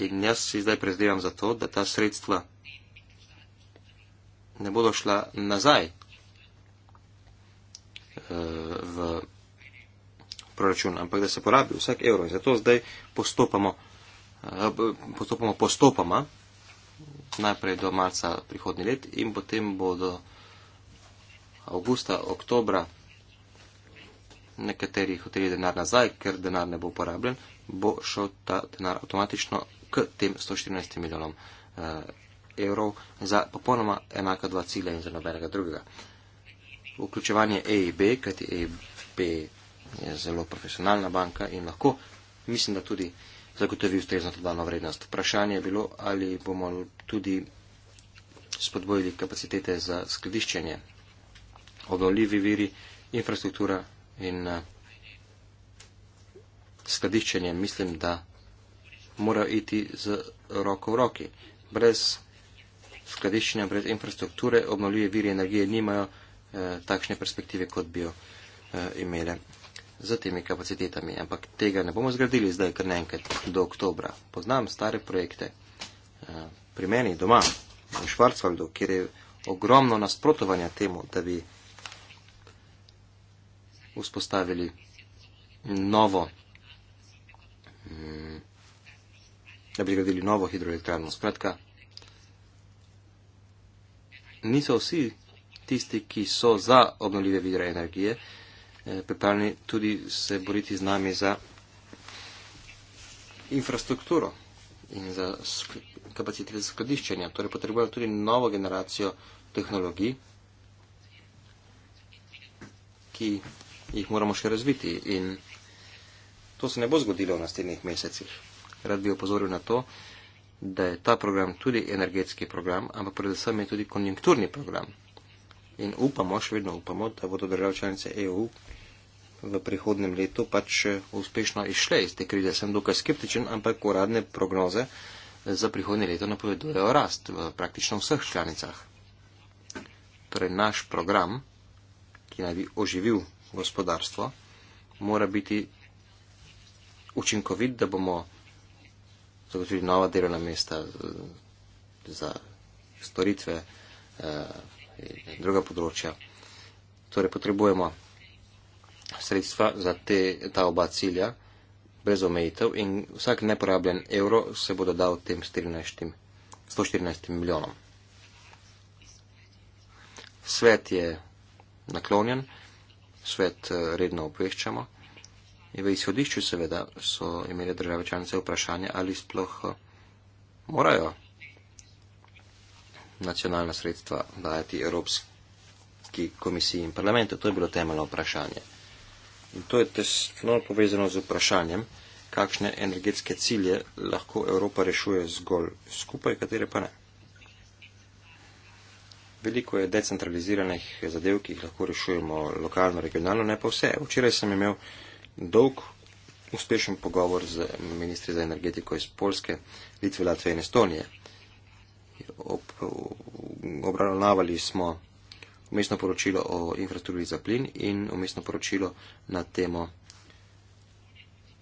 In jaz si zdaj prezdevam za to, da ta sredstva ne bodo šla nazaj v proračun, ampak da se porabi vsak evro. In zato zdaj postopamo, eh, postopamo postopoma, najprej do marca prihodni let in potem bo do avgusta, oktobra nekateri hoteli denar nazaj, ker denar ne bo uporabljen, bo šel ta denar avtomatično k tem 114 milijonom eh, evrov za popolnoma enaka dva cilja in za nobenega drugega vključevanje EIB, kajti EIB je zelo profesionalna banka in lahko, mislim, da tudi zagotovi ustrezno dodano vrednost. Vprašanje je bilo, ali bomo tudi spodbojili kapacitete za skladiščenje, obnovljivi viri, infrastruktura in eh, skladiščenje, mislim, da mora iti z roko v roki. Brez skladiščenja, brez infrastrukture, obnovljive viri energije nimajo. Ni Eh, takšne perspektive, kot bi jo eh, imele z temi kapacitetami. Ampak tega ne bomo zgradili zdaj, ker naenkrat do oktobra. Poznam stare projekte eh, pri meni doma v Švarcvaldu, kjer je ogromno nasprotovanja temu, da bi vzpostavili novo, mm, da bi gradili novo hidroelektrarno. Skratka, niso vsi tisti, ki so za obnovljive vire energije, eh, pripravljeni tudi se boriti z nami za infrastrukturo in za kapacitete skladiščenja. Torej potrebujemo tudi novo generacijo tehnologij, ki jih moramo še razviti. In to se ne bo zgodilo v naslednjih mesecih. Rad bi opozoril na to, da je ta program tudi energetski program, ampak predvsem je tudi konjunkturni program in upamo, še vedno upamo, da bodo države članice EU v prihodnem letu pač eh, uspešno išle iz te krize. Sem dokaj skeptičen, ampak uradne prognoze eh, za prihodnje leto napovedujejo rast v praktično vseh članicah. Torej naš program, ki naj bi oživil gospodarstvo, mora biti učinkovit, da bomo zagotovili nova delovna mesta eh, za storitve. Eh, druga področja. Torej, potrebujemo sredstva za te, ta oba cilja brez omejitev in vsak neporabljen evro se bo dodal tem 14, 114 milijonom. Svet je naklonjen, svet eh, redno obveščamo. In v izhodišču seveda so imeli države članice vprašanje, ali sploh eh, morajo nacionalna sredstva dajati Evropski komisiji in parlamentu. To je bilo temeljno vprašanje. In to je tesno povezano z vprašanjem, kakšne energetske cilje lahko Evropa rešuje zgolj skupaj, katere pa ne. Veliko je decentraliziranih zadev, ki jih lahko rešujemo lokalno, regionalno, ne pa vse. Včeraj sem imel dolg, uspešen pogovor z ministri za energetiko iz Polske, Litve, Latve in Estonije ob, obravnavali smo umestno poročilo o infrastrukturi za plin in umestno poročilo na temo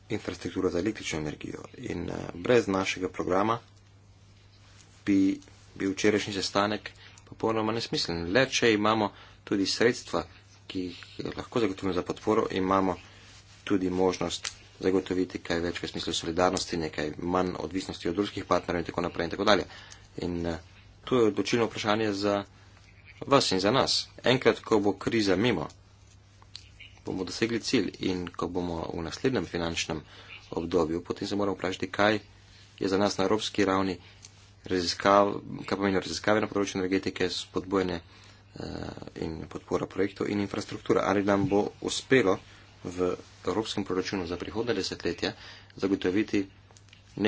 infrastruktura za električno energijo. In eh, brez našega programa bi bil včerajšnji sestanek popolnoma nesmislen. Le, če imamo tudi sredstva, ki jih lahko zagotovimo za podporo, imamo tudi možnost zagotoviti kaj več v smislu solidarnosti, nekaj manj odvisnosti od drugih partnerjev in tako naprej in tako dalje. In eh, to je odločilno vprašanje za vas in za nas. Enkrat, ko bo kriza mimo, bomo dosegli cilj in ko bomo v naslednjem finančnem obdobju, potem se moramo vprašati, kaj je za nas na evropski ravni raziskav, kaj pomeni raziskave na področju energetike, spodbojene eh, in podpora projektov in infrastruktura. Ali nam bo uspelo v evropskem proračunu za prihodne desetletja zagotoviti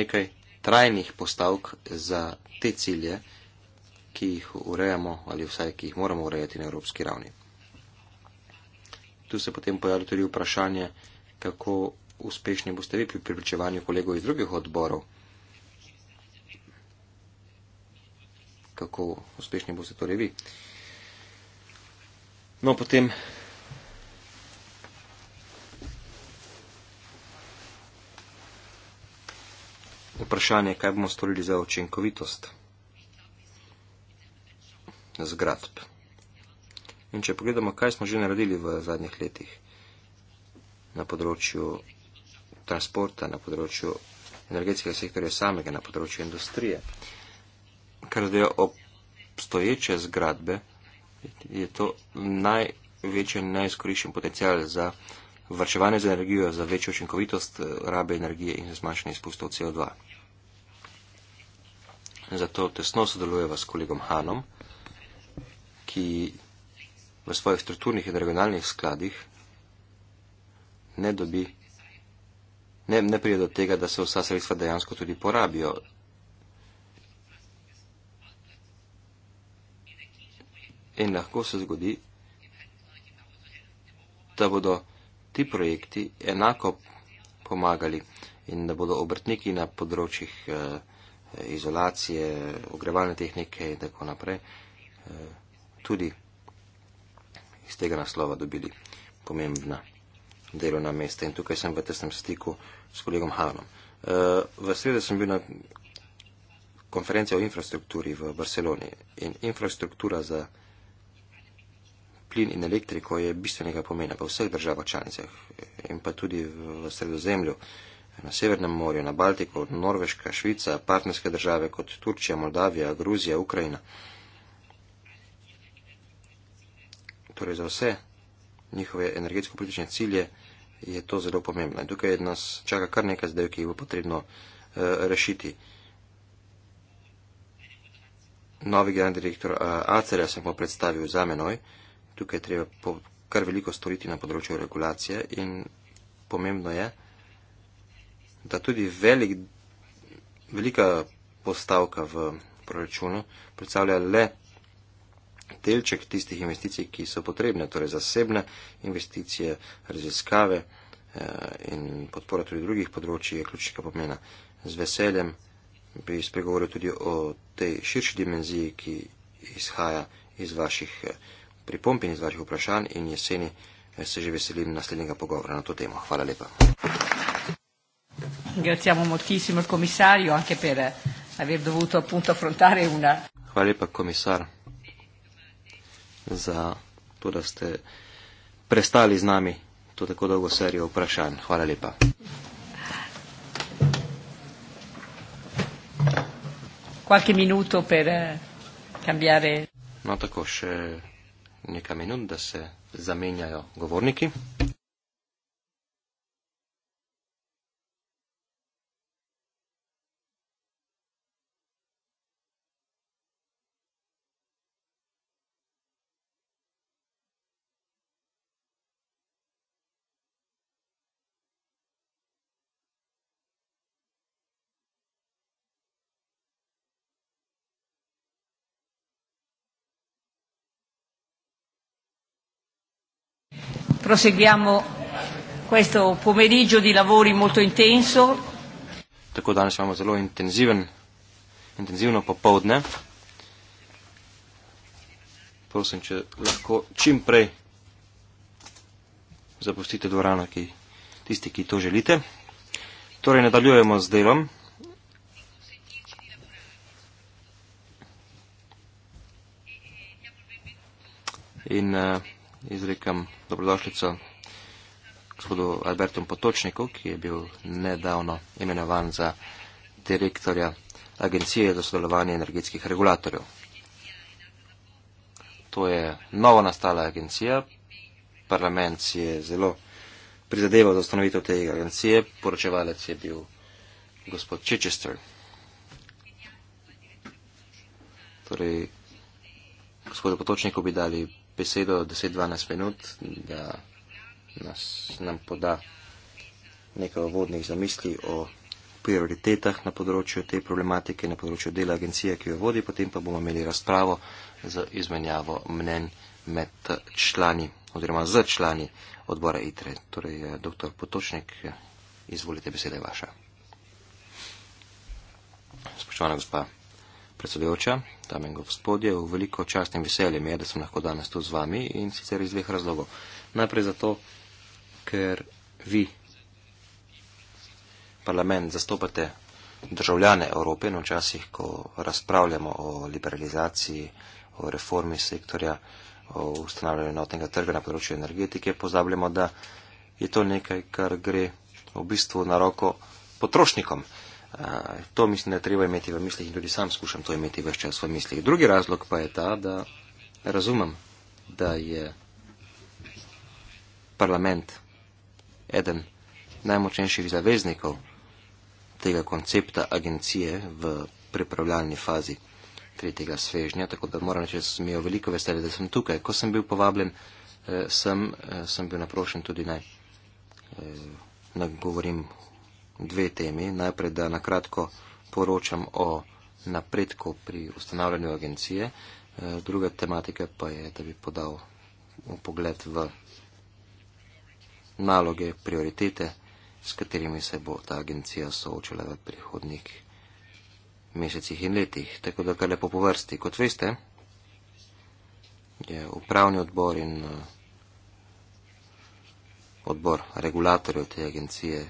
nekaj trajnih postavk za te cilje, ki jih urejamo ali vsaj, ki jih moramo urejati na evropski ravni. Tu se potem pojavlja tudi vprašanje, kako uspešni boste vi pri pripričevanju kolegov iz drugih odborov. Kako uspešni boste torej vi. No, potem vprašanje, kaj bomo storili za učinkovitost zgradb. In če pogledamo, kaj smo že naredili v zadnjih letih na področju transporta, na področju energetskega sektorja samega, na področju industrije, kar zdaj obstoječe zgradbe, je to največji neizkoriščen potencial za vrčevanje z energijo, za večjo učinkovitost eh, rabe energije in za zmanjšanje izpustov CO2 zato tesno sodelujeva s kolegom Hanom, ki v svojih strukturnih in regionalnih skladih ne dobi, ne, ne prije do tega, da se vsa sredstva dejansko tudi porabijo. In lahko se zgodi, da bodo ti projekti enako pomagali in da bodo obrtniki na področjih eh, izolacije, ogrevalne tehnike in tako naprej, eh, tudi iz tega naslova dobili pomembna delovna mesta. In tukaj sem v tesnem stiku s kolegom Hanom. Eh, v sredo sem bil na konferenci o infrastrukturi v Barceloni in infrastruktura za plin in elektriko je bistvenega pomena v vseh državah članicah in pa tudi v sredozemlju na Severnem morju, na Baltiku, od Norveška, Švica, partnerske države kot Turčija, Moldavija, Gruzija, Ukrajina. Torej za vse njihove energetsko-politične cilje je to zelo pomembno. In tukaj nas čaka kar nekaj zdaj, ki jih bo potrebno uh, rešiti. Novi generalni direktor uh, eh, ACR-ja sem pa predstavil za menoj. Tukaj treba po, kar veliko storiti na področju regulacije in pomembno je, da tudi velik, velika postavka v proračunu predstavlja le delček tistih investicij, ki so potrebne, torej zasebne investicije, raziskave eh, in podpora tudi drugih področji je ključnega pomena. Z veseljem bi spregovoril tudi o tej širši dimenziji, ki izhaja iz vaših eh, pripomp in iz vaših vprašanj in jeseni eh, se že veselim naslednjega pogovora na to temo. Hvala lepa. Ringraziamo moltissimo il commissario anche per aver dovuto appunto affrontare una. Hvala lepa, komisar, za to, da ste prestali z nami to tako dolgo serijo vprašanj. Hvala lepa. Qualche minuto per eh, cambiare. No, tako še nekaj minut, da se zamenjajo govorniki. Proseguiamo questo pomeriggio di lavori molto intenso. Tako danes imamo zelo intenziven, intenzivno popovdne. Prosim, če lahko čim prej zapustite dvorano, ki, tisti, ki to želite. Torej, nadaljujemo z delom. In, uh, izrekam dobrodošljico gospodu Albertu Potočniku, ki je bil nedavno imenovan za direktorja Agencije za sodelovanje energetskih regulatorjev. To je novo nastala agencija. Parlament si je zelo prizadeval za ustanovitev te agencije. Poročevalec je bil gospod Chichester. Torej, gospodu Potočniku bi dali besedo 10-12 minut, da nas, nam poda nekaj vodnih zamisli o prioritetah na področju te problematike, na področju dela agencije, ki jo vodi, potem pa bomo imeli razpravo z izmenjavo mnen med člani oziroma z člani odbora ITRE. Torej, eh, doktor Potočnik, eh, izvolite, beseda je vaša. Spoštovana gospa predsedujoča, dame in gospodje, v veliko čast in veselje mi je, da sem lahko danes tu z vami in sicer iz dveh razlogov. Najprej zato, ker vi, parlament, zastopate državljane Evrope in včasih, ko razpravljamo o liberalizaciji, o reformi sektorja, o ustanavljanju notnega trga na področju energetike, pozabljamo, da je to nekaj, kar gre v bistvu na roko potrošnikom. To mislim, da je treba imeti v mislih in tudi sam skušam to imeti vse čas v mislih. Drugi razlog pa je ta, da razumem, da je parlament eden najmočnejših zaveznikov tega koncepta agencije v pripravljalni fazi tretjega svežnja, tako da moram reči, da sem imel veliko veselje, da sem tukaj. Ko sem bil povabljen, eh, sem, eh, sem bil naprošen tudi naj, eh, naj govorim dve temi. Najprej, da nakratko poročam o napredku pri ustanavljanju agencije. E, Druga tematika pa je, da bi podal pogled v naloge, prioritete, s katerimi se bo ta agencija soočila v prihodnjih mesecih in letih. Tako da kar lepo po vrsti. Kot veste, je upravni odbor in e, odbor regulatorjev te agencije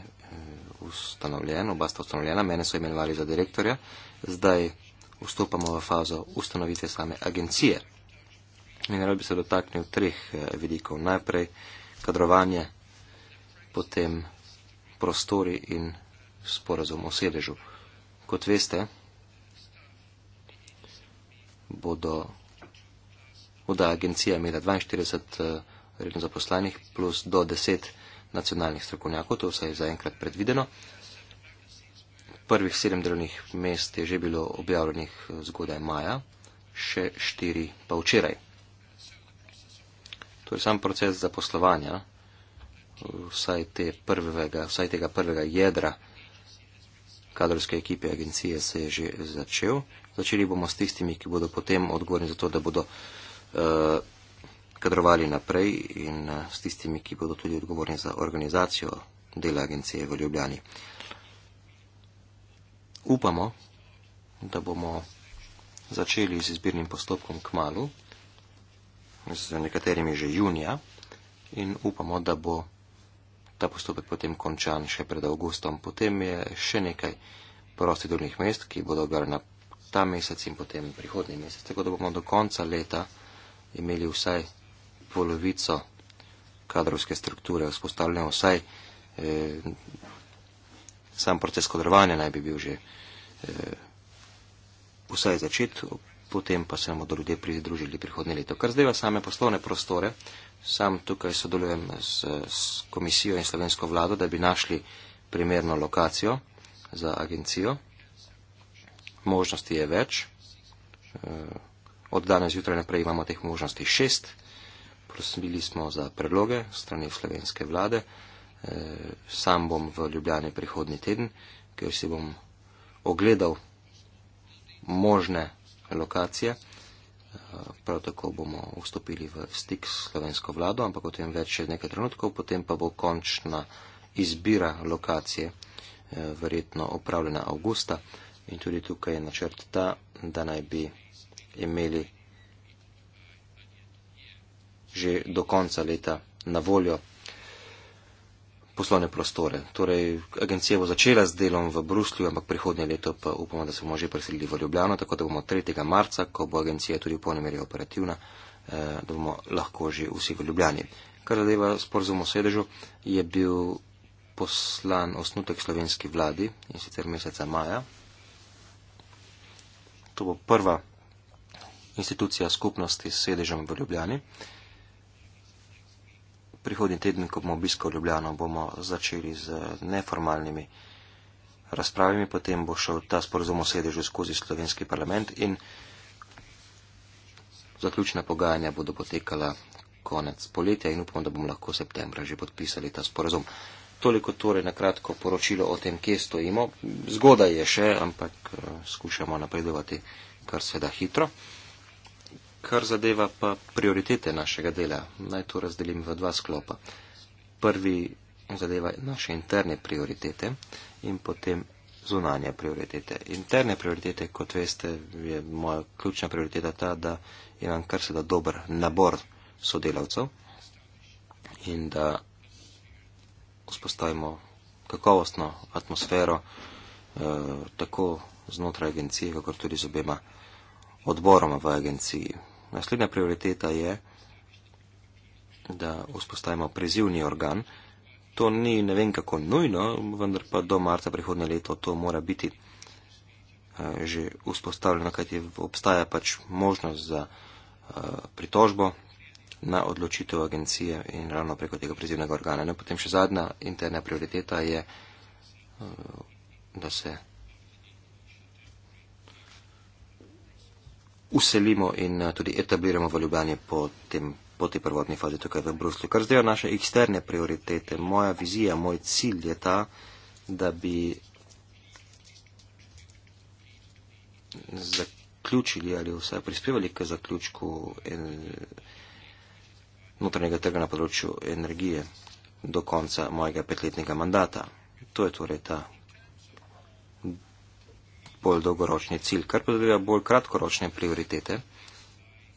ustanovljen, oba sta ustanovljena, mene so imenovali za direktorja, zdaj vstopamo v fazo ustanovitve same agencije. In rad bi se dotaknil treh eh, vidikov. Najprej kadrovanje, potem prostori in sporazum o sedežu. Kot veste, bodo voda agencija imela 42 eh, redno zaposlenih plus do 10 nacionalnih strokovnjakov, to vse je zaenkrat predvideno. Prvih sedem delovnih mest je že bilo objavljenih eh, zgodaj maja, še štiri pa včeraj. To je sam proces zaposlovanja vsaj, te prvega, vsaj tega prvega jedra kadrovske ekipe agencije se je že začel. Začeli bomo s tistimi, ki bodo potem odgovorni za to, da bodo uh, kadrovali naprej in eh, s tistimi, ki bodo tudi odgovorni za organizacijo dela agencije v Ljubljani. Upamo, da bomo začeli z izbirnim postopkom k malu, z nekaterimi že junija, in upamo, da bo ta postopek potem končan še pred avgustom. Potem je še nekaj prostih drugih mest, ki bodo objavljena ta mesec in potem prihodni mesec, tako da bomo do konca leta imeli vsaj polovico kadrovske strukture vzpostavljena vsaj. Eh, sam proces kodrovanja naj bi bil že eh, vsaj začet, potem pa se nam bodo ljudje pridružili prihodne leto. Kar zdaj same poslovne prostore, sam tukaj sodelujem s, s komisijo in slovensko vlado, da bi našli primerno lokacijo za agencijo. Možnosti je več. Eh, od danes jutra naprej imamo teh možnosti šest prosili smo za predloge strani slovenske vlade. E, sam bom v Ljubljani prihodni teden, ker si bom ogledal možne lokacije. E, prav tako bomo vstopili v stik s slovensko vlado, ampak o tem več še nekaj trenutkov, potem pa bo končna izbira lokacije e, verjetno opravljena avgusta. In tudi tukaj je načrt ta, da naj bi imeli že do konca leta na voljo poslovne prostore. Torej, agencija bo začela z delom v Bruslju, ampak prihodnje leto pa upamo, da se bomo že preselili v Ljubljano, tako da bomo 3. marca, ko bo agencija tudi v polni meri operativna, eh, da bomo lahko že vsi v Ljubljani. Kar zadeva sporozum o sedežu, je bil poslan osnutek slovenski vladi in sicer meseca maja. To bo prva institucija skupnosti s sedežem v Ljubljani prihodnji teden, ko bomo obiskali Ljubljano, bomo začeli z neformalnimi razpravami, potem bo šel ta sporozum osedežu skozi slovenski parlament in zaključna pogajanja bodo potekala konec poletja in upam, da bomo lahko septembra že podpisali ta sporozum. Toliko torej na kratko poročilo o tem, kje stojimo. Zgodaj je še, ampak eh, skušamo napredovati kar se da hitro kar zadeva pa prioritete našega dela, naj to razdelim v dva sklopa. Prvi zadeva naše interne prioritete in potem zunanje prioritete. Interne prioritete, kot veste, je moja ključna prioriteta ta, da imam kar se da dober nabor sodelavcev in da vzpostavimo kakovostno atmosfero eh, tako znotraj agencije, kakor tudi z obema odboroma v agenciji. Naslednja prioriteta je, da vzpostavimo prizivni organ. To ni ne vem kako nujno, vendar pa do marca prihodne leto to mora biti eh, že vzpostavljeno, kajti obstaja pač možnost za eh, pritožbo na odločitev agencije in ravno preko tega prizivnega organa. In no, potem še zadnja interna prioriteta je, eh, da se uselimo in eh, tudi etabliramo v Ljubljani po, tem, po tej prvotni fazi tukaj v Bruslju. Kar zdaj naše eksterne prioritete, moja vizija, moj cilj je ta, da bi zaključili ali vse prispevali k zaključku en, notranjega trga na področju energije do konca mojega petletnega mandata. To je torej ta bolj dolgoročni cilj, kar pa tudi bolj kratkoročne prioritete,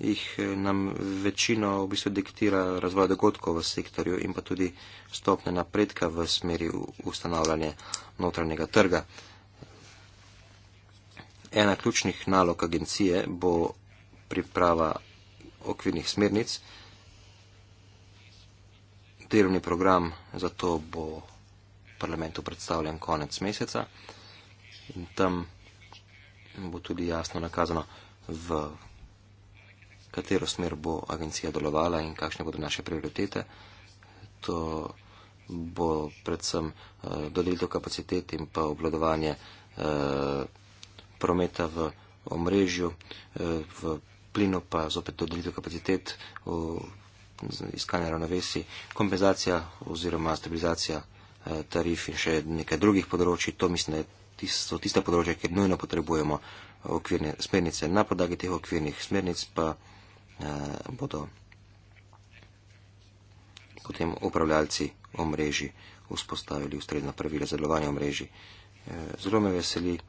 jih eh, nam večino v bistvu diktira razvoj dogodkov v sektorju in pa tudi stopne napredka v smeri ustanavljanja notranjega trga. Ena ključnih nalog agencije bo priprava okvirnih smernic. Delovni program za to bo parlamentu predstavljen konec meseca. In tam bo tudi jasno nakazano, v katero smer bo agencija delovala in kakšne bodo naše prioritete. To bo predvsem uh, dodelitev kapacitet in pa obladovanje uh, eh, prometa v omrežju, uh, v plinu pa zopet dodelitev kapacitet. V, iskanje ravnovesi, kompenzacija oziroma stabilizacija tarif in še nekaj drugih področji. To mislim, da je so tiste področje, kjer nujno potrebujemo okvirne smernice. Na podlagi teh okvirnih smernic pa eh, bodo potem upravljalci omrežji vzpostavili ustrezna pravila za delovanje omrežji. Eh, zelo me veseli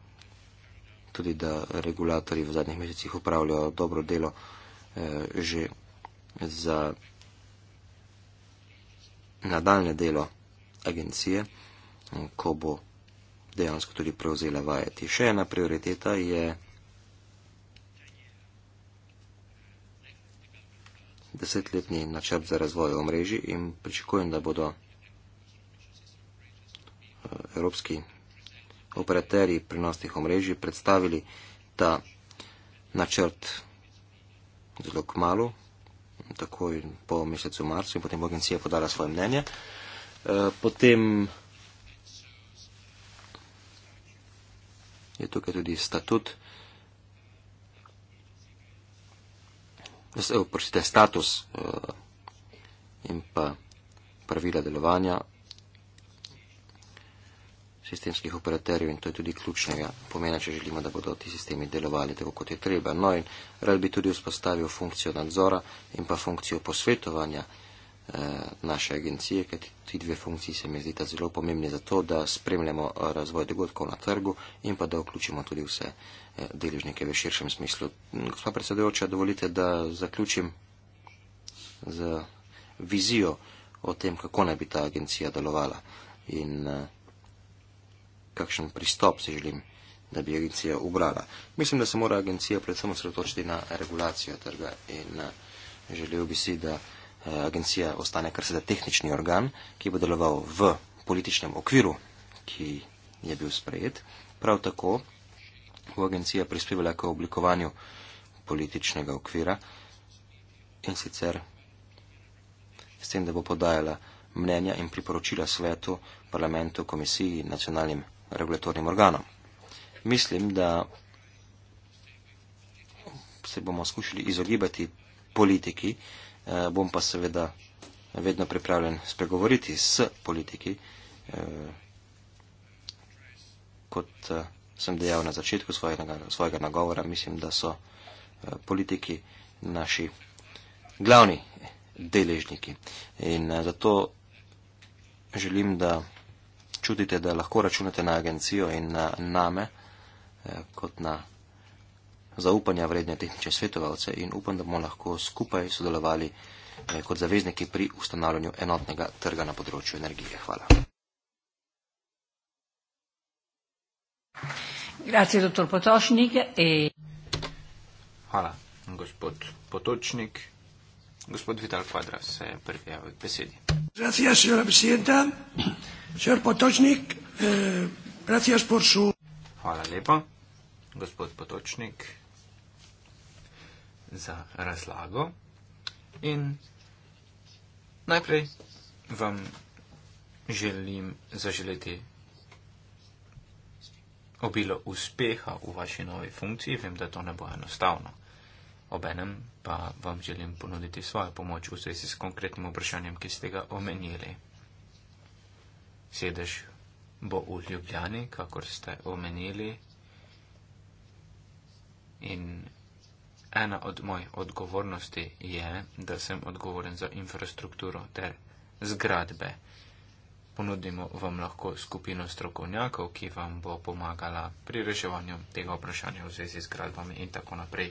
tudi, da regulatori v zadnjih mesecih upravljajo dobro delo eh, že za nadaljne delo agencije, eh, ko bo dejansko tudi prevzele vajeti. Še ena prioriteta je, desetletni načrt za razvoj omrežji in pričakujem, da bodo eh, evropski operaterji prenosnih omrežij predstavili ta načrt zelo kmalo, takoj po mesecu marcu in potem bo agencija podala svoje mnenje. Eh, potem je tukaj tudi statut. Oprostite, status eh, in pa pravila delovanja sistemskih operaterjev in to je tudi ključnega pomena, če želimo, da bodo ti sistemi delovali tako, kot je treba. No in rad bi tudi vzpostavil funkcijo nadzora in pa funkcijo posvetovanja Eh, naše agencije, ker ti dve funkciji se mi zdita zelo pomembni za to, da spremljamo eh, razvoj dogodkov na trgu in pa da vključimo tudi vse eh, deležnike v širšem smislu. Gospa predsedujoča, dovolite, da zaključim z vizijo o tem, kako naj bi ta agencija delovala in kakšen pristop si želim, da bi agencija ubrala. Mislim, da se mora agencija predvsem osredotočiti na regulacijo trga in želel bi si, da Eh, agencija ostane kar seveda tehnični organ, ki bo deloval v političnem okviru, ki je bil sprejet. Prav tako bo agencija prispevala k oblikovanju političnega okvira in sicer s tem, da bo podajala mnenja in priporočila svetu, parlamentu, komisiji in nacionalnim regulatornim organom. Mislim, da se bomo skušali izogibati politiki, Eh, bom pa seveda vedno pripravljen spregovoriti s politiki, eh, kot eh, sem dejal na začetku svojega, svojega nagovora, mislim, da so politiki naši glavni deležniki. In zato želim, da čutite, da lahko računate na agencijo in na name kot na zaupanja vredne tehnične svetovalce in upam, da bomo lahko skupaj sodelovali eh, kot zavezniki pri ustanavljanju enotnega trga na področju energije. Hvala. Grazie, dottor Potočnik. E... Hvala, gospod Potočnik. Gospod Vital Kvadra se je prijavil k besedi. Gracias, señora presidenta. Señor Potočnik, eh, gracias por su... Hvala lepa, gospod Potočnik za razlago. In najprej vam želim zaželeti obilo uspeha v vaši novi funkciji. Vem, da to ne bo enostavno. Obenem pa vam želim ponuditi svojo pomoč v zvezi s konkretnim vprašanjem, ki ste ga omenili. Sedež bo v Ljubljani, kakor ste omenili. In Ena od mojih odgovornosti je, da sem odgovoren za infrastrukturo ter zgradbe. Ponudimo vam lahko skupino strokovnjakov, ki vam bo pomagala pri reševanju tega vprašanja v zvezi z gradbami in tako naprej,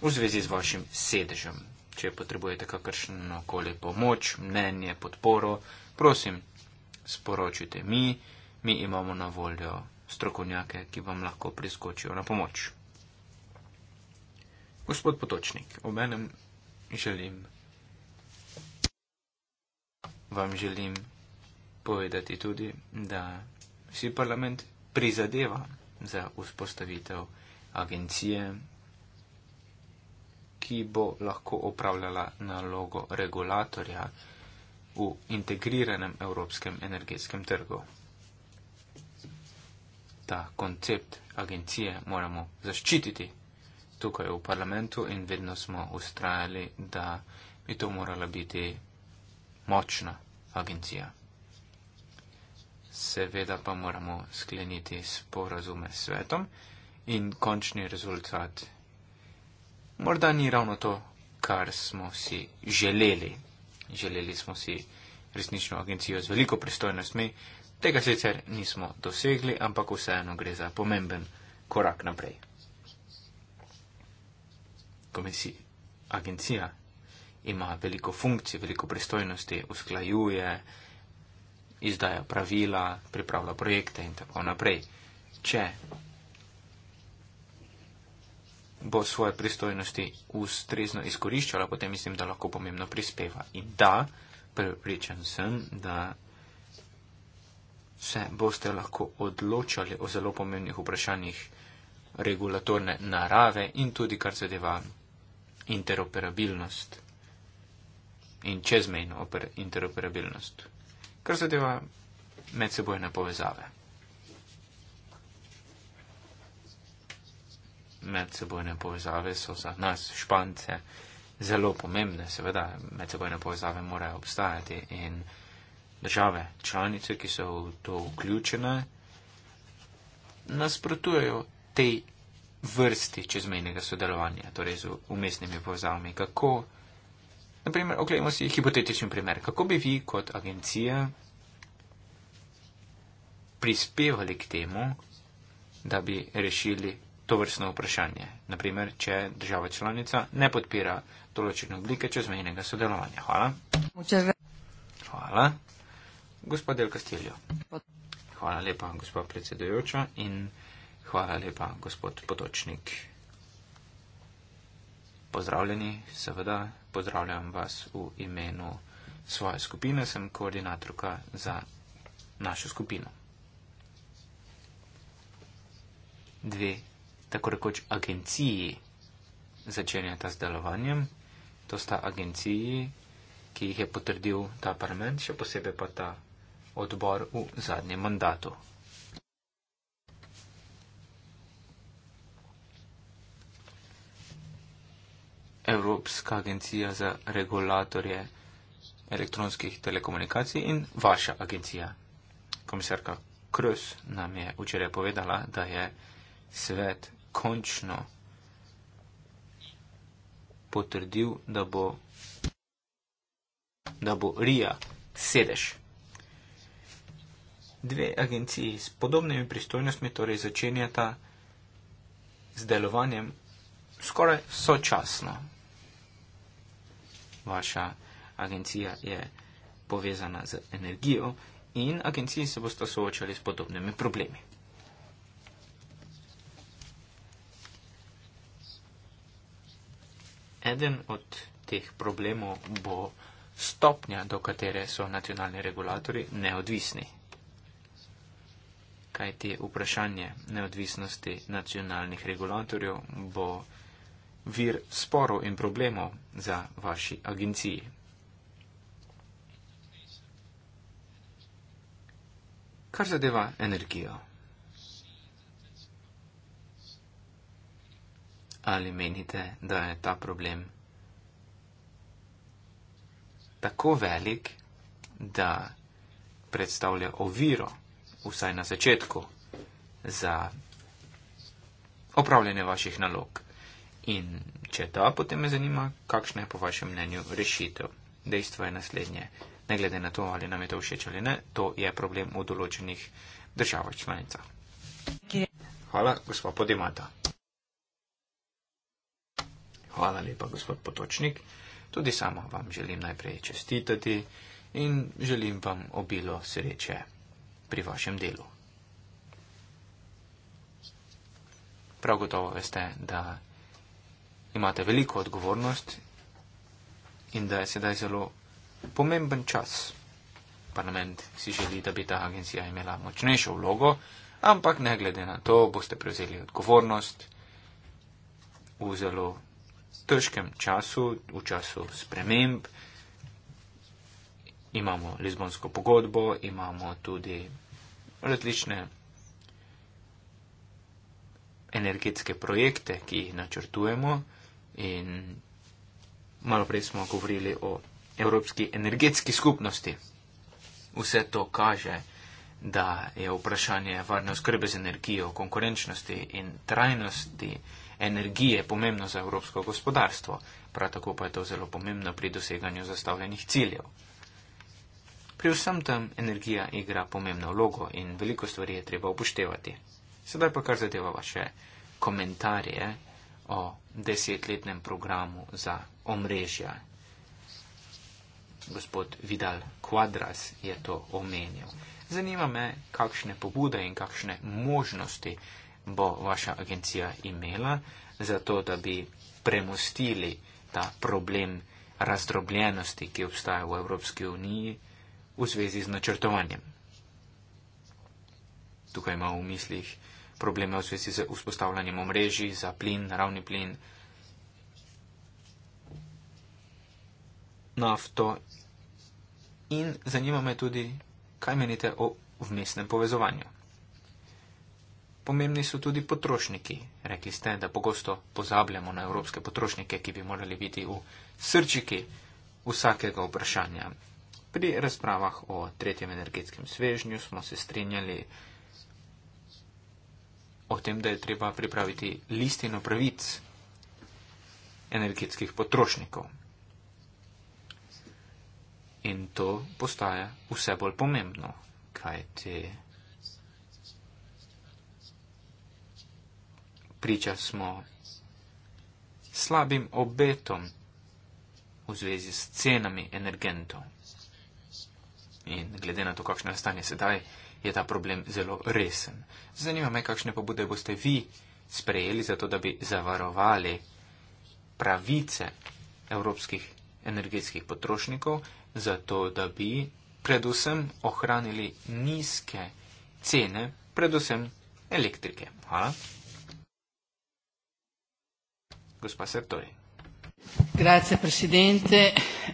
v zvezi z vašim sedežem. Če potrebujete kakršno koli pomoč, mnenje, podporo, prosim, sporočite mi, mi imamo na voljo strokovnjake, ki vam lahko priskočijo na pomoč. Gospod Potočnik, obenem želim vam želim povedati tudi, da si parlament prizadeva za vzpostavitev agencije, ki bo lahko opravljala nalogo regulatorja v integriranem evropskem energetskem trgu. Ta koncept agencije moramo zaščititi tukaj v parlamentu in vedno smo ustrajali, da bi to morala biti močna agencija. Seveda pa moramo skleniti sporazume s svetom in končni rezultat morda ni ravno to, kar smo si želeli. Želeli smo si resnično agencijo z veliko pristojnostmi, tega sicer nismo dosegli, ampak vseeno gre za pomemben korak naprej komisij, agencija ima veliko funkcij, veliko pristojnosti, usklajuje, izdaja pravila, pripravlja projekte in tako naprej. Če bo svoje pristojnosti ustrezno izkoriščala, potem mislim, da lahko pomembno prispeva. In da, pripričan sem, da se boste lahko odločali o zelo pomembnih vprašanjih regulatorne narave in tudi kar zadeva interoperabilnost in čezmejno interoperabilnost, kar zadeva medsebojne povezave. Medsebojne povezave so za nas, špance, zelo pomembne, seveda medsebojne povezave morajo obstajati in države, članice, ki so v to vključene, nasprotujejo tej vrsti čezmejnega sodelovanja, torej z umestnimi povezavami. Kako, naprimer, oglejmo si hipotetičen primer, kako bi vi kot agencija prispevali k temu, da bi rešili to vrstno vprašanje. Naprimer, če država članica ne podpira določene oblike čezmejnega sodelovanja. Hvala. Hvala. Gospod Del Castillo. Hvala lepa, gospod predsedujoča. Hvala lepa, gospod Potočnik. Pozdravljeni, seveda, pozdravljam vas v imenu svoje skupine, sem koordinatorka za našo skupino. Dve, tako rekoč, agenciji začenjata s delovanjem. To sta agenciji, ki jih je potrdil ta parlament, še posebej pa ta odbor v zadnjem mandatu. Evropska agencija za regulatorje elektronskih telekomunikacij in vaša agencija. Komisarka Krus nam je včeraj povedala, da je svet končno potrdil, da bo, da bo RIA sedež. Dve agenciji s podobnimi pristojnostmi torej začenjata z delovanjem skoraj sočasno vaša agencija je povezana z energijo in agenciji se boste soočali s podobnimi problemi. Eden od teh problemov bo stopnja, do katere so nacionalni regulatori neodvisni. Kaj ti vprašanje neodvisnosti nacionalnih regulatorjev bo vir sporov in problemov za vaši agenciji. Kar zadeva energijo. Ali menite, da je ta problem tako velik, da predstavlja oviro, vsaj na začetku, za opravljanje vaših nalog? In če da, potem me zanima, kakšna je po vašem mnenju rešitev. Dejstvo je naslednje. Ne glede na to, ali nam je to všeč ali ne, to je problem v določenih državah članicah. Hvala, gospod Podimata. Hvala lepa, gospod Potočnik. Tudi sama vam želim najprej čestitati in želim vam obilo sreče pri vašem delu. Prav gotovo veste, da imate veliko odgovornost in da je sedaj zelo pomemben čas. Parlament si želi, da bi ta agencija imela močnejšo vlogo, ampak ne glede na to, boste prevzeli odgovornost v zelo težkem času, v času sprememb. Imamo Lizbonsko pogodbo, imamo tudi različne energetske projekte, ki jih načrtujemo. In malo prej smo govorili o Evropski energetski skupnosti. Vse to kaže, da je vprašanje varne oskrbe z energijo, konkurenčnosti in trajnosti energije pomembno za evropsko gospodarstvo. Prav tako pa je to zelo pomembno pri doseganju zastavljenih ciljev. Pri vsem tem energija igra pomembno vlogo in veliko stvari je treba upoštevati. Sedaj pa kar zadeva vaše komentarje o desetletnem programu za omrežja. Gospod Vidal Quadras je to omenil. Zanima me, kakšne pobude in kakšne možnosti bo vaša agencija imela za to, da bi premustili ta problem razdrobljenosti, ki obstaja v Evropski uniji v zvezi z načrtovanjem. Tukaj ima v mislih uh, probleme v zvezi z vzpostavljanjem omrežij za plin, naravni plin, nafto. In zanima me tudi, kaj menite o vmesnem povezovanju. Pomembni so tudi potrošniki. Rekli ste, da pogosto pozabljamo na evropske potrošnike, ki bi morali biti v srčiki vsakega vprašanja. Pri razpravah o tretjem energetskem svežnju smo se strinjali, o tem, da je treba pripraviti listino pravic energetskih potrošnikov. In to postaja vse bolj pomembno, kaj te priča smo slabim obetom v zvezi s cenami energentov. In glede na to, kakšno je stanje sedaj, je ta problem zelo resen. Zanima me, kakšne pobude boste vi sprejeli za to, da bi zavarovali pravice evropskih energetskih potrošnikov, za to, da bi predvsem ohranili nizke cene, predvsem elektrike. Hvala. Gospa Sertori. Grazie, presidente.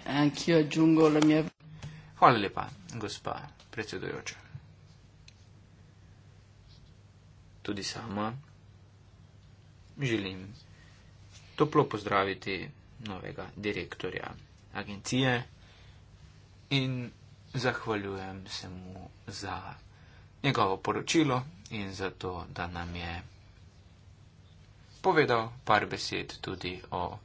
Anch'io aggiungo la mia. Hvala lepa, gospa predsedujoča. tudi sama želim toplo pozdraviti novega direktorja agencije in zahvaljujem se mu za njegovo poročilo in za to, da nam je povedal par besed tudi o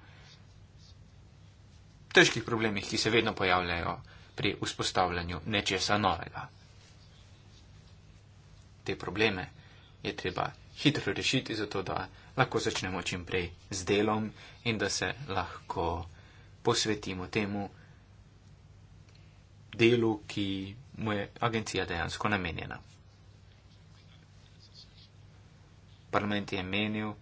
težkih problemih, ki se vedno pojavljajo pri vzpostavljanju nečesa novega. Te probleme je treba hitro rešiti, zato da lahko začnemo čim prej z delom in da se lahko posvetimo temu delu, ki mu je agencija dejansko namenjena. Parlament je menil,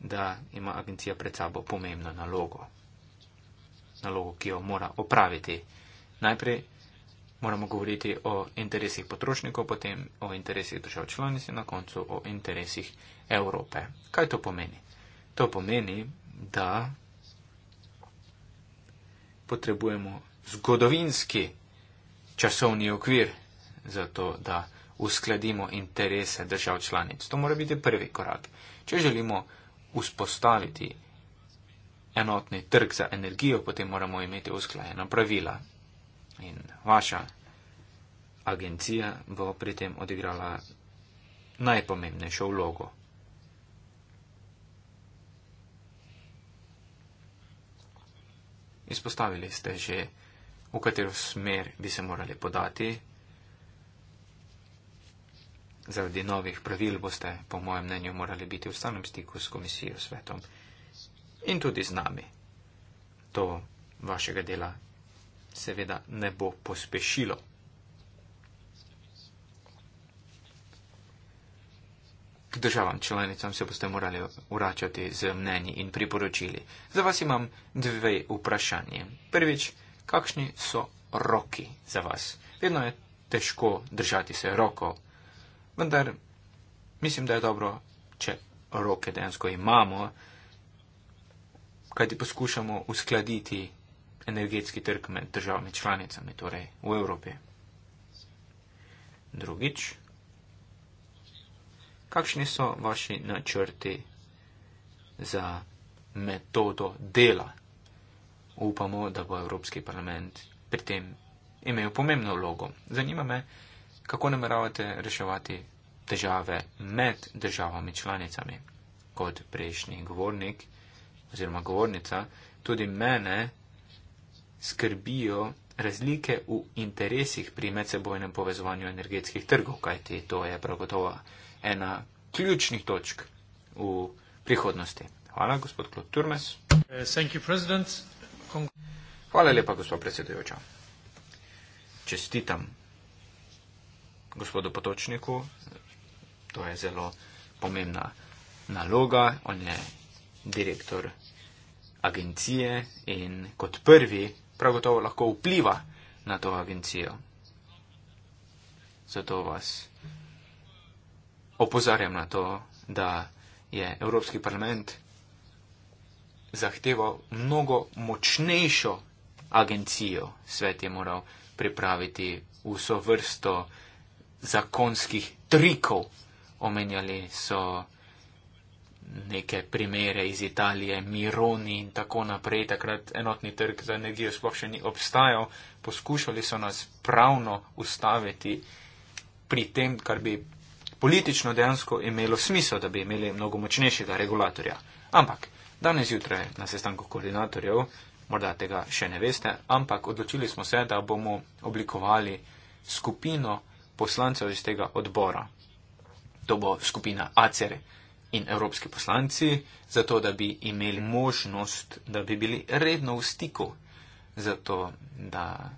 da ima agencija pred sabo pomembno nalogo. Nalogo, ki jo mora opraviti. Najprej moramo govoriti o interesih potrošnikov, potem o interesih držav članic in na koncu o interesih Evrope. Kaj to pomeni? To pomeni, da potrebujemo zgodovinski časovni okvir za to, da uskladimo interese držav članic. To mora biti prvi korak. Če želimo vzpostaviti enotni trg za energijo, potem moramo imeti usklajena pravila. In vaša agencija bo pri tem odigrala najpomembnejšo vlogo. Izpostavili ste že, v katero smer bi se morali podati. Zaradi novih pravil boste, po mojem mnenju, morali biti v stalnem stiku s komisijo, svetom in tudi z nami. To vašega dela seveda ne bo pospešilo. K državam članicam se boste morali vračati z mnenji in priporočili. Za vas imam dve vprašanje. Prvič, kakšni so roki za vas? Vedno je težko držati se roko, vendar mislim, da je dobro, če roke dejansko imamo, kajti poskušamo uskladiti energetski trg med državami članicami, torej v Evropi. Drugič, kakšni so vaši načrti za metodo dela? Upamo, da bo Evropski parlament pri tem imel pomembno vlogo. Zanima me, kako nameravate reševati težave med državami članicami. Kot prejšnji govornik oziroma govornica, tudi mene skrbijo razlike v interesih pri medsebojnem povezovanju energetskih trgov, kajti to je prav gotovo ena ključnih točk v prihodnosti. Hvala, gospod Klot Turmes. Hvala lepa, gospod predsedujoča. Čestitam gospodu Potočniku, to je zelo pomembna naloga, on je direktor agencije in kot prvi prav gotovo lahko vpliva na to agencijo. Zato vas opozarjam na to, da je Evropski parlament zahteval mnogo močnejšo agencijo. Svet je moral pripraviti vso vrsto zakonskih trikov. Omenjali so neke primere iz Italije, Mironi in tako naprej, takrat enotni trg za energijo sploh še ni obstajal, poskušali so nas pravno ustaviti pri tem, kar bi politično dejansko imelo smisel, da bi imeli mnogo močnejšega regulatorja. Ampak danes jutraj na sestanku koordinatorjev, morda tega še ne veste, ampak odločili smo se, da bomo oblikovali skupino poslancev iz tega odbora. To bo skupina ACR in evropski poslanci, zato da bi imeli možnost, da bi bili redno v stiku, zato da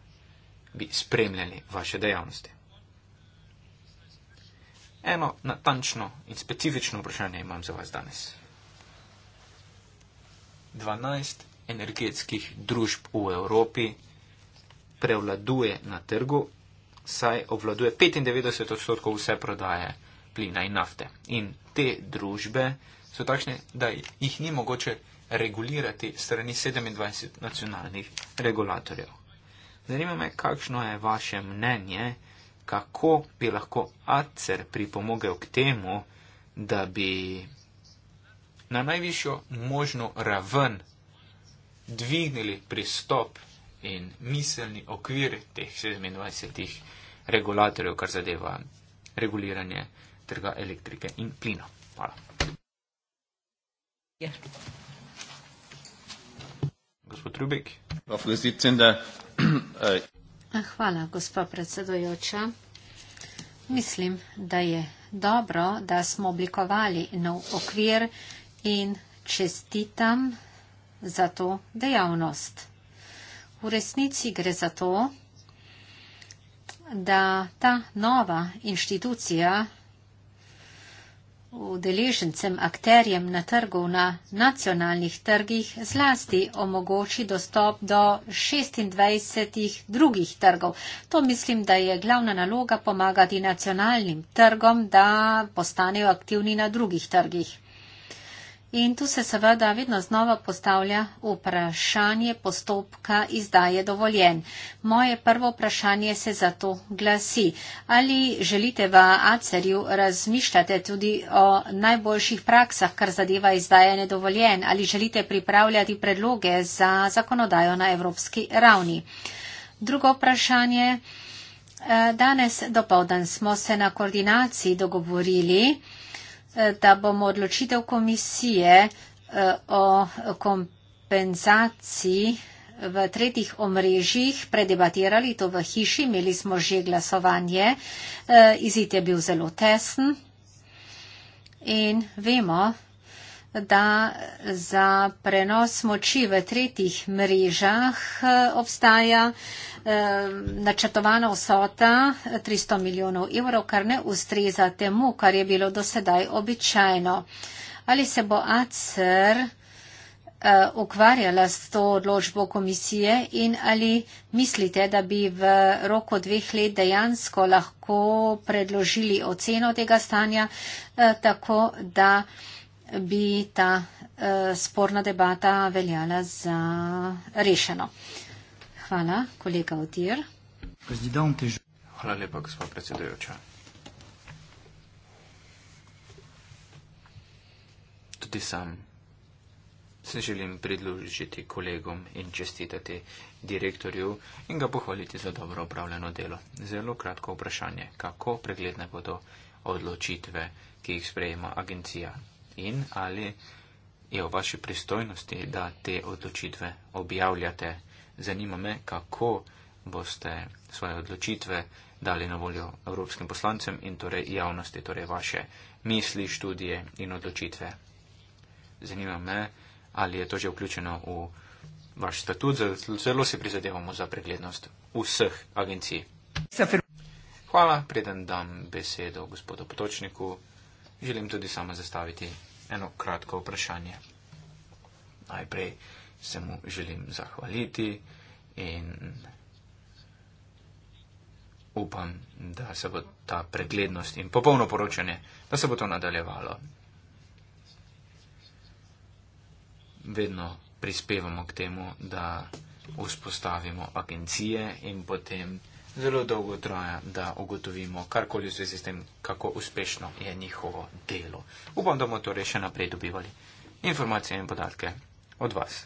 bi spremljali vaše dejavnosti. Eno natančno in specifično vprašanje imam za vas danes. 12 energetskih družb v Evropi prevladuje na trgu, saj obvladuje 95 odstotkov vse prodaje plina in nafte. In te družbe so takšne, da jih ni mogoče regulirati strani 27 nacionalnih regulatorjev. Zanima me, kakšno je vaše mnenje, kako bi lahko ACER pripomogel k temu, da bi na najvišjo možno raven dvignili pristop in miselni okvir teh 27 regulatorjev, kar zadeva reguliranje trga elektrike in plina. Hvala. Yeah. Ja. Gospod Rubik. Äh, äh, ah, hvala, gospa predsedojoča. Mislim, da je dobro, da smo oblikovali nov okvir in čestitam za to dejavnost. V resnici gre za to, da ta nova inštitucija udeležencem, akterjem na trgu na nacionalnih trgih zlasti omogoči dostop do 26 drugih trgov. To mislim, da je glavna naloga pomagati nacionalnim trgom, da postanejo aktivni na drugih trgih. In tu se seveda vedno znova postavlja vprašanje postopka izdaje dovoljen. Moje prvo vprašanje se zato glasi. Ali želite v ACER-ju razmišljati tudi o najboljših praksah, kar zadeva izdajanje dovoljen? Ali želite pripravljati predloge za zakonodajo na evropski ravni? Drugo vprašanje. Eh, danes dopovdan smo se na koordinaciji dogovorili da bomo odločitev komisije eh, o kompenzaciji v tretjih omrežjih predebatirali to v hiši. Imeli smo že glasovanje, eh, izid je bil zelo tesen in vemo, da za prenos moči v tretjih mrežah eh, obstaja eh, načrtovana vsota 300 eh, milijonov evrov, kar ne ustreza temu, kar je bilo dosedaj običajno. Ali se bo ACR ukvarjala s to odločbo komisije in ali mislite, da bi v roku dveh let dejansko lahko predložili oceno tega stanja tako, da bi ta uh, sporna debata veljala za rešeno. Hvala, kolega Otir. Hvala lepa, gospod predsedujoča. Tudi sam se želim pridružiti kolegom in čestitati direktorju in ga pohvaliti za dobro upravljeno delo. Zelo kratko vprašanje, kako pregledne bodo odločitve, ki jih sprejema agencija in ali je v vaši pristojnosti, da te odločitve objavljate. Zanima me, kako boste svoje odločitve dali na voljo evropskim poslancem in torej javnosti, torej vaše misli, študije in odločitve. Zanima me, ali je to že vključeno v vaš statut, zelo se prizadevamo za preglednost vseh agencij. Hvala, preden dam besedo gospodu Potočniku želim tudi sama zastaviti eno kratko vprašanje. Najprej se mu želim zahvaliti in upam, da se bo ta preglednost in popolno poročanje, da se bo to nadaljevalo. Vedno prispevamo k temu, da vzpostavimo agencije in potem zelo dolgo traja, da ugotovimo karkoli v zvezi s tem, kako uspešno je njihovo delo. Upam, da bomo torej še naprej dobivali informacije in podatke od vas.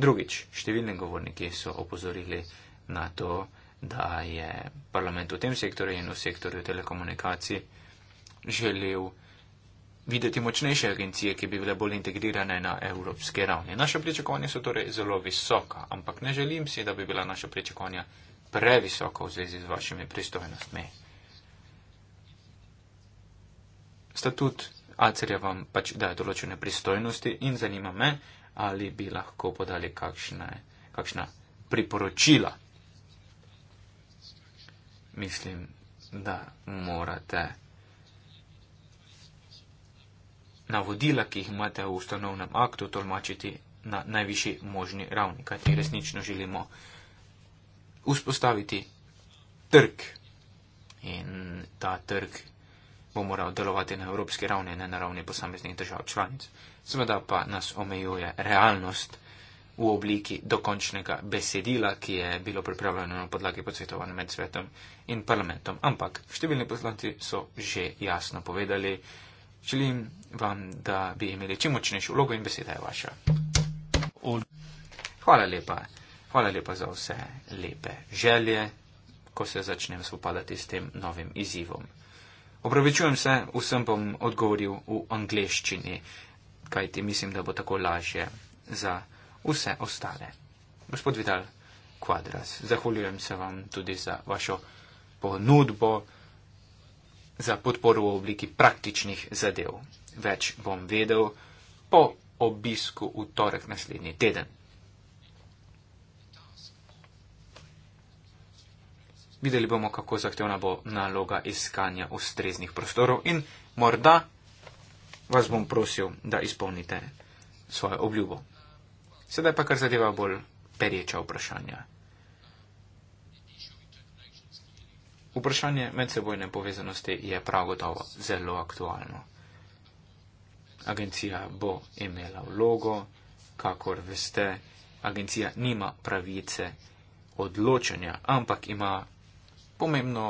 Drugič, številni govorniki so opozorili na to, da je parlament v tem sektorju in v sektorju telekomunikacij želel videti močnejše agencije, ki bi bile bolj integrirane na evropske ravni. Naše pričakovanja so torej zelo visoka, ampak ne želim si, da bi bila naša pričakovanja previsoko v zvezi z vašimi pristojnostmi. Statut Acerja vam pač daje določene pristojnosti in zanima me, ali bi lahko podali kakšne, kakšna priporočila. Mislim, da morate navodila, ki jih imate v ustanovnem aktu, tolmačiti na najvišji možni ravni, kajti resnično želimo vzpostaviti trg in ta trg bo moral delovati na evropski ravni, ne na ravni posameznih držav članic. Seveda pa nas omejuje realnost v obliki dokončnega besedila, ki je bilo pripravljeno na podlagi podsvetovanja med svetom in parlamentom. Ampak številni poslanci so že jasno povedali, želim vam, da bi imeli čim močnejšo vlogo in beseda je vaša. Hvala lepa. Hvala lepa za vse lepe želje, ko se začnem spopadati s tem novim izzivom. Opravičujem se, vsem bom odgovoril v angleščini, kajti mislim, da bo tako lažje za vse ostale. Gospod Vidal Quadras, zahvaljujem se vam tudi za vašo ponudbo za podporo v obliki praktičnih zadev. Več bom vedel po obisku v torek naslednji teden. Videli bomo, kako zahtevna bo naloga iskanja ustreznih prostorov in morda vas bom prosil, da izpolnite svojo obljubo. Sedaj pa kar zadeva bolj pereča vprašanja. Vprašanje medsebojne povezanosti je prav gotovo zelo aktualno. Agencija bo imela vlogo, kakor veste, agencija nima pravice odločanja, ampak ima pomembno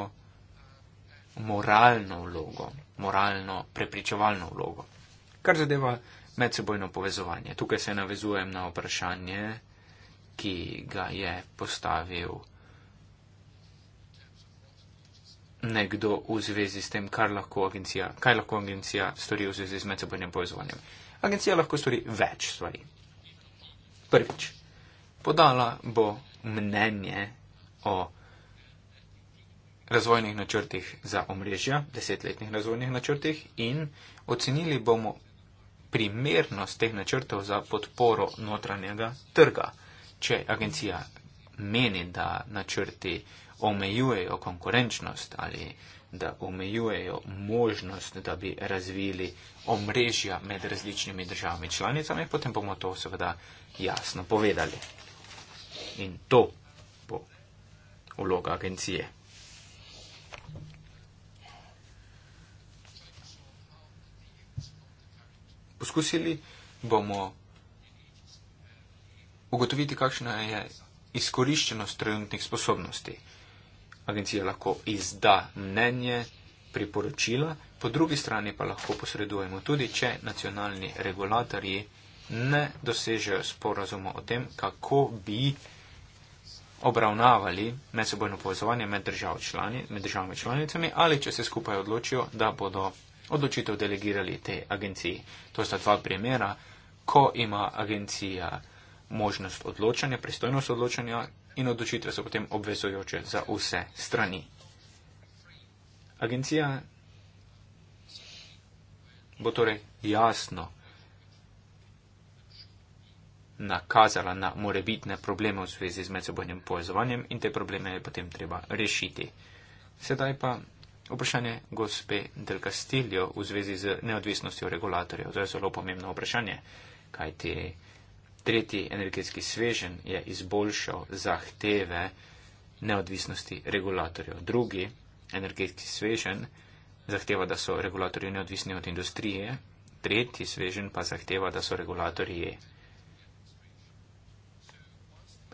moralno vlogo, moralno prepričevalno vlogo. Kar zadeva medsebojno povezovanje. Tukaj se navezujem na vprašanje, ki ga je postavil nekdo v zvezi s tem, lahko agencija, kaj lahko agencija stori v zvezi z medsebojnim povezovanjem. Agencija lahko stori več stvari. Prvič, podala bo mnenje o razvojnih načrtih za omrežja, desetletnih razvojnih načrtih in ocenili bomo primernost teh načrtov za podporo notranjega trga. Če agencija meni, da načrti omejujejo konkurenčnost ali da omejujejo možnost, da bi razvili omrežja med različnimi državami članicami, potem bomo to seveda jasno povedali. In to bo vloga agencije. poskusili, bomo ugotoviti, kakšna je izkoriščenost trenutnih sposobnosti. Agencija lahko izda mnenje, priporočila, po drugi strani pa lahko posredujemo tudi, če nacionalni regulatorji ne dosežejo sporazuma o tem, kako bi obravnavali medsebojno povezovanje med državami članicami ali če se skupaj odločijo, da bodo odločitev delegirali te agenciji. To sta dva primera, ko ima agencija možnost odločanja, pristojnost odločanja in odločitve so potem obvezujoče za vse strani. Agencija bo torej jasno nakazala na morebitne probleme v zvezi z medsebojnim povezovanjem in te probleme je potem treba rešiti. Sedaj pa Vprašanje gospe Del Castillo v zvezi z neodvisnostjo regulatorjev. To je zelo pomembno vprašanje, kaj ti tretji energetski svežen je izboljšal zahteve neodvisnosti regulatorjev. Drugi energetski svežen zahteva, da so regulatorji neodvisni od industrije, tretji svežen pa zahteva, da so regulatorji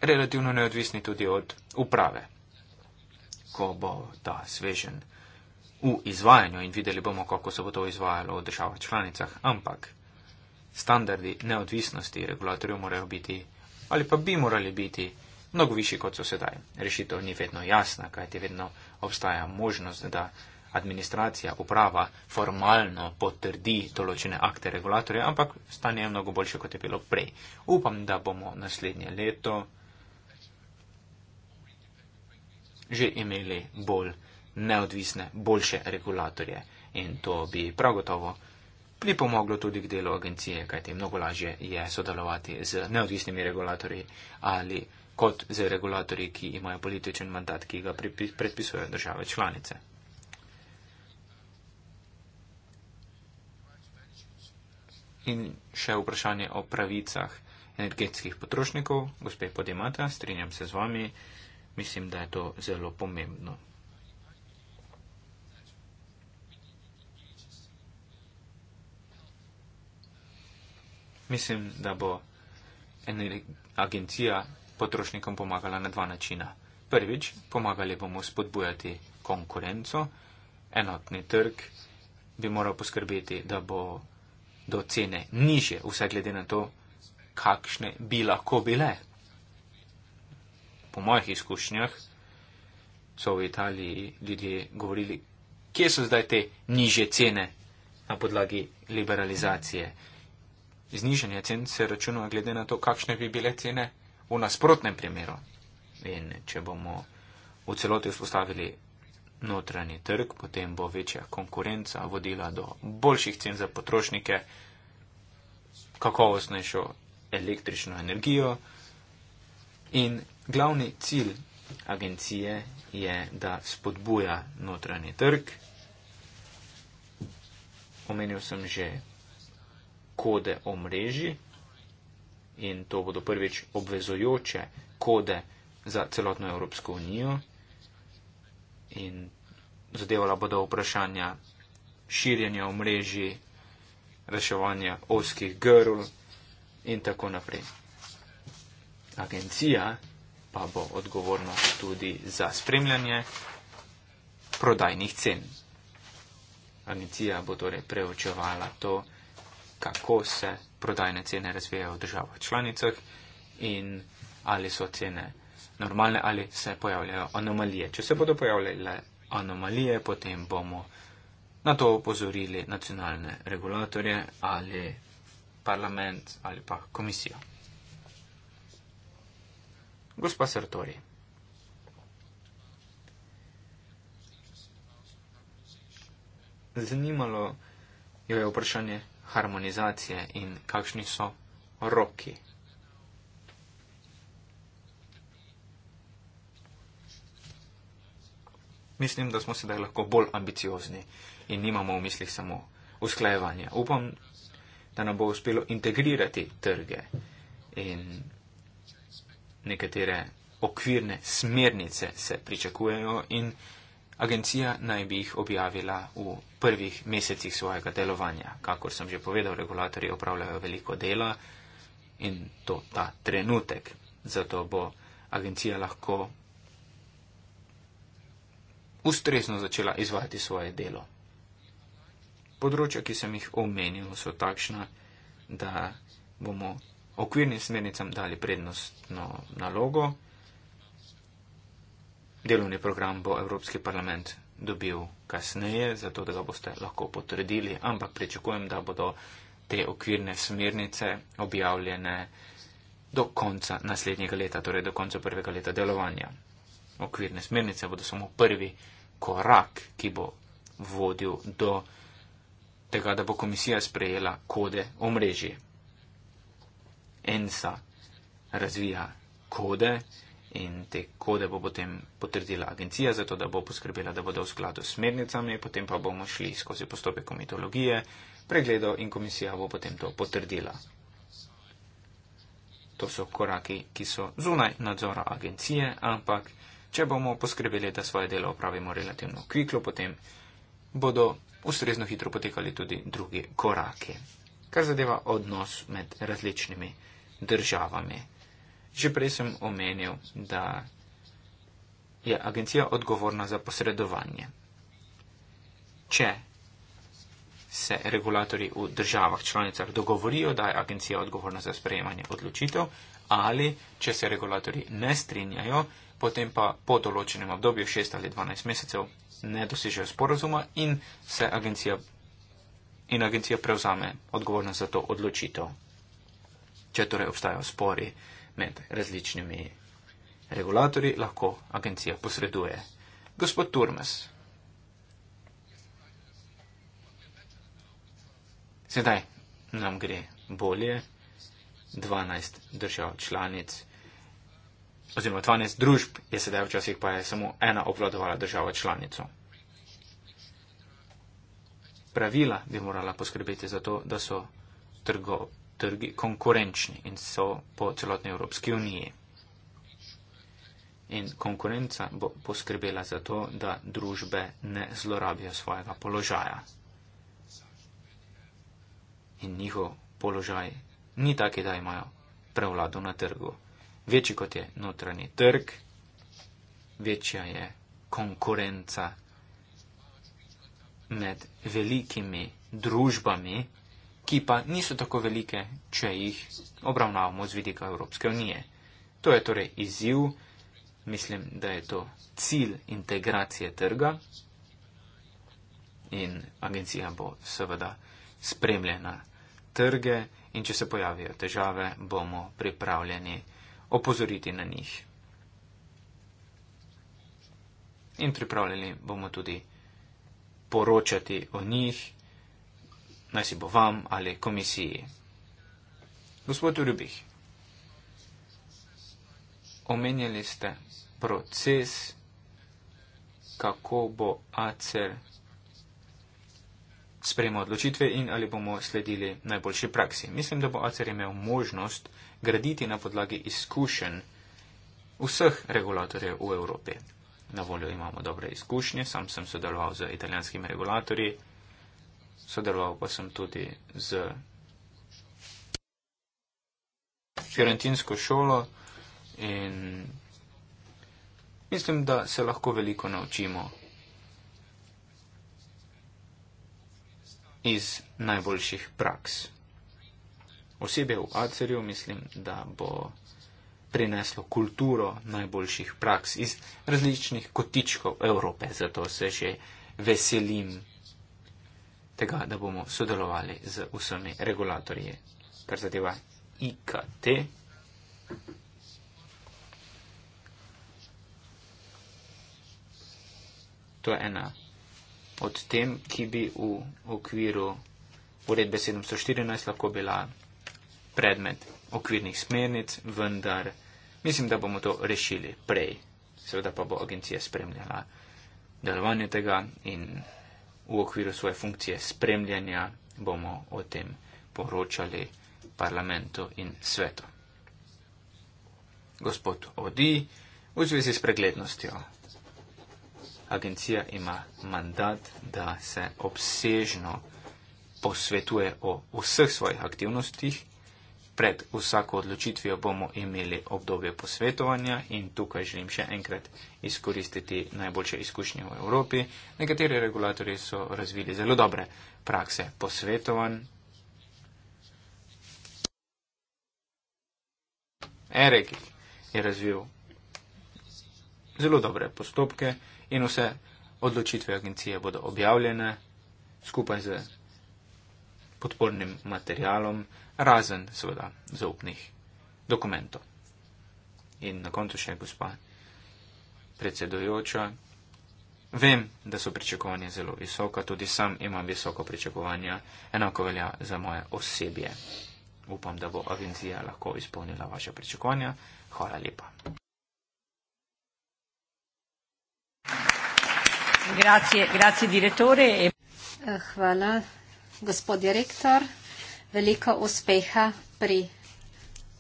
relativno neodvisni tudi od uprave, ko bo ta svežen v izvajanju in videli bomo, kako se bo to izvajalo v državah članicah, ampak standardi neodvisnosti regulatorjev morajo biti ali pa bi morali biti mnogo višji, kot so sedaj. Rešitev ni vedno jasna, kajti vedno obstaja možnost, da administracija, uprava formalno potrdi določene akte regulatorja, ampak stanje je mnogo boljše, kot je bilo prej. Upam, da bomo naslednje leto že imeli bolj neodvisne, boljše regulatorje. In to bi prav gotovo pripomoglo tudi k delu agencije, kajti mnogo lažje je sodelovati z neodvisnimi regulatorji ali kot z regulatorji, ki imajo političen mandat, ki ga predpisujejo države članice. In še vprašanje o pravicah energetskih potrošnikov. Gospe Podimata, strinjam se z vami. Mislim, da je to zelo pomembno. Mislim, da bo agencija potrošnikom pomagala na dva načina. Prvič, pomagali bomo spodbujati konkurenco, enotni trg bi moral poskrbeti, da bo do cene niže, vse glede na to, kakšne bi lahko bile. Po mojih izkušnjah so v Italiji ljudje govorili, kje so zdaj te niže cene na podlagi liberalizacije. Mm znižanje cen se računa glede na to, kakšne bi bile cene v nasprotnem primeru. In če bomo v celoti vzpostavili notranji trg, potem bo večja konkurenca vodila do boljših cen za potrošnike, kakovostnejšo električno energijo. In glavni cilj agencije je, da spodbuja notranji trg. Omenil sem že kode o mreži in to bodo prvič obvezojoče kode za celotno Evropsko unijo in zadevala bodo vprašanja širjenja v mreži, reševanja oskih grl in tako naprej. Agencija pa bo odgovorna tudi za spremljanje prodajnih cen. Agencija bo torej preučevala to, kako se prodajne cene razvijajo v državah članicah in ali so cene normalne ali se pojavljajo anomalije. Če se bodo pojavljale anomalije, potem bomo na to opozorili nacionalne regulatorje ali parlament ali pa komisijo. Gospa Sartori. Zanimalo jo je vprašanje, harmonizacije in kakšni so roki. Mislim, da smo sedaj lahko bolj ambiciozni in nimamo v mislih samo usklajevanja. Upam, da nam bo uspelo integrirati trge in nekatere okvirne smernice se pričakujejo in agencija naj bi jih objavila v prvih mesecih svojega delovanja. Kakor sem že povedal, regulatorji opravljajo veliko dela in to ta trenutek. Zato bo agencija lahko ustrezno začela izvajati svoje delo. Področja, ki sem jih omenil, so takšna, da bomo okvirnim smernicam dali prednostno nalogo. Delovni program bo Evropski parlament dobil kasneje, zato da ga boste lahko potrdili, ampak pričakujem, da bodo te okvirne smernice objavljene do konca naslednjega leta, torej do konca prvega leta delovanja. Okvirne smernice bodo samo prvi korak, ki bo vodil do tega, da bo komisija sprejela kode omrežje. ENSA razvija kode, in te kode bo potem potrdila agencija, zato da bo poskrbela, da bodo v skladu s smernicami, potem pa bomo šli skozi postopek komitologije, pregledo in komisija bo potem to potrdila. To so koraki, ki so zunaj nadzora agencije, ampak če bomo poskrbeli, da svoje delo opravimo relativno kviklo, potem bodo ustrezno hitro potekali tudi drugi koraki, kar zadeva odnos med različnimi državami. Že prej sem omenil, da je agencija odgovorna za posredovanje. Če se regulatori v državah članicah dogovorijo, da je agencija odgovorna za sprejemanje odločitev, ali če se regulatori ne strinjajo, potem pa po določenem obdobju 6 ali 12 mesecev ne dosežejo sporazuma in se agencija, in agencija prevzame odgovornost za to odločitev. Če torej obstajajo spori, med različnimi regulatorji lahko agencija posreduje. Gospod Turmes, sedaj nam gre bolje. 12 držav članic oziroma 12 družb je sedaj včasih pa je samo ena obvladovala država članico. Pravila bi morala poskrbeti za to, da so trgov, trgi konkurenčni in so po celotni Evropski uniji. In konkurenca bo poskrbela za to, da družbe ne zlorabijo svojega položaja. In njihov položaj ni taki, da imajo prevlado na trgu. Večji kot je notranji trg, večja je konkurenca med velikimi družbami ki pa niso tako velike, če jih obravnavamo z vidika Evropske unije. To je torej izziv, mislim, da je to cilj integracije trga in agencija bo seveda spremljena trge in če se pojavijo težave, bomo pripravljeni opozoriti na njih. In pripravljeni bomo tudi poročati o njih naj si bo vam ali komisiji. Gospod Urubih, omenjali ste proces, kako bo ACER sprejemal odločitve in ali bomo sledili najboljši praksi. Mislim, da bo ACER imel možnost graditi na podlagi izkušenj vseh regulatorjev v Evropi. Na voljo imamo dobre izkušnje, sam sem sodeloval z italijanskimi regulatorji, sodeloval pa sem tudi z Fiorentinsko šolo in mislim, da se lahko veliko naučimo iz najboljših praks. Osebe v Acerju mislim, da bo prineslo kulturo najboljših praks iz različnih kotičkov Evrope, zato se že veselim tega, da bomo sodelovali z vsemi regulatorji, kar zadeva IKT. To je ena od tem, ki bi v okviru uredbe 714 lahko bila predmet okvirnih smernic, vendar mislim, da bomo to rešili prej. Seveda pa bo agencija spremljala delovanje tega in v okviru svoje funkcije spremljanja bomo o tem poročali parlamentu in svetu. Gospod Odi, v zvezi s preglednostjo. Agencija ima mandat, da se obsežno posvetuje o vseh svojih aktivnostih Pred vsako odločitvijo bomo imeli obdobje posvetovanja in tukaj želim še enkrat izkoristiti najboljše izkušnje v Evropi. Nekateri regulatori so razvili zelo dobre prakse posvetovanj. Erik je razvil zelo dobre postopke in vse odločitve agencije bodo objavljene skupaj z podpornim materialom razen seveda zaupnih dokumentov. In na koncu še gospa predsedojoča. Vem, da so pričakovanja zelo visoka, tudi sam imam visoko pričakovanja, enako velja za moje osebje. Upam, da bo agencija lahko izpolnila vaše pričakovanja. Hvala lepa. Grazie, grazie direttore. E- eh, hvala, gospod direktor veliko uspeha pri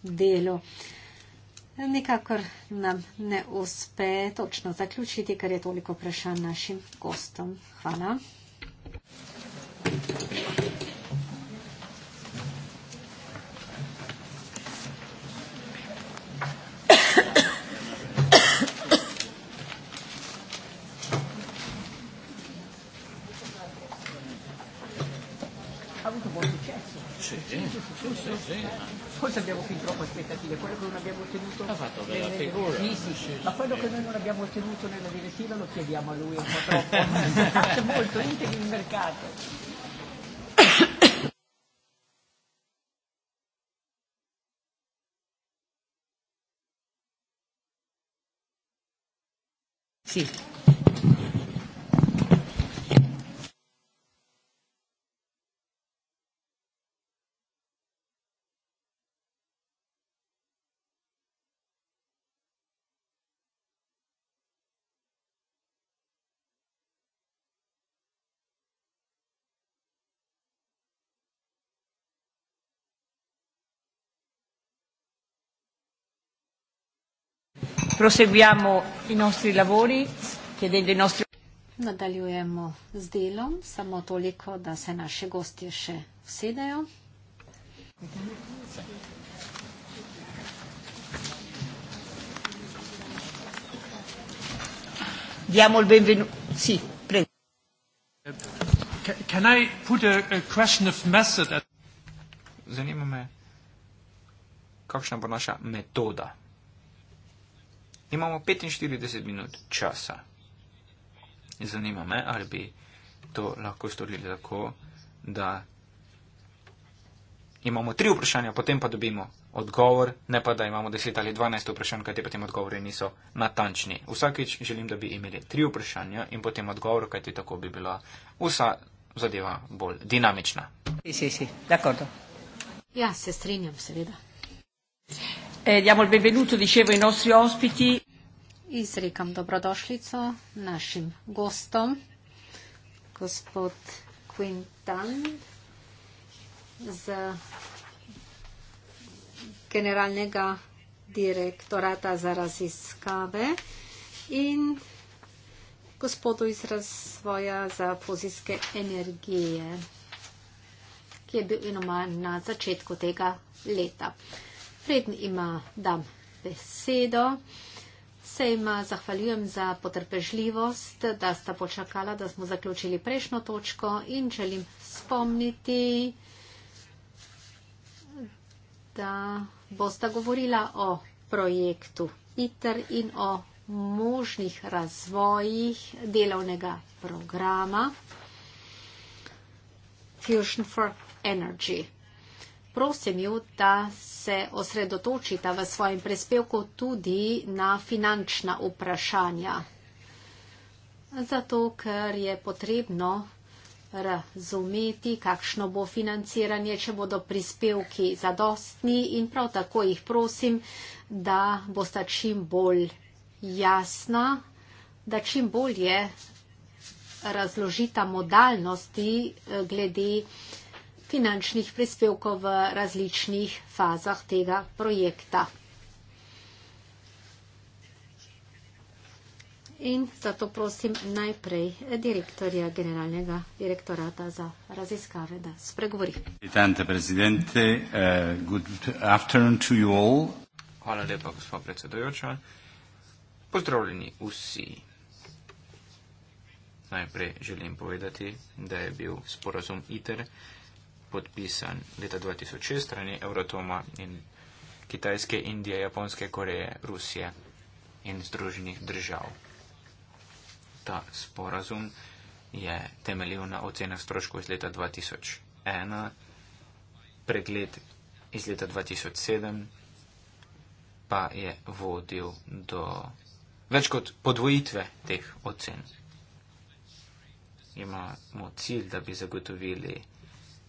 delu. Nikakor nam ne uspe točno zaključiti, ker je toliko vprašanj našim gostom. Hvala. Thank you. questo abbiamo fin troppo aspettative, quello che non abbiamo ottenuto fatto nelle figura, sì, sì. ma quello che noi non abbiamo ottenuto nella direttiva lo chiediamo a lui un po' troppo, c'è molto integri il mercato. Sì, Proseguiamo i nostri lavori chiedendo i nostri. Nadaljujemo z delom, samo toliko, da se naše gostje še usedejo. Diamo il benvenuto. Sì, prego. Can I put a, a question of method? At... Zanima me kakšna bo naša metoda Imamo 45 minut časa. Zanima me, ali bi to lahko storili tako, da imamo tri vprašanja, potem pa dobimo odgovor, ne pa da imamo 10 ali 12 vprašanj, kajti potem odgovori niso natančni. Vsakič želim, da bi imeli tri vprašanja in potem odgovor, kajti tako bi bila vsa zadeva bolj dinamična. Si, si, si. Ja, se strinjam, seveda. Eh, diamo il benvenuto, dicevo, ai nostri ospiti. Izrikam dobrodošlico našim gostom, gospod Quintan z generalnega direktorata za raziskave in gospodu iz razvoja za fuzijske energije, ki je bil inoma na začetku tega leta. Preden ima dam besedo, se ima zahvaljujem za potrpežljivost, da sta počakala, da smo zaključili prejšnjo točko in želim spomniti, da bosta govorila o projektu ITER in o možnih razvojih delovnega programa Fusion for Energy prosim ju, da se osredotočita v svojem prispevku tudi na finančna vprašanja. Zato, ker je potrebno razumeti, kakšno bo financiranje, če bodo prispevki zadostni in prav tako jih prosim, da bosta čim bolj jasna, da čim bolje razložita modalnosti eh, glede finančnih prispevkov v različnih fazah tega projekta. In zato prosim najprej direktorja generalnega direktorata za raziskave, da spregovori. Eh, Hvala lepa, gospod predsedojoča. Pozdravljeni vsi. Najprej želim povedati, da je bil sporazum ITER podpisan leta 2006 strani Eurotoma in Kitajske, Indije, Japonske, Koreje, Rusije in Združenih držav. Ta sporazum je temeljiv na ocenah stroškov iz leta 2001, pregled iz leta 2007 pa je vodil do več kot podvojitve teh ocen. Imamo cilj, da bi zagotovili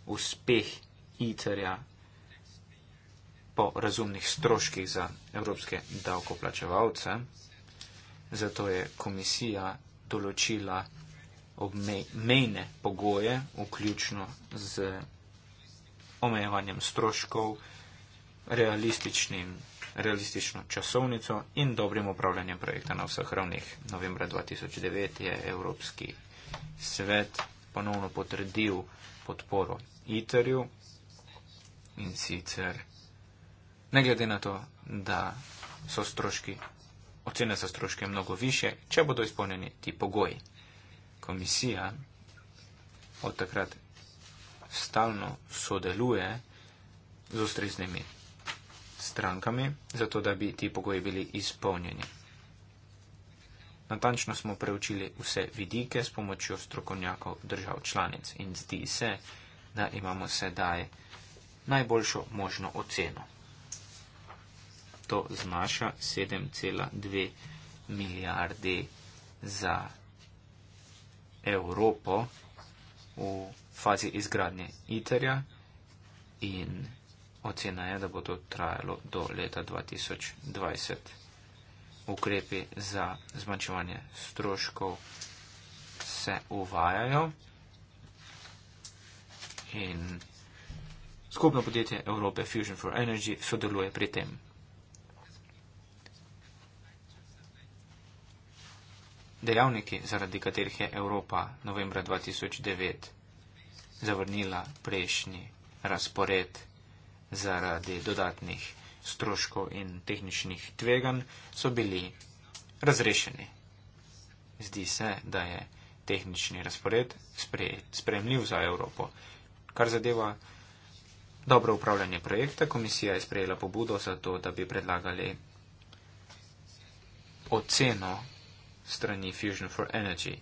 uspeh ITR-ja po razumnih stroških za evropske davkoplačevalce. Zato je komisija določila obmejne pogoje, vključno z omejevanjem stroškov, realistično časovnico in dobrim upravljanjem projekta na vseh ravnih. Novembra 2009 je Evropski svet ponovno potrdil podporo iterju in sicer ne glede na to, da so stroški, ocene za stroške mnogo više, če bodo izpolnjeni ti pogoji. Komisija od takrat stalno sodeluje z ustreznimi strankami, zato da bi ti pogoji bili izpolnjeni. Natančno smo preučili vse vidike s pomočjo strokovnjakov držav članic in zdi se, da imamo sedaj najboljšo možno oceno. To znaša 7,2 milijarde za Evropo v fazi izgradnje ITER-ja in ocena je, da bo to trajalo do leta 2020. Ukrepi za zmanjševanje stroškov se uvajajo in skupno podjetje Evrope Fusion for Energy sodeluje pri tem. Dejavniki, zaradi katerih je Evropa novembra 2009 zavrnila prejšnji razpored zaradi dodatnih stroškov in tehničnih tvegan, so bili razrešeni. Zdi se, da je tehnični razpored sprejemljiv za Evropo. Kar zadeva dobro upravljanje projekta, komisija je sprejela pobudo za to, da bi predlagali oceno strani Fusion for Energy.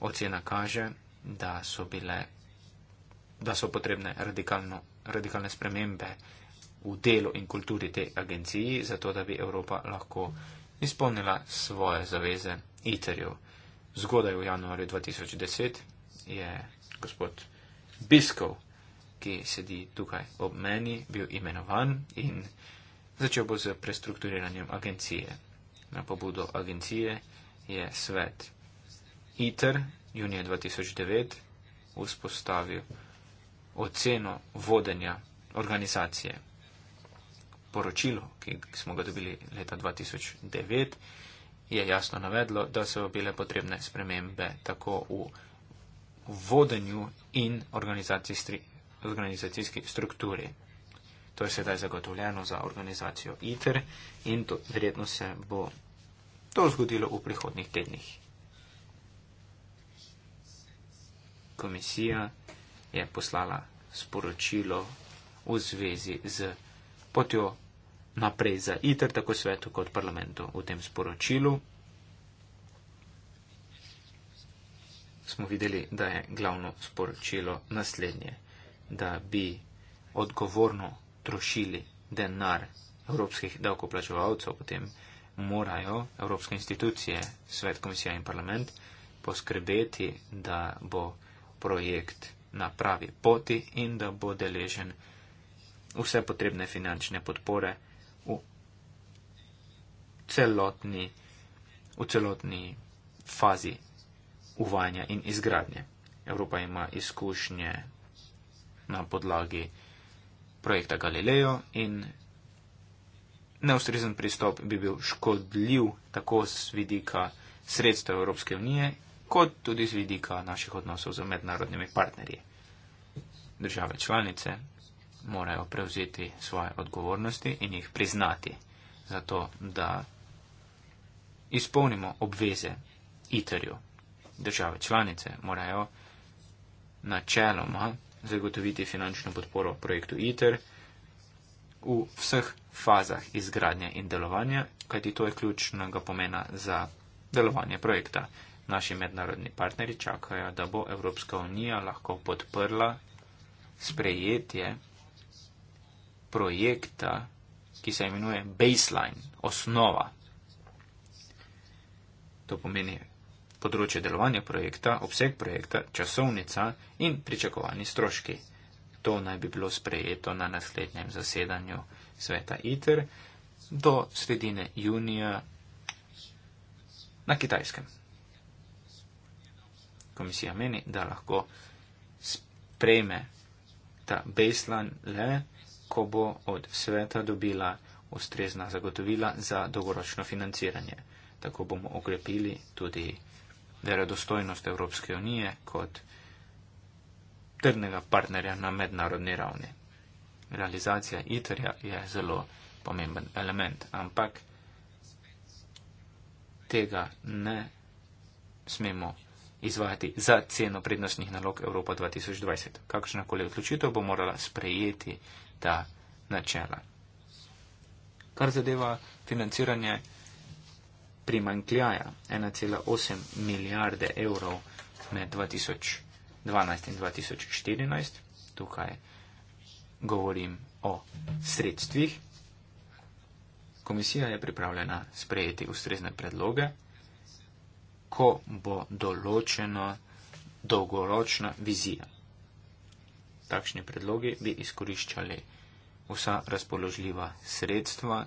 Ocena kaže, da so, bile, da so potrebne radikalne spremembe v delu in kulturi te agenciji, zato da bi Evropa lahko izpolnila svoje zaveze ITER-ju. Zgodaj v januarju 2010 je gospod Biskov, ki sedi tukaj ob meni, bil imenovan in začel bo z prestrukturiranjem agencije. Na pobudo agencije je svet ITER junija 2009 vzpostavil oceno vodenja organizacije. Poročilo, ki smo ga dobili leta 2009, je jasno navedlo, da so bile potrebne spremembe tako v vodenju in organizacijski strukturi. To je sedaj zagotovljeno za organizacijo ITER in to, verjetno se bo to zgodilo v prihodnih tednih. Komisija je poslala sporočilo v zvezi z potjo naprej za ITER, tako svetu kot parlamentu. V tem sporočilu smo videli, da je glavno sporočilo naslednje, da bi odgovorno trošili denar evropskih davkoplačevalcev, potem morajo evropske institucije, svet, komisija in parlament poskrbeti, da bo projekt na pravi poti in da bo deležen vse potrebne finančne podpore v celotni, v celotni fazi uvajanja in izgradnje. Evropa ima izkušnje na podlagi projekta Galileo in neustrezen pristop bi bil škodljiv tako z vidika sredstev Evropske unije, kot tudi z vidika naših odnosov z mednarodnimi partnerji. Države članice morajo prevzeti svoje odgovornosti in jih priznati za to, da izpolnimo obveze ITER-ju države članice morajo načeloma zagotoviti finančno podporo projektu ITER v vseh fazah izgradnje in delovanja, kajti to je ključnega pomena za delovanje projekta. Naši mednarodni partneri čakajo, da bo Evropska unija lahko podprla sprejetje projekta, ki se imenuje baseline, osnova. To pomeni področje delovanja projekta, obseg projekta, časovnica in pričakovani stroški. To naj bi bilo sprejeto na naslednjem zasedanju sveta ITER do sredine junija na kitajskem. Komisija meni, da lahko sprejme ta baseline le, ko bo od sveta dobila ustrezna zagotovila za dolgoročno financiranje. Tako bomo okrepili tudi verodostojnost Evropske unije kot trdnega partnerja na mednarodni ravni. Realizacija ITER-ja je zelo pomemben element, ampak tega ne smemo izvajati za ceno prednostnih nalog Evropa 2020. Kakšna koli odločitev bo morala sprejeti ta načela. Kar zadeva financiranje primankljaja 1,8 milijarde evrov med 2012 in 2014. Tukaj govorim o sredstvih. Komisija je pripravljena sprejeti ustrezne predloge, ko bo določena dolgoročna vizija. Takšni predlogi bi izkoriščali vsa razpoložljiva sredstva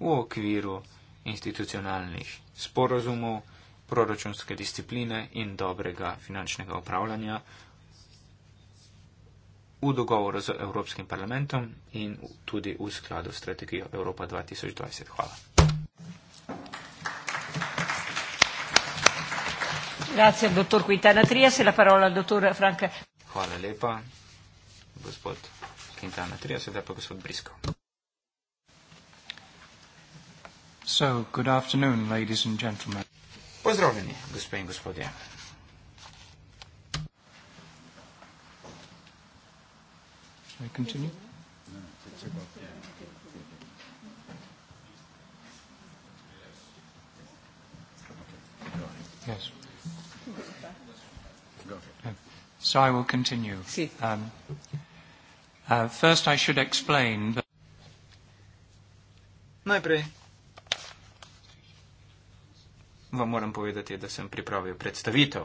v okviru institucionalnih sporozumov, proračunske discipline in dobrega finančnega upravljanja v dogovoru z Evropskim parlamentom in tudi v skladu s strategijo Evropa 2020. Hvala. Grazie, dottor Quintana Trias. E la parola al dottor Franca. Hvala lepa, gospod Quintana Trias, zdaj pa gospod Brisko. So, good afternoon, ladies and gentlemen. Pozdravljeni, gospe in gospodje. I continue. Yes. So I will continue. Um, uh, first, I should explain. That Najprej vam moram povedati, da sem pripravil predstavitev,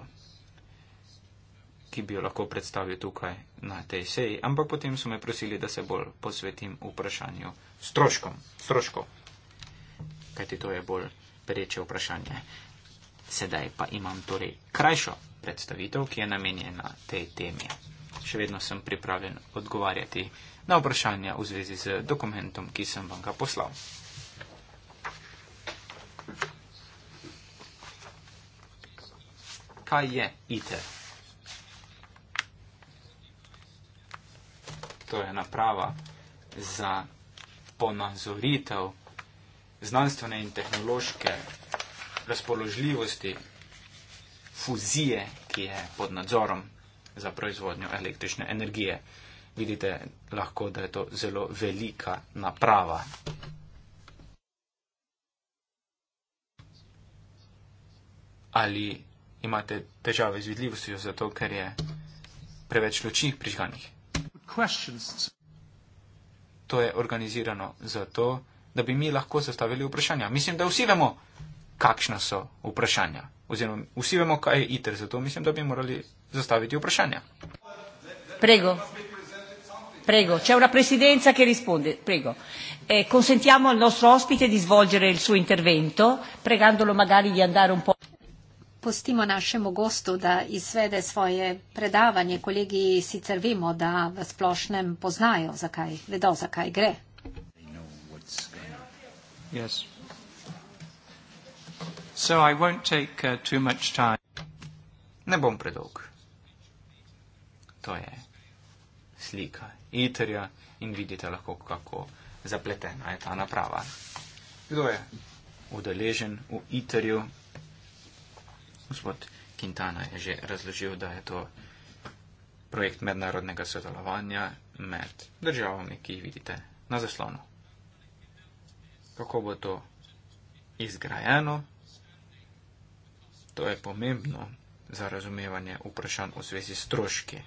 ki bi jo lahko predstavil tukaj na tej seji, ampak potem so me prosili, da se bolj posvetim vprašanju stroškom, stroškov, kajti to je bolj pereče vprašanje. Sedaj pa imam torej krajšo predstavitev, ki je namenjena tej temi. Še vedno sem pripravljen odgovarjati na vprašanja v zvezi z dokumentom, ki sem vam ga poslal. kaj je ITER. To je naprava za ponazoritev znanstvene in tehnološke razpoložljivosti fuzije, ki je pod nadzorom za proizvodnjo električne energije. Vidite lahko, da je to zelo velika naprava. Ali imate težave z vidljivostjo, zato ker je preveč luči prižganih. To je organizirano zato, da bi mi lahko zastavili vprašanja. Mislim, da vsi vemo, kakšna so vprašanja. Oziroma, vsi vemo, kaj je ITER, zato mislim, da bi morali zastaviti vprašanja. Prego. Prego, c'è una presidenza che risponde. Prego. Eh, consentiamo al nostro ospite di svolgere il suo intervento, pregandolo magari di andare un po' pustimo našemu gostu, da izvede svoje predavanje. Kolegi sicer vemo, da v splošnem poznajo, zakaj, vedo, zakaj gre. Yes. Take, uh, ne bom predolg. To je slika iterja in vidite lahko, kako zapletena je ta naprava. Kdo je? Udeležen v iterju gospod Quintana je že razložil, da je to projekt mednarodnega sodelovanja med državami, ki jih vidite na zaslonu. Kako bo to izgrajeno? To je pomembno za razumevanje vprašanj v zvezi s stroški.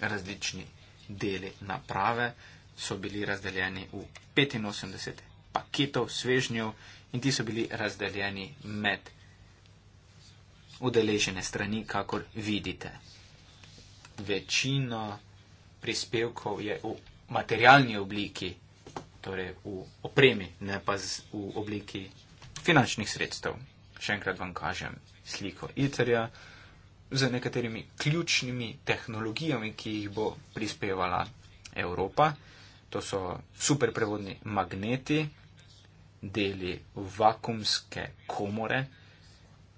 Različni deli naprave so bili razdeljeni v 85 paketov svežnjev in ti so bili razdeljeni med udeležene strani, kakor vidite. Večina prispevkov je v materialni obliki, torej v opremi, ne pa v obliki finančnih sredstev. Še enkrat vam kažem sliko ITER-ja z nekaterimi ključnimi tehnologijami, ki jih bo prispevala Evropa. To so superprevodni magneti, deli vakumske komore,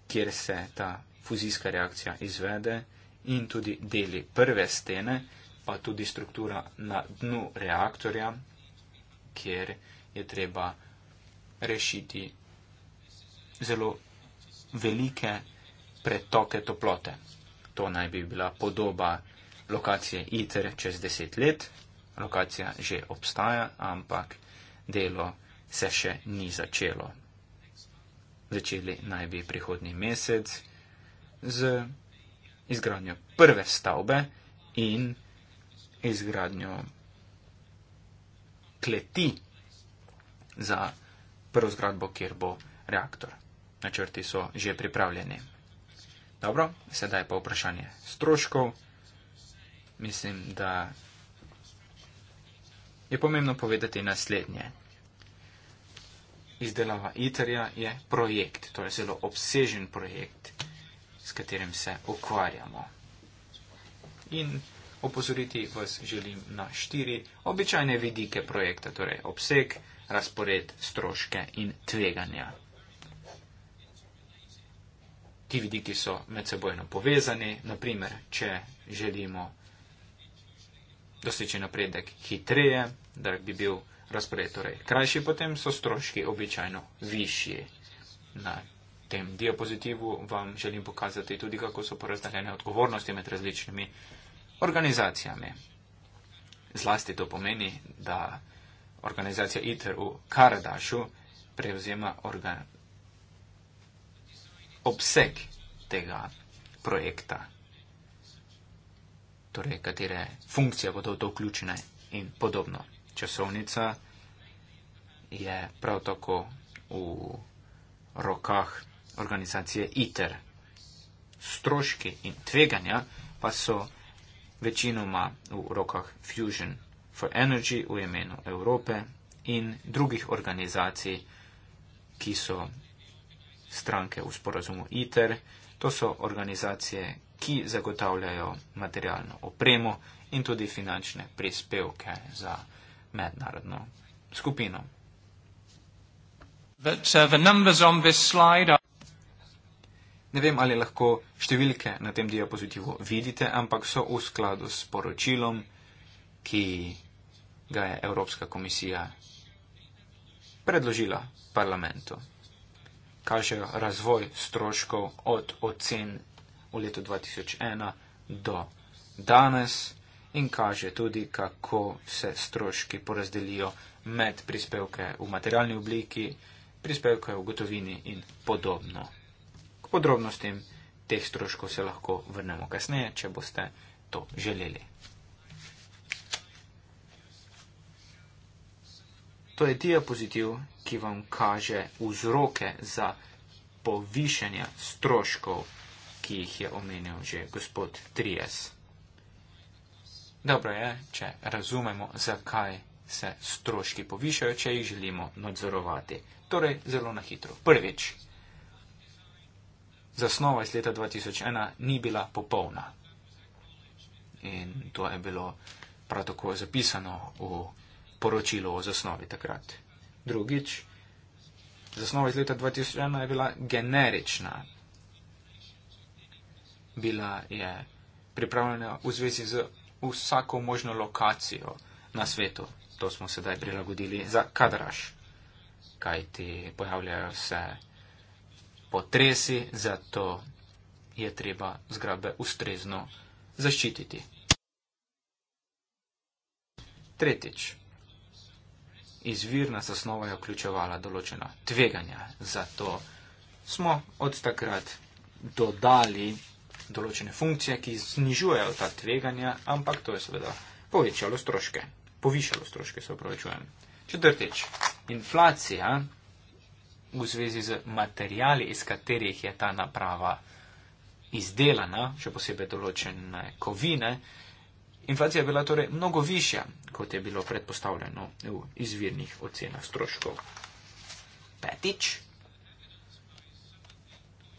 kjer se ta fuzijska reakcija izvede in tudi deli prve stene, pa tudi struktura na dnu reaktorja, kjer je treba rešiti zelo velike pretoke toplote. To naj bi bila podoba lokacije ITER čez deset let. Lokacija že obstaja, ampak delo se še ni začelo začeli naj bi prihodni mesec z izgradnjo prve stavbe in izgradnjo kleti za prvo zgradbo, kjer bo reaktor. Načrti so že pripravljeni. Dobro, sedaj pa vprašanje stroškov. Mislim, da je pomembno povedati naslednje izdelava ITER-ja je projekt, torej zelo obsežen projekt, s katerim se ukvarjamo. In opozoriti vas želim na štiri običajne vidike projekta, torej obseg, razpored, stroške in tveganja. Ti vidiki so med sebojno povezani, naprimer, če želimo doseči napredek hitreje, da bi bil razpored. Torej, krajši potem so stroški običajno višji. Na tem diapozitivu vam želim pokazati tudi, kako so porazdaljene odgovornosti med različnimi organizacijami. Zlasti to pomeni, da organizacija ITER v Karadašu prevzema organ obseg tega projekta, torej katere funkcije bodo v to vključene in podobno časovnica je prav tako v rokah organizacije ITER. Stroški in tveganja pa so večinoma v rokah Fusion for Energy v imenu Evrope in drugih organizacij, ki so stranke v sporazumu ITER. To so organizacije, ki zagotavljajo materialno opremo in tudi finančne prispevke za mednarodno skupino. But, uh, ne vem, ali lahko številke na tem diapozitivu vidite, ampak so v skladu s poročilom, ki ga je Evropska komisija predložila parlamentu. Kažejo razvoj stroškov od ocen v letu 2001 do danes in kaže tudi, kako se stroški porazdelijo med prispevke v materialni obliki, prispevke v gotovini in podobno. K podrobnostim teh stroškov se lahko vrnemo kasneje, če boste to želeli. To je diapozitiv, ki vam kaže vzroke za povišanje stroškov, ki jih je omenil že gospod Trijes. Dobro je, če razumemo, zakaj se stroški povišajo, če jih želimo nadzorovati. Torej, zelo na hitro. Prvič, zasnova iz leta 2001 ni bila popolna. In to je bilo prav tako zapisano v poročilu o zasnovi takrat. Drugič, zasnova iz leta 2001 je bila generična. Bila je pripravljena v zvezi z vsako možno lokacijo na svetu. To smo sedaj prilagodili za kadraž, kajti pojavljajo se potresi, zato je treba zgradbe ustrezno zaščititi. Tretjič. Izvirna zasnova je vključevala določena tveganja, zato smo od takrat dodali določene funkcije, ki znižujejo ta tveganja, ampak to je seveda povečalo stroške. Povišalo stroške, se upravičujem. Četrtič, inflacija v zvezi z materijali, iz katerih je ta naprava izdelana, še posebej določene kovine, inflacija je bila torej mnogo višja, kot je bilo predpostavljeno v izvirnih ocenah stroškov. Petič,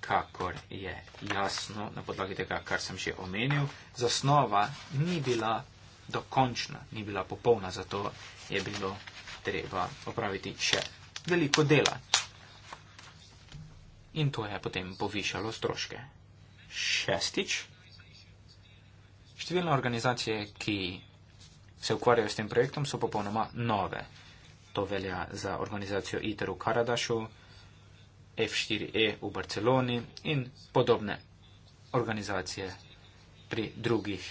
kakor je jasno na podlagi tega, kar sem že omenil, zasnova ni bila dokončna, ni bila popolna, zato je bilo treba opraviti še veliko dela. In to je potem povišalo stroške. Šestič. Številne organizacije, ki se ukvarjajo s tem projektom, so popolnoma nove. To velja za organizacijo ITER v Karadašu, F4E v Barceloni in podobne organizacije pri drugih,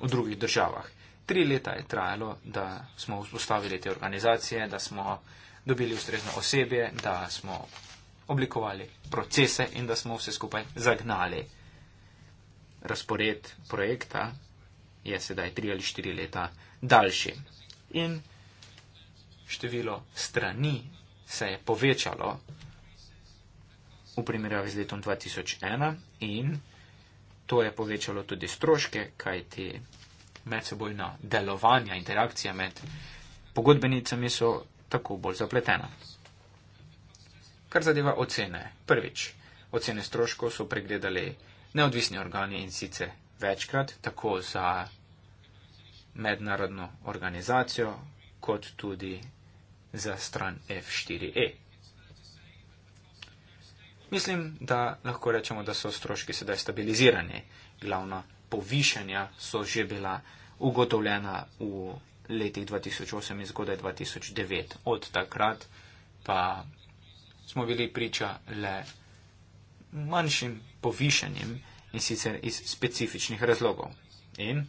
v drugih državah. Tri leta je trajalo, da smo vzpostavili te organizacije, da smo dobili ustrezno osebje, da smo oblikovali procese in da smo vse skupaj zagnali. Razpored projekta je sedaj tri ali štiri leta daljši. In število strani se je povečalo, v primerjavi z letom 2001 in to je povečalo tudi stroške, kajti medsebojna delovanja, interakcija med pogodbenicami so tako bolj zapletena. Kar zadeva ocene. Prvič, ocene stroškov so pregledali neodvisni organi in sicer večkrat, tako za mednarodno organizacijo kot tudi za stran F4E. Mislim, da lahko rečemo, da so stroški sedaj stabilizirani. Glavna povišanja so že bila ugotovljena v letih 2008 in zgodaj 2009. Od takrat pa smo bili priča le manjšim povišanjem in sicer iz specifičnih razlogov. In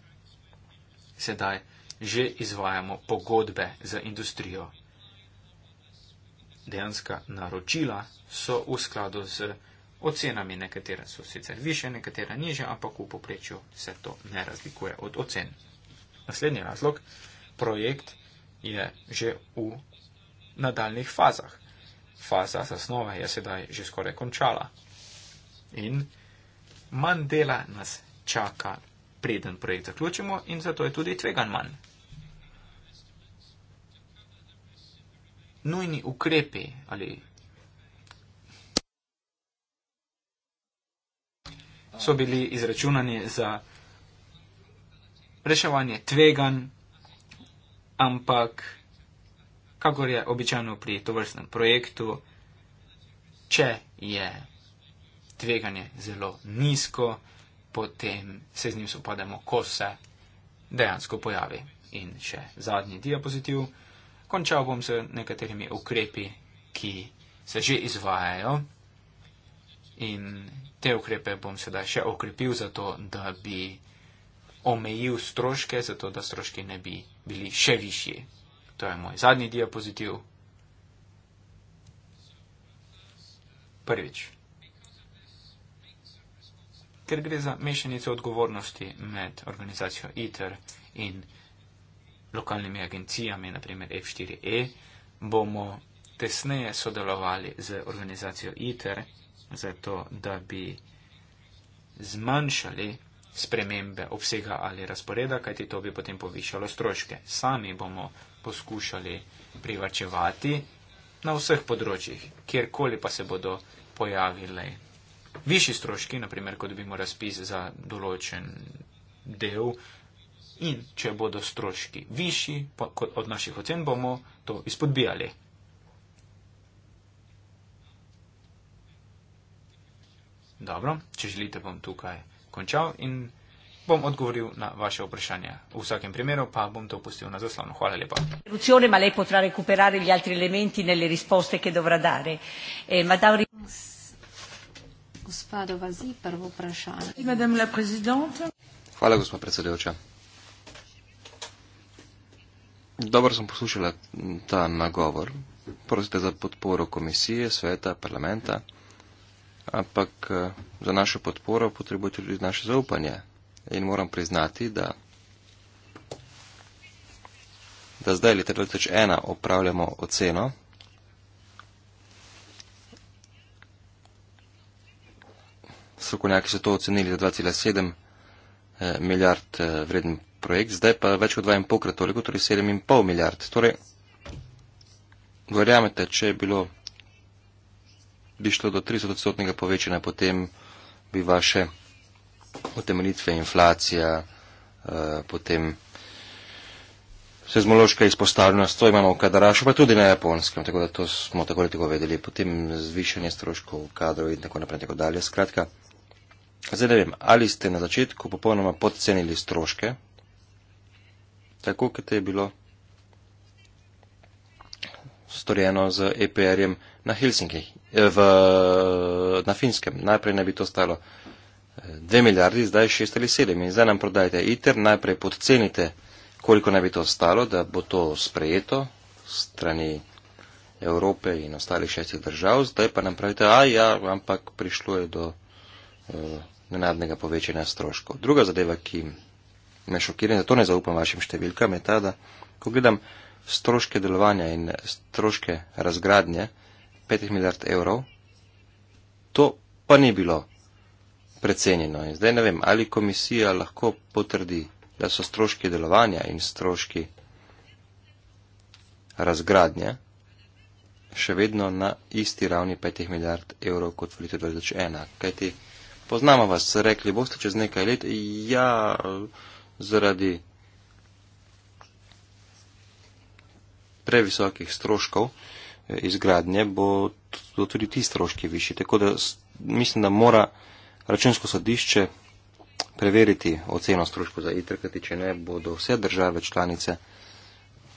sedaj že izvajamo pogodbe za industrijo 4.0 dejanska naročila so v skladu z ocenami. Nekatera so sicer više, nekatera niže, ampak v poprečju se to ne razlikuje od ocen. Naslednji razlog. Projekt je že v nadaljnih fazah. Faza zasnove je sedaj že skoraj končala. In manj dela nas čaka, preden projekt zaključimo, in zato je tudi tvegan manj. nujni ukrepi ali so bili izračunani za reševanje tveganj, ampak kakor je običajno pri tovrstnem projektu, če je tveganje zelo nizko, potem se z njim sopademo, ko se dejansko pojavi. In še zadnji diapozitiv končal bom z nekaterimi ukrepi, ki se že izvajajo in te ukrepe bom sedaj še okrepil, zato da bi omejil stroške, zato da stroški ne bi bili še višji. To je moj zadnji diapozitiv. Prvič. Ker gre za mešanico odgovornosti med organizacijo ITER in lokalnimi agencijami, naprimer F4E, bomo tesneje sodelovali z organizacijo ITER, zato da bi zmanjšali spremembe obsega ali razporeda, kajti to bi potem povišalo stroške. Sami bomo poskušali privačevati na vseh področjih, kjerkoli pa se bodo pojavili višji stroški, naprimer, kot bi imel razpis za določen del In če bodo stroški višji od naših ocen, bomo to izpodbijali. Dobro, če želite, bom tukaj končal in bom odgovoril na vaše vprašanje. V vsakem primeru pa bom to pustil na zaslonu. Hvala lepa. Rucione, ma lei potrà recuperare gli altri elementi nelle risposte che dovrà dare. Eh, ma da... Gospodo Vazi, prvo vprašanje. Hvala, gospod predsedujoča. Dobro sem poslušala ta nagovor. Prosite za podporo komisije, sveta, parlamenta. Ampak eh, za našo podporo potrebujete tudi naše zaupanje. In moram priznati, da, da zdaj, leta 2001, opravljamo oceno. Strokovnjaki so to ocenili za 2,7. Eh, milijard eh, vreden projekt, zdaj pa več kot 2,5 krat toliko, torej 7,5 milijard. Torej, verjamete, če je bilo, bi šlo do 30 odstotnega povečanja, potem bi vaše utemeljitve, inflacija, eh, potem sezmološka izpostavljenost, to imamo v Kadarašu, pa tudi na Japonskem, tako da to smo tako ali tako vedeli, potem zvišanje stroškov kadrov in tako naprej, tako dalje. Skratka, Zdaj ne vem, ali ste na začetku popolnoma podcenili stroške, tako kot je bilo storjeno z EPR-jem na Helsinki, eh, v, na Finskem. Najprej ne bi to stalo 2 eh, milijardi, zdaj 6 ali 7. In zdaj nam prodajte ITER, najprej podcenite, koliko ne bi to stalo, da bo to sprejeto strani Evrope in ostalih šestih držav, zdaj pa nam pravite, a ja, ampak prišlo je do. Eh, nenadnega povečanja stroškov. Druga zadeva, ki me šokira in zato ne zaupam vašim številkam, je ta, da ko gledam stroške delovanja in stroške razgradnje 5 milijard evrov, to pa ni bilo precenjeno. In zdaj ne vem, ali komisija lahko potrdi, da so stroški delovanja in stroški razgradnje še vedno na isti ravni 5 milijard evrov kot v letu 2001 poznamo vas, rekli boste čez nekaj let, ja, zaradi previsokih stroškov eh, izgradnje bo tudi ti stroški višji. Tako da mislim, da mora računsko sodišče preveriti oceno stroško za ITR, kajti če ne, bodo vse države članice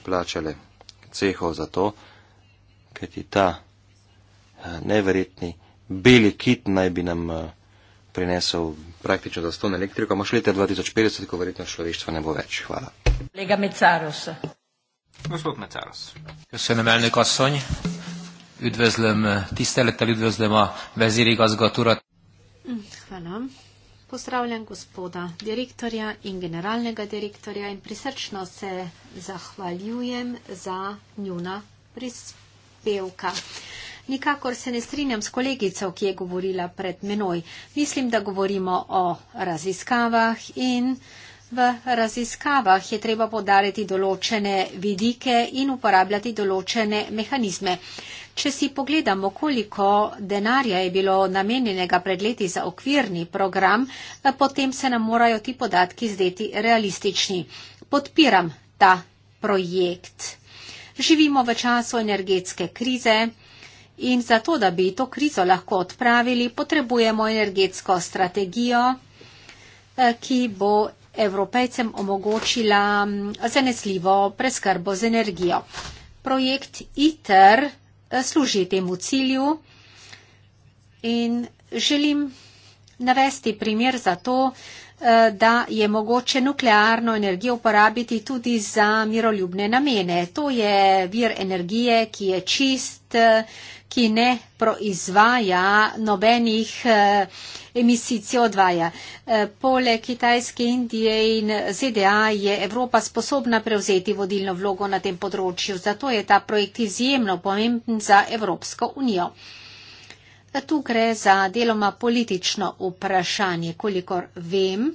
plačale ceho za to, kajti ta eh, neverjetni beli kit naj bi nam uh, prinesel praktično za ston elektriko, moš leta 2050, ko verjetno človeštva ne bo več. Hvala. Lega Mecaros. Gospod Mecaros. Jaz sem nemeljni kosonj, vdvezlem eh, tiste letali, vdvezlema veziri gazgatura. Mm, hvala. Pozdravljam gospoda direktorja in generalnega direktorja in prisrčno se zahvaljujem za njuna prispevka. Nikakor se ne strinjam s kolegico, ki je govorila pred menoj. Mislim, da govorimo o raziskavah in v raziskavah je treba podariti določene vidike in uporabljati določene mehanizme. Če si pogledamo, koliko denarja je bilo namenjenega pred leti za okvirni program, potem se nam morajo ti podatki zdeti realistični. Podpiram ta projekt. Živimo v času energetske krize. In zato, da bi to krizo lahko odpravili, potrebujemo energetsko strategijo, eh, ki bo evropejcem omogočila mm, zanesljivo preskrbo z energijo. Projekt ITER eh, služi temu cilju in želim navesti primer za to, eh, da je mogoče nuklearno energijo uporabiti tudi za miroljubne namene. To je vir energije, ki je čist, ki ne proizvaja nobenih eh, emisij CO2. Eh, poleg Kitajske, Indije in ZDA je Evropa sposobna prevzeti vodilno vlogo na tem področju, zato je ta projekt izjemno pomemben za Evropsko unijo. Eh, tu gre za deloma politično vprašanje, kolikor vem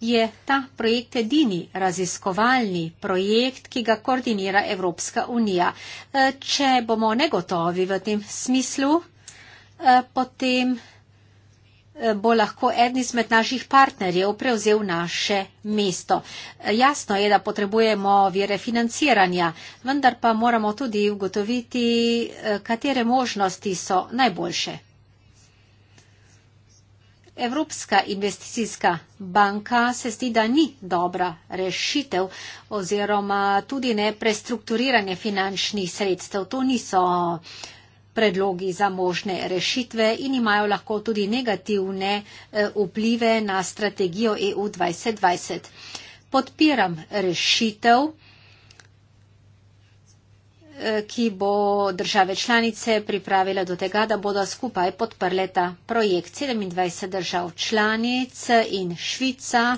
je ta projekt edini raziskovalni projekt, ki ga koordinira Evropska unija. E, če bomo negotovi v tem smislu, e, potem e, bo lahko eden izmed naših partnerjev prevzel naše mesto. Jasno je, da potrebujemo vire financiranja, vendar pa moramo tudi ugotoviti, katere možnosti so najboljše. Evropska investicijska banka se zdi, da ni dobra rešitev oziroma tudi ne prestrukturiranje finančnih sredstev. To niso predlogi za možne rešitve in imajo lahko tudi negativne eh, vplive na strategijo EU 2020. Podpiram rešitev ki bo države članice pripravila do tega, da bodo skupaj podprle ta projekt. 27 držav članic in Švica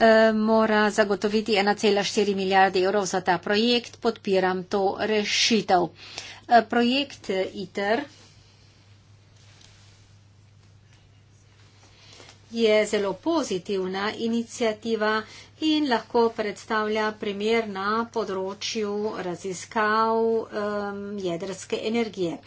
eh, mora zagotoviti 1,4 milijarde evrov za ta projekt. Podpiram to rešitev. Eh, projekt ITER. je zelo pozitivna inicijativa in lahko predstavlja primer na področju raziskav um, jedrske energije.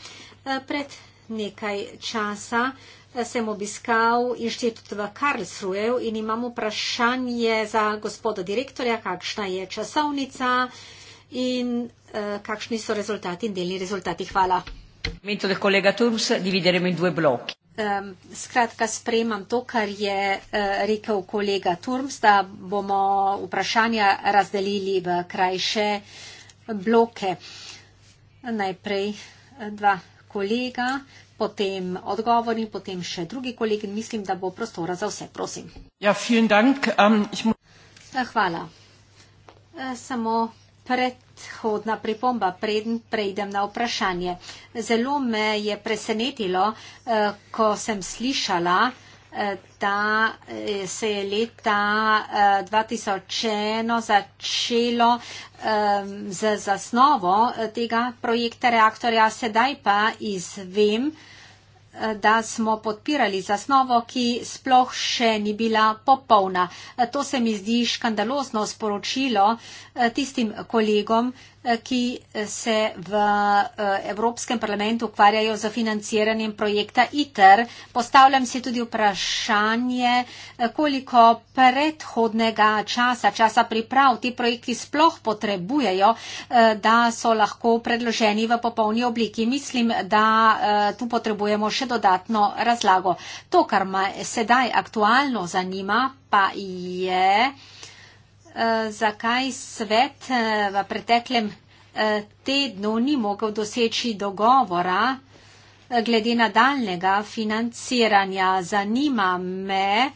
Eh, pred nekaj časa eh, sem obiskal inštitut v Karlsruhe in imam vprašanje za gospoda direktorja, kakšna je časovnica in uh, kakšni so rezultati in delni rezultati. Hvala. Mi tudi kolega Turms dividiramo in dve bloki. Um, skratka, spremam to, kar je uh, rekel kolega Turms, da bomo vprašanja razdelili v krajše bloke. Najprej eh, dva kolega, potem odgovor in potem še drugi kolegi. Mislim, da bo prostora za vse. Prosim. Ja, dank. Um, ich... Eh, hvala. Uh, samo predhodna pripomba, preden prejdem na vprašanje. Zelo me je presenetilo, eh, ko sem slišala, eh, da eh, se je leta 2001 začelo ehm, z zasnovo tega projekta reaktorja, sedaj pa izvem, da smo podpirali zasnovo, ki sploh še ni bila popolna. To se mi zdi škandalozno sporočilo eh, tistim kolegom, Eh, ki se v eh, Evropskem parlamentu ukvarjajo z financiranjem projekta ITER. Postavljam si tudi vprašanje, eh, koliko predhodnega časa, časa priprav ti projekti sploh potrebujejo, da so lahko predloženi v popolni obliki. Mislim, da tu potrebujemo še dodatno razlago. To, kar me sedaj aktualno zanima, pa je. Eh, zakaj svet eh, v preteklem eh, tednu ni mogel doseči dogovora glede nadaljnega financiranja. Zanima me,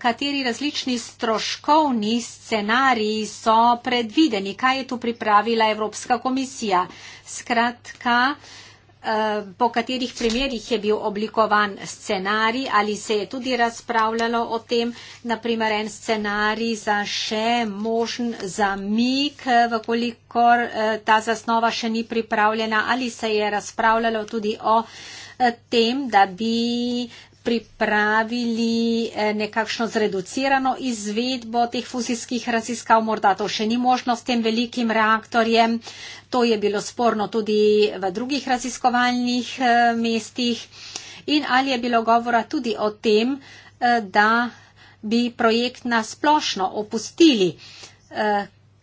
kateri različni stroškovni scenariji so predvideni, kaj je tu pripravila Evropska komisija. Skratka, Eh, po katerih primerjih je bil oblikovan scenarij ali se je tudi razpravljalo o tem, naprimer en scenarij za še možen zamik, eh, vkolikor eh, ta zasnova še ni pripravljena ali se je razpravljalo tudi o tem, da bi pripravili eh, nekakšno zreducirano izvedbo teh fuzijskih raziskav, morda to še ni možno s tem velikim reaktorjem, to je bilo sporno tudi v drugih raziskovalnih eh, mestih in ali je bilo govora tudi o tem, eh, da bi projekt nasplošno opustili,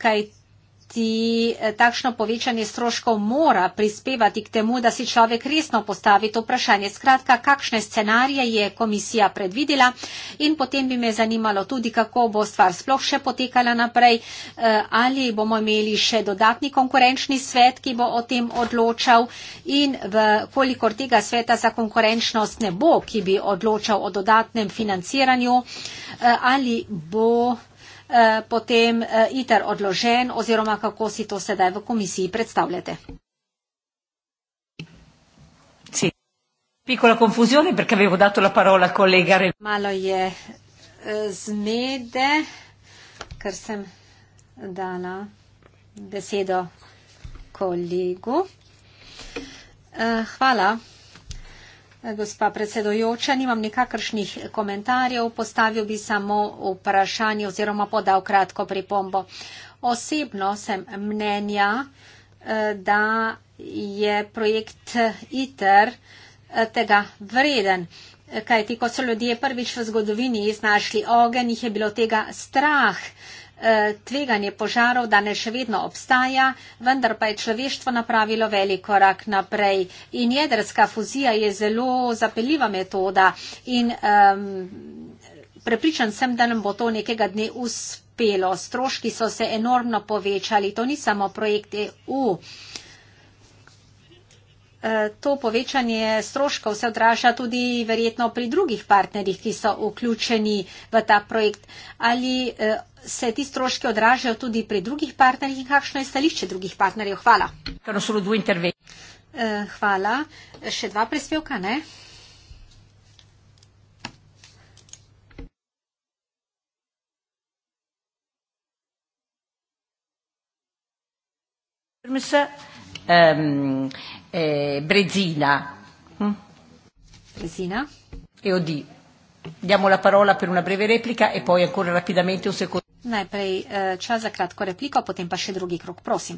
kaj ti eh, takšno povečanje stroškov mora prispevati k temu, da si človek resno postavi to vprašanje. Skratka, kakšne scenarije je komisija predvidela in potem bi me zanimalo tudi, kako bo stvar sploh še potekala naprej, eh, ali bomo imeli še dodatni konkurenčni svet, ki bo o tem odločal in v kolikor tega sveta za konkurenčnost ne bo, ki bi odločal o dodatnem financiranju, eh, ali bo Eh, potem eh, iter odložen oziroma kako si to sedaj v komisiji predstavljate. Malo je eh, zmede, ker sem dala besedo kolegu. Hvala. Gospa predsedojoča, nimam nikakršnih komentarjev, postavil bi samo vprašanje oziroma podal kratko pripombo. Osebno sem mnenja, eh, da je projekt ITER eh, tega vreden, kajti ko so ljudje prvič v zgodovini iznašli ogen, jih je bilo tega strah tveganje požarov danes še vedno obstaja, vendar pa je človeštvo napravilo velik korak naprej. In jedrska fuzija je zelo zapeljiva metoda in um, prepričan sem, da nam bo to nekega dne uspelo. Stroški so se enormno povečali, to ni samo projekt EU. Uh, to povečanje stroškov se odraža tudi verjetno pri drugih partnerjih, ki so vključeni v ta projekt. Ali eh, se ti stroški odražajo tudi pri drugih partnerjih in kakšno je stališče drugih partnerjev? Hvala. Eh, hvala. Še dva prispevka, ne? Um, eh, Brezina. Mm? Brezina? E Odì. Diamo la parola per una breve replica e poi ancora rapidamente un secondo. Najprej eh, čas za kratko repliko, potem pa še drugi krok. Prosim.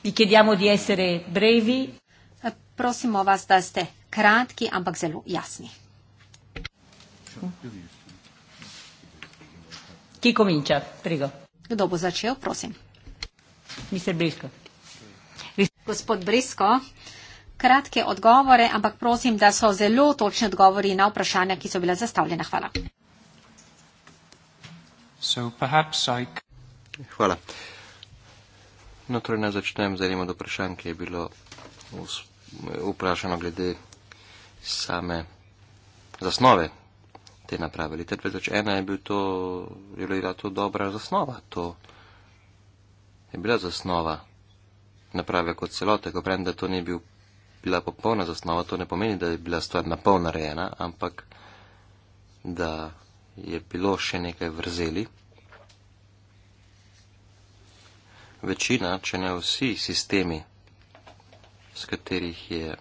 Vi chiediamo di essere brevi. Eh, prosimo vas, da ste kratki, ampak zelo jasni. Chi comincia? Prego. Kdo bo začel? Prosim. Mister Briscoe gospod Brisko. Kratke odgovore, ampak prosim, da so zelo točni odgovori na vprašanja, ki so bila zastavljena. Hvala. Hvala. No, torej naj začnem z enim od vprašanj, ki je bilo vprašano glede same zasnove te naprave. Leta 2001 je, bil to, je bila to dobra zasnova. To je bila zasnova naprave kot celote, ko pravim, da to ni bil, bila popolna zasnova, to ne pomeni, da je bila stvar napolna rejena, ampak da je bilo še nekaj vrzeli. Večina, če ne vsi sistemi, s katerih je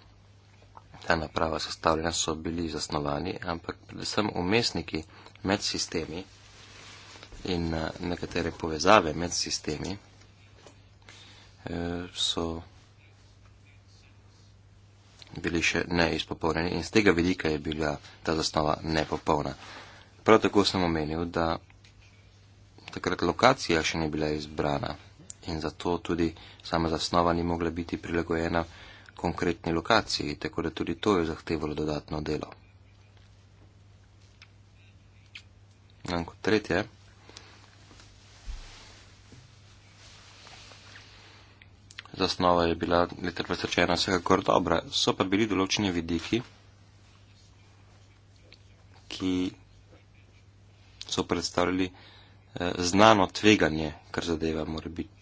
ta naprava sestavljena, so bili zasnovani, ampak predvsem umestniki med sistemi in eh, nekatere povezave med sistemi, Eh, so bili še neizpopolnjeni in z tega vidika je bila ta zasnova nepopolna. Prav tako sem omenil, da takrat lokacija še ni bila izbrana in zato tudi sama zasnova ni mogla biti prilagojena konkretni lokaciji, tako da tudi to je zahtevalo dodatno delo. No, in kot tretje, zasnova je bila leta 2001 vsekakor dobra. So pa bili določeni vidiki, ki so predstavljali eh, znano tveganje, kar zadeva mora biti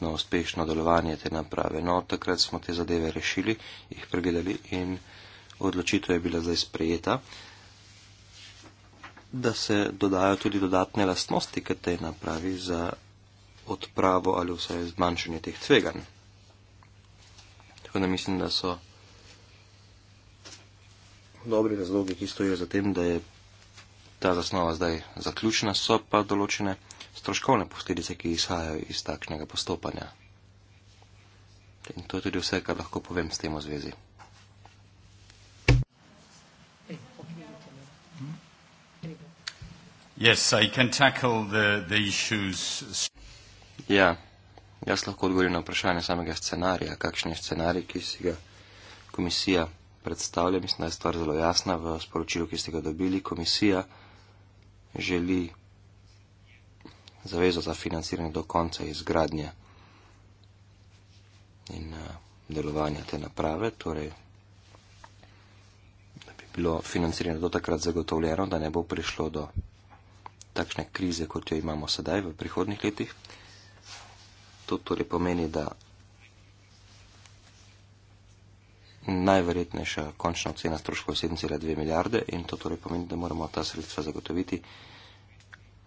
na uspešno delovanje te naprave. No, takrat smo te zadeve rešili, jih pregledali in odločitev je bila zdaj sprejeta, da se dodajo tudi dodatne lastnosti, ki te napravi za odpravo ali vsaj zmanjšanje teh tveganj. Tako da mislim, da so dobri razlogi, ki stojijo za tem, da je ta zasnova zdaj zaključena, so pa določene stroškovne posledice, ki izhajajo iz takšnega postopanja. In to je tudi vse, kar lahko povem s tem v zvezi. Yes, I can tackle the, the issues. Yeah. Ja. Jaz lahko odgovorim na vprašanje samega scenarija, kakšen je scenarij, ki si ga komisija predstavlja. Mislim, da je stvar zelo jasna v sporočilu, ki ste ga dobili. Komisija želi zavezo za financiranje do konca izgradnje in eh, delovanja te naprave, torej, da bi bilo financiranje do takrat zagotovljeno, da ne bo prišlo do takšne krize, kot jo imamo sedaj v prihodnih letih. To torej pomeni, da najverjetnejša končna ocena stroškov je 7,2 milijarde in to torej pomeni, da moramo ta sredstva zagotoviti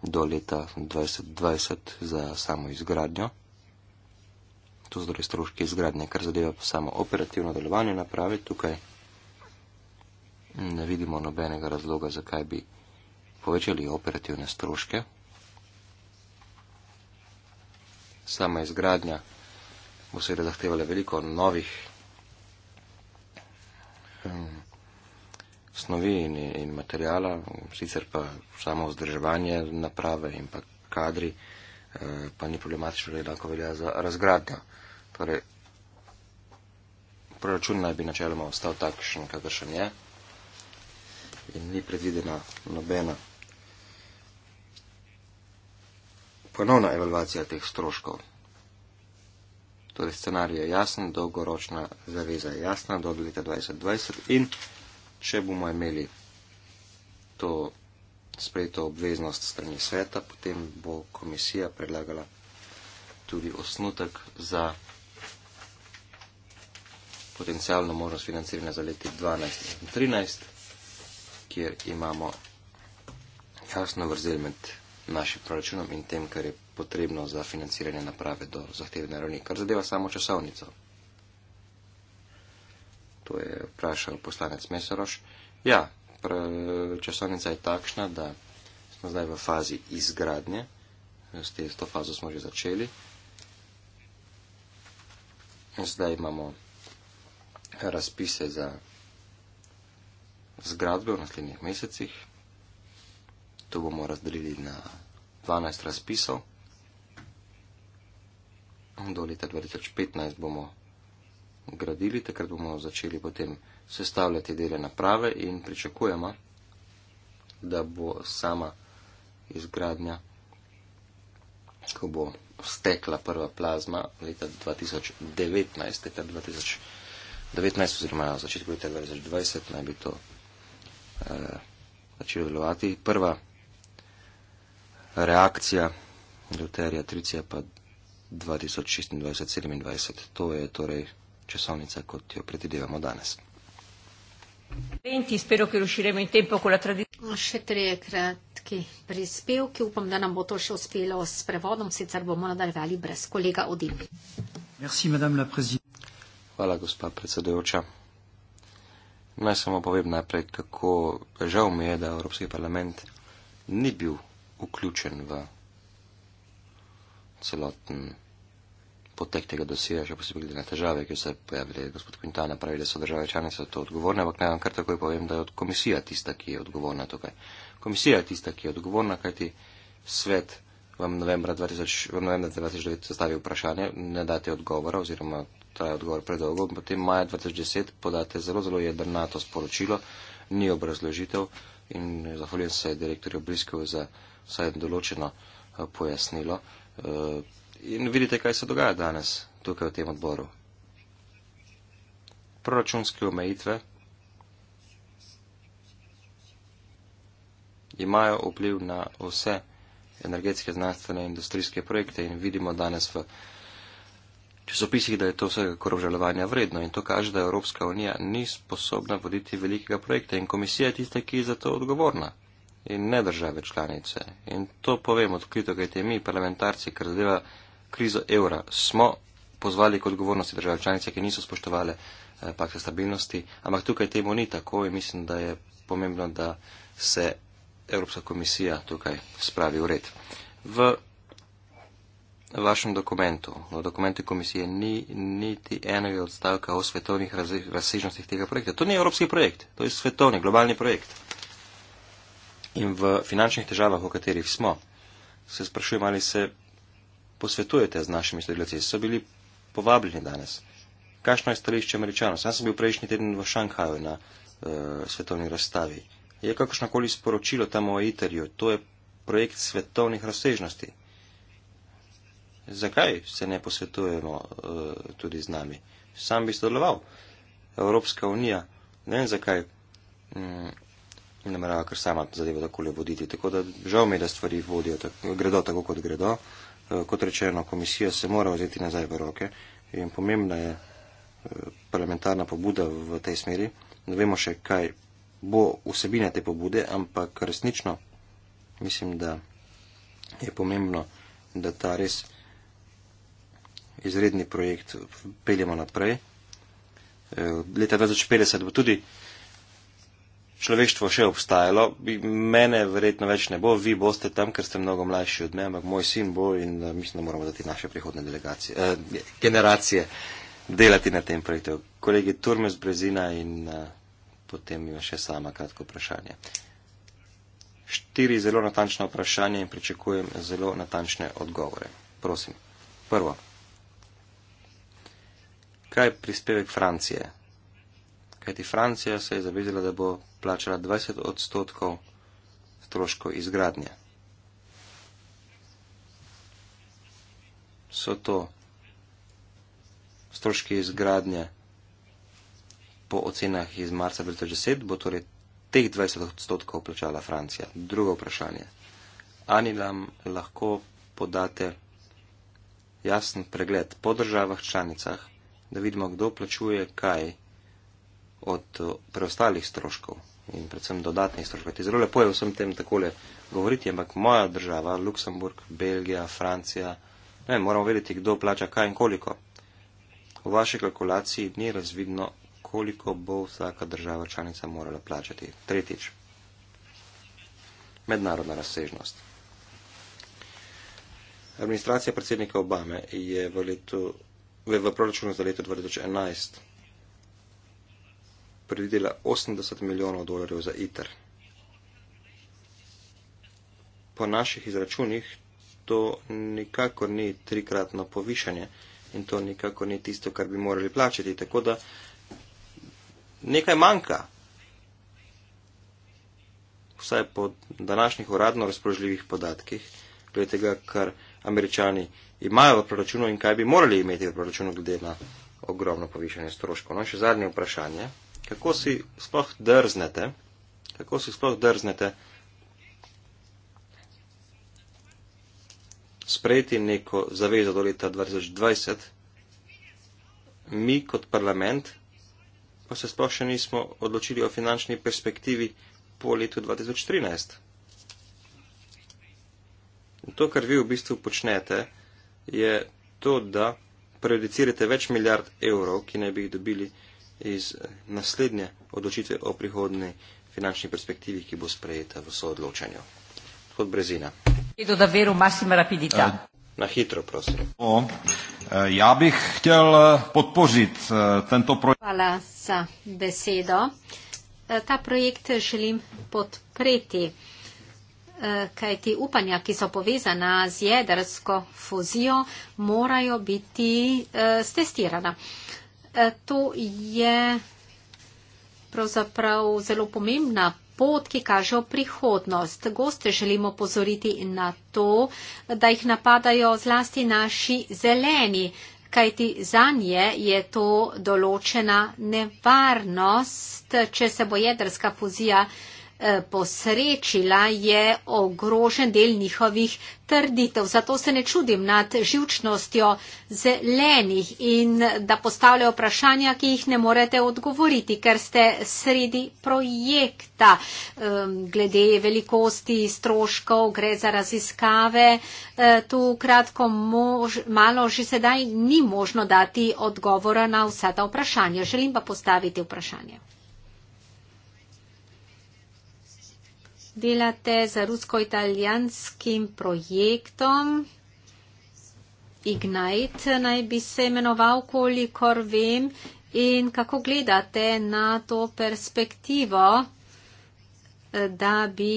do leta 2020 za samo izgradnjo. To so torej stroški izgradnje, kar zadeva samo operativno delovanje naprave. Tukaj ne vidimo nobenega razloga, zakaj bi povečali operativne stroške. sama izgradnja bo seveda zahtevala veliko novih um, snovi in, in materijala, sicer pa samo vzdrževanje naprave in pa kadri, eh, pa ni problematično, da enako velja za razgradnjo. Torej, proračun naj bi načeloma ostal takšen, kakršen je in ni predvidena nobena. ponovna evalvacija teh stroškov. Torej, scenarij je jasen, dolgoročna zaveza je jasna do leta 2020 in če bomo imeli to sprejeto obveznost strani sveta, potem bo komisija predlagala tudi osnutek za potencijalno možnost financiranja za leti 2012 in 2013, kjer imamo jasno vrzel med našim proračunom in tem, kar je potrebno za financiranje naprave do zahtevne ravni, kar zadeva samo časovnico. To je vprašal poslanec Mesoroš. Ja, časovnica je takšna, da smo zdaj v fazi izgradnje, s to fazo smo že začeli. In zdaj imamo razpise za zgradbe v naslednjih mesecih. To bomo razdelili na 12 razpisov. Do leta 2015 bomo gradili, takrat bomo začeli potem sestavljati dele naprave in pričakujemo, da bo sama izgradnja, ko bo stekla prva plazma leta 2019, leta 2019 oziroma na začetku leta 2020 naj bi to eh, začelo delovati. Prva reakcija Deuterija 3 pa 2026-2027. To je torej časovnica, kot jo predvidevamo danes. Spero, ker uširemo in tempo, ko la tradicija. No, še trije kratki prispevki. Upam, da nam bo to še uspelo s prevodom, sicer bomo nadaljevali brez kolega Odin. Hvala, gospa predsedujoča. Naj samo povem najprej, kako žal mi je, da Evropski parlament ni bil vključen v celoten potek tega dosija, še posebej glede na težave, ki so se pojavile. Gospod Quintana pravi, da so države članice za to odgovorne, ampak naj vam kar takoj povem, da je komisija tista, ki je odgovorna tukaj. Komisija je tista, ki je odgovorna, kajti svet vam novembra 2009 zastavi vprašanje, ne date odgovora oziroma traja odgovor predolgo, potem maja 2010 podate zelo, zelo jedrnato sporočilo, ni obrazložitev in zahvaljujem se direktorju Briskov za vsaj določeno eh, pojasnilo. Eh, in vidite, kaj se dogaja danes tukaj v tem odboru. Proračunske omejitve imajo vpliv na vse energetske znanstvene industrijske projekte in vidimo danes v časopisih, da je to vsekakor obžalovanja vredno in to kaže, da Evropska unija ni sposobna voditi velikega projekta in komisija je tista, ki je za to odgovorna in ne države članice. In to povem odkrito, kajte mi, parlamentarci, kar zadeva krizo evra, smo pozvali k odgovornosti države članice, ki niso spoštovale eh, pakta stabilnosti, ampak tukaj temu ni tako in mislim, da je pomembno, da se Evropska komisija tukaj spravi v red. V vašem dokumentu, v dokumentu komisije, ni niti enega odstavka o svetovnih razsežnostih tega projekta. To ni evropski projekt, to je svetovni, globalni projekt in v finančnih težavah, v katerih smo, se sprašujem, ali se posvetujete z našimi sodelavci, so bili povabljeni danes. Kakšno je stališče američanov? Sam sem bil prejšnji teden v Šanghaju na uh, svetovni razstavi. Je kakšnakoli sporočilo tam o ITER-ju? To je projekt svetovnih razsežnosti. Zakaj se ne posvetujemo uh, tudi z nami? Sam bi sodeloval. Evropska unija, ne vem zakaj. Mm in namerava kar sama zadevo takole voditi. Tako da žal mi je, da stvari vodijo, tako, gredo tako, kot gredo. Eh, kot rečeno, komisija se mora vzeti nazaj v roke in pomembna je eh, parlamentarna pobuda v tej smeri. Ne vemo še, kaj bo vsebina te pobude, ampak resnično mislim, da je pomembno, da ta res izredni projekt peljemo naprej. Eh, leta 2050 bo tudi človeštvo še obstajalo. Mene verjetno več ne bo, vi boste tam, ker ste mnogo mlajši od me, ampak moj sin bo in uh, mislim, da moramo dati naše prihodne delegacije, uh, generacije delati na tem projektu. Kolegi Turmes Brezina in uh, potem ima še sama kratko vprašanje. Štiri zelo natančna vprašanja in pričakujem zelo natančne odgovore. Prosim. Prvo. Kaj je prispevek Francije kajti Francija se je zavezala, da bo plačala 20 odstotkov stroško izgradnje. So to stroški izgradnje po ocenah iz marca 2010, bo torej teh 20 odstotkov plačala Francija. Drugo vprašanje. Ani nam lahko podate jasen pregled po državah članicah, da vidimo, kdo plačuje kaj od eh, preostalih stroškov in predvsem dodatnih stroškov. Zelo lepo je vsem tem takole govoriti, ampak moja država, Luksemburg, Belgija, Francija, ne, moramo vedeti, kdo plača kaj in koliko. V vaši kalkulaciji ni razvidno, koliko bo vsaka država članica morala plačati. Tretjič. Mednarodna razsežnost. Administracija predsednika Obame je v, letu, v, v proračunu za leto 2011 predvidela 80 milijonov dolarjev za ITER. Po naših izračunih to nikakor ni trikratno povišanje in to nikakor ni tisto, kar bi morali plačati, tako da nekaj manjka. Vsaj po današnjih uradno razpoložljivih podatkih, glede tega, kar američani imajo v proračunu in kaj bi morali imeti v proračunu glede na ogromno povišanje stroškov. No, še zadnje vprašanje kako si sploh drznete, kako si sploh drznete sprejeti neko zavezo do leta 2020, mi kot parlament pa se sploh še nismo odločili o finančni perspektivi po letu 2013. In to, kar vi v bistvu počnete, je to, da prejudicirate več milijard evrov, ki naj bi jih dobili iz naslednje odločitve o prihodni finančni perspektivi, ki bo sprejeta v soodločanju. Kot Brezina. Eh. Na hitro, prosim. O, eh, ja bih htjel eh, podpožiti tento projekt. Hvala za besedo. Ta projekt želim podpreti, kajti upanja, ki so povezana z jedrsko fuzijo, morajo biti stestirana. Eh, to je pravzaprav zelo pomembna pot, ki kaže v prihodnost. Goste želimo pozoriti na to, da jih napadajo zlasti naši zeleni, kajti za nje je to določena nevarnost, če se bo jedrska fuzija Eh, posrečila, je ogrožen del njihovih trditev. Zato se ne čudim nad živčnostjo zelenih in da postavljajo vprašanja, ki jih ne morete odgovoriti, ker ste sredi projekta. Glede velikosti stroškov gre za raziskave. Eh, tu kratko mož, malo že sedaj ni možno dati odgovora na vsa ta vprašanja. Želim pa postaviti vprašanje. delate z rusko-italijanskim projektom. Ignite naj bi se imenoval, kolikor vem. In kako gledate na to perspektivo, da bi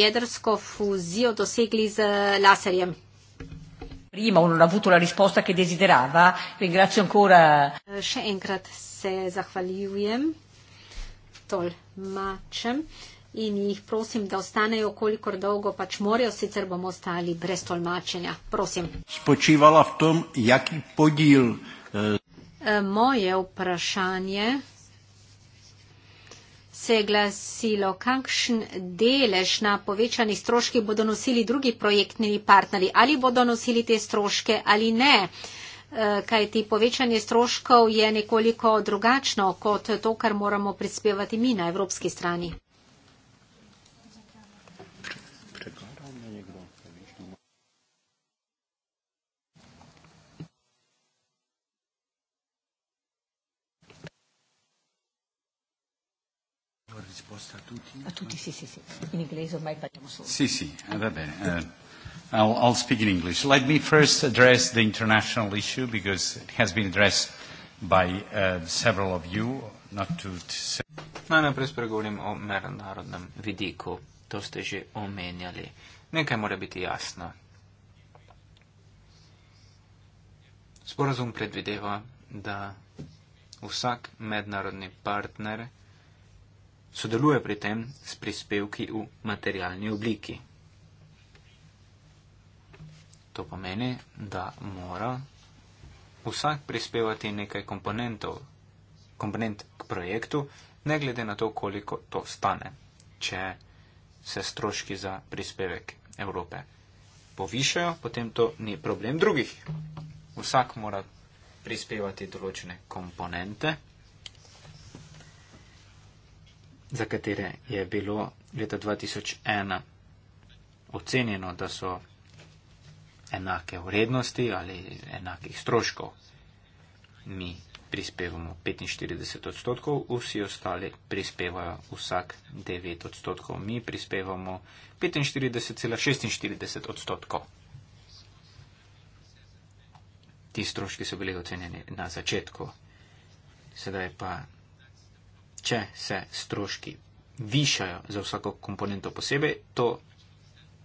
jedrsko fuzijo dosegli z laserjem? Prima, ono na vutu la risposta, ki desiderava. Ringrazio ancora. Še enkrat se zahvaljujem tolmačem. Uh, in jih prosim, da ostanejo, kolikor dolgo pač morajo, sicer bomo ostali brez tolmačenja. Prosim. Spočivala v tom, jaki podil. Eh, eh, moje vprašanje se je glasilo, kakšen delež na povečanih stroških bodo nosili drugi projektni partnerji, ali bodo nosili te stroške ali ne, eh, kajti povečanje stroškov je nekoliko drugačno kot to, kar moramo prispevati mi na evropski strani. po statuti. A tutti, sì, sì, sì. In inglese ormai parliamo solo. Sì, sì, eh, va bene. Uh, I'll, I'll speak in English. Let me first address the international issue because it has been addressed by uh, several of you, not to, to say... Naj najprej spregovorim o mednarodnem vidiku. To ste že omenjali. Nekaj mora biti jasno. Sporazum predvideva, da vsak mednarodni partner sodeluje pri tem s prispevki v materialni obliki. To pomeni, da mora vsak prispevati nekaj komponentov, komponent k projektu, ne glede na to, koliko to stane, če se stroški za prispevek Evrope povišajo, potem to ni problem drugih. Vsak mora prispevati določene komponente za katere je bilo leta 2001 ocenjeno, da so enake vrednosti ali enakih stroškov. Mi prispevamo 45 odstotkov, vsi ostali prispevajo vsak 9 odstotkov. Mi prispevamo 45,46 odstotkov. Ti stroški so bili ocenjeni na začetku. Sedaj pa če se stroški višajo za vsako komponento posebej, to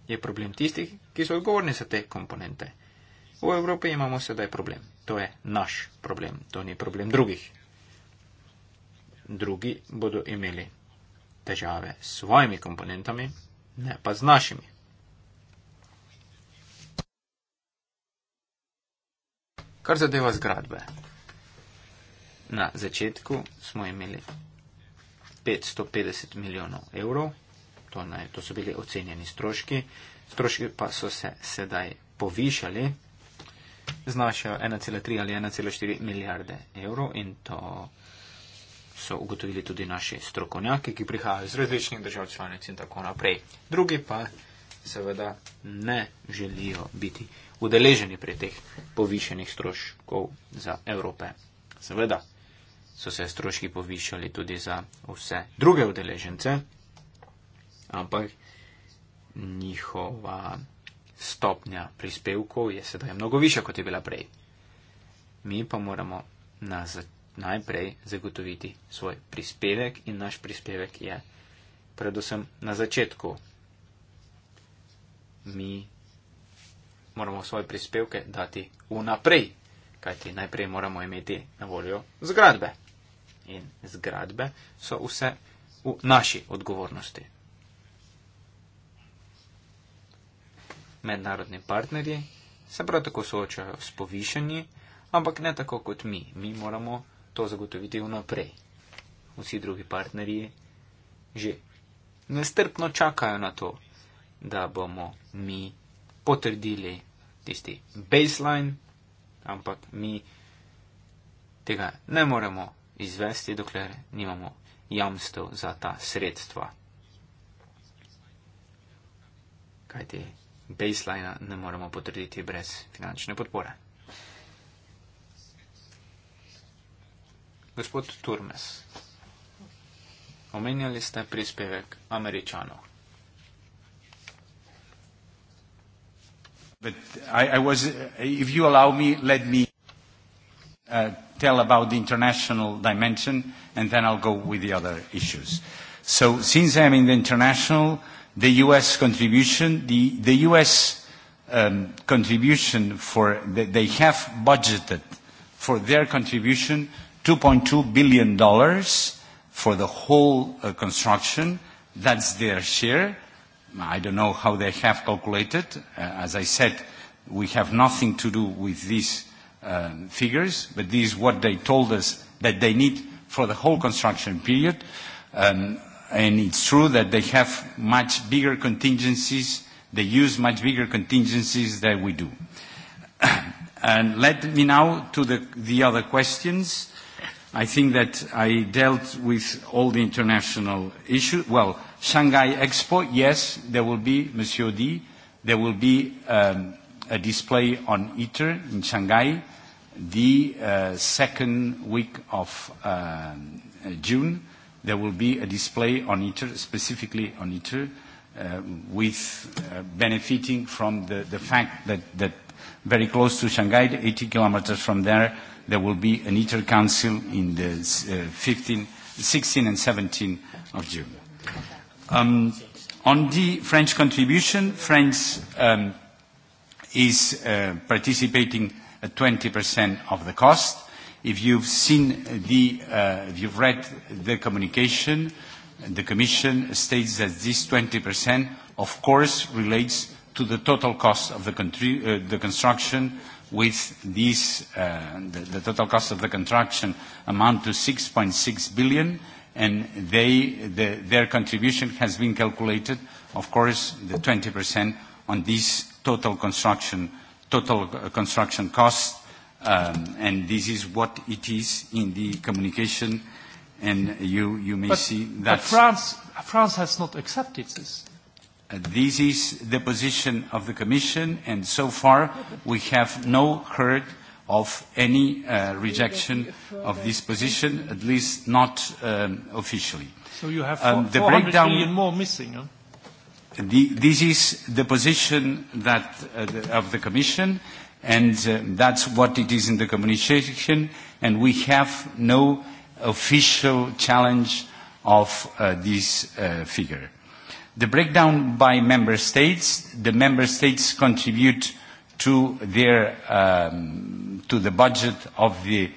je problem tistih, ki so odgovorni za te komponente. V Evropi imamo sedaj problem. To je naš problem, to ni problem drugih. Drugi bodo imeli težave s svojimi komponentami, ne pa z našimi. Kar zadeva zgradbe. Na začetku smo imeli 550 milijonov evrov, to, naj, to so bili ocenjeni stroški, stroški pa so se sedaj povišali, znašajo 1,3 ali 1,4 milijarde evrov in to so ugotovili tudi naši strokovnjaki, ki prihajajo iz različnih držav članic in tako naprej. Drugi pa seveda ne želijo biti udeleženi pri teh povišenih stroškov za Evrope. Seveda so se stroški povišali tudi za vse druge udeležence, ampak njihova stopnja prispevkov je sedaj mnogo više, kot je bila prej. Mi pa moramo na za, najprej zagotoviti svoj prispevek in naš prispevek je predvsem na začetku. Mi moramo svoje prispevke dati vnaprej, kajti najprej moramo imeti na voljo zgradbe in zgradbe so vse v naši odgovornosti. Mednarodni partnerji se prav tako soočajo s povišenji, ampak ne tako kot mi. Mi moramo to zagotoviti vnaprej. Vsi drugi partnerji že nestrpno čakajo na to, da bomo mi potrdili tisti baseline, ampak mi tega ne moremo izvesti, dokler nimamo jamstv za ta sredstva. Kaj te baselina ne moremo potrditi brez finančne podpore. Gospod Turmes, omenjali ste prispevek Američanov. But I, I was, if you allow me, let me. Uh, tell about the international dimension, and then I'll go with the other issues. So since I'm in the international, the U.S. contribution, the, the U.S. Um, contribution for, the, they have budgeted for their contribution $2.2 billion for the whole uh, construction. That's their share. I don't know how they have calculated. Uh, as I said, we have nothing to do with this Uh, figures, but this is what they told us that they need for the whole construction period. Um, it's true that they have much bigger contingencies. They use much bigger contingencies than we do. Let me now to the other questions. I think that I dealt with all the international issue. Well, Shanghai Expo, yes, there will be Monsieur Di. There will be um, a display on ITER in Shanghai the uh, second week of um, June, there will be a display on ITER, specifically on ITER, uh, with uh, benefiting from the fact that very close to Shanghai, 80 kilometers from there will be an ITER council in the 16th and 17th of June. Um, on the French contribution, France um, is participating 20% uh, of the cost. If you've seen the, uh, if you've read the communication, the commission states that this 20%, of course, relates to the total cost of the uh, construction, with this, the total cost of the construction amount to 6.6 billion, and they, their contribution has been calculated, of course, the 20% on this total construction total construction cost, um, and this is what it is in the communication, and you may see that- But France has not accepted this. Uh, this is the position of the commission, and so far, we have not heard of any uh, rejection of this position, at least not um, officially. So you have 400 um, million more missing, huh? the, this is the position that, uh, the, of the Commission, and uh, that's what it is in the communication, and we have no official challenge of uh, this uh, figure. The breakdown by member states, the member states contribute to, their, um, to the budget of the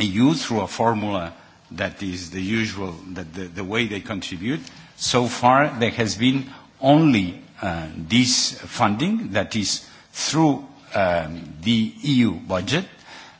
EU through a formula that is the usual, that the, the way they contribute, So far, there has been only uh, this funding that is through um, the EU budget.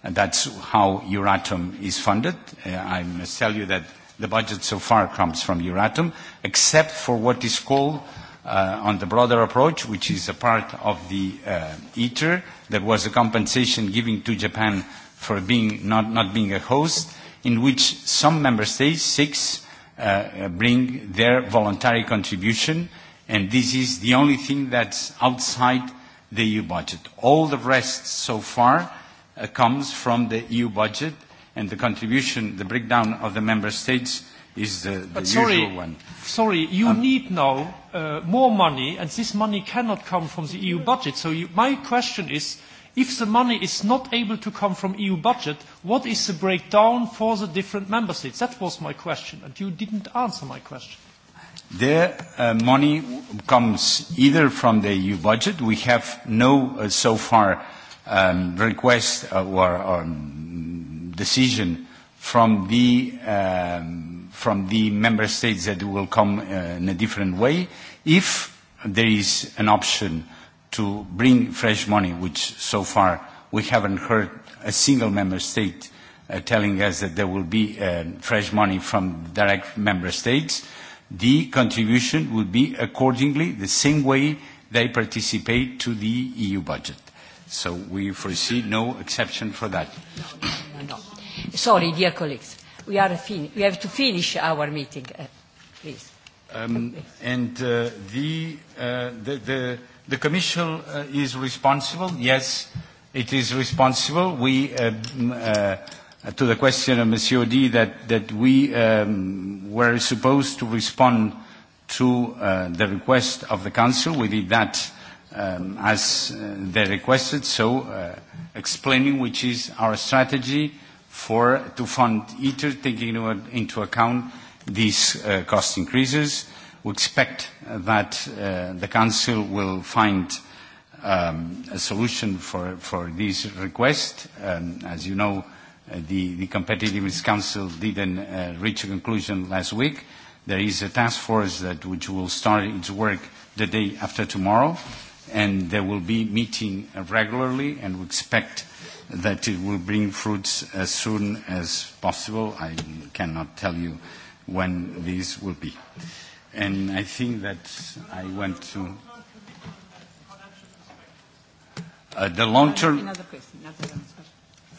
And that's how Euratom is funded. Uh, I must tell you that the budget so far comes from Euratom, except for what is called uh, on the broader approach, which is a part of the uh, ITER, that was a compensation given to Japan for being not, not being a host, in which some member states, six, uh, Uh, uh, bring their voluntary contribution, and this is the only thing that's outside the EU budget. All the rest so far uh, comes from the EU budget, and the contribution, the breakdown of the member states is the, the but sorry, usual one. Sorry, you um, need now uh, more money, and this money cannot come from the EU budget. So you, my question is, If the money is not able to come from EU budget, what is the breakdown for the different member states? That was my question, and you didn't answer my question. The uh, money comes either from the EU budget. We have no, uh, so far, um, request uh, or, or um, decision from the, um, from the member states that will come uh, in a different way. If there is an option uh, to bring fresh money, which so far we haven't heard a single member state uh, telling us that there will be uh, fresh money from direct member states, the contribution would be accordingly the same way they participate to the EU budget. So we foresee no exception for that. No, no, no. Sorry, dear colleagues. We, are fin- we have to finish our meeting, uh, please. Um, and uh, the, uh, the, the The Commission uh, is responsible. Yes, it is responsible. We, uh, uh, to the question of Monsieur D, that that we um, were supposed to respond to uh, the request of the Council. We did that um, as uh, they requested. So, uh, explaining which is our strategy for to fund ITER, taking into account these uh, cost increases. Uh, would expect that uh, the Council will find um, a solution for, for this request. Um, as you know, uh, the, the Competitiveness Council didn't uh, reach a conclusion last week. There is a task force that, which will start its work the day after tomorrow, and they will be meeting regularly, and we expect that it will bring fruits as soon as possible. I cannot tell you when this will be. Uh, and I think that I went to uh, the long term.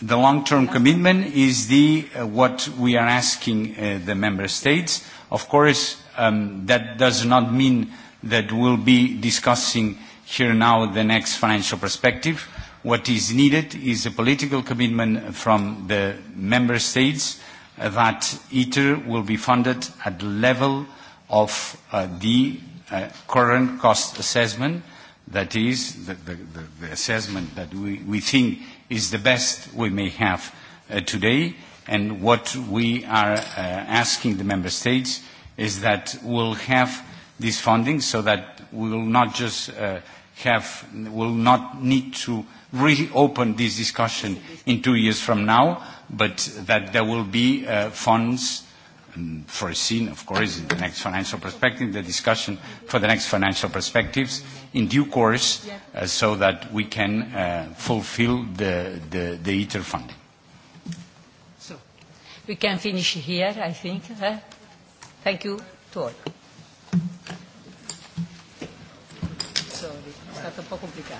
The long term commitment is the uh, what we are asking uh, the member states. Of course, um, that does not mean that we'll be discussing here now the next financial perspective. What is needed is a political commitment from the member states that ITER will be funded at level uh, of uh, the uh, current cost assessment, that is, the, the, the assessment that we, we think is the best we may have uh, today, and what we are uh, asking the Member States is that we'll have this funding so that we will not just uh, have, will not need to reopen this discussion in two years from now, but that there will be uh, funds foreseen, of course, in the next financial perspective, the discussion for the next financial perspectives in due course uh, so that we can uh, fulfill the, the, the ITER funding. So, we can finish here, I think. Uh, thank you to all. Sorry, it's a bit complicated.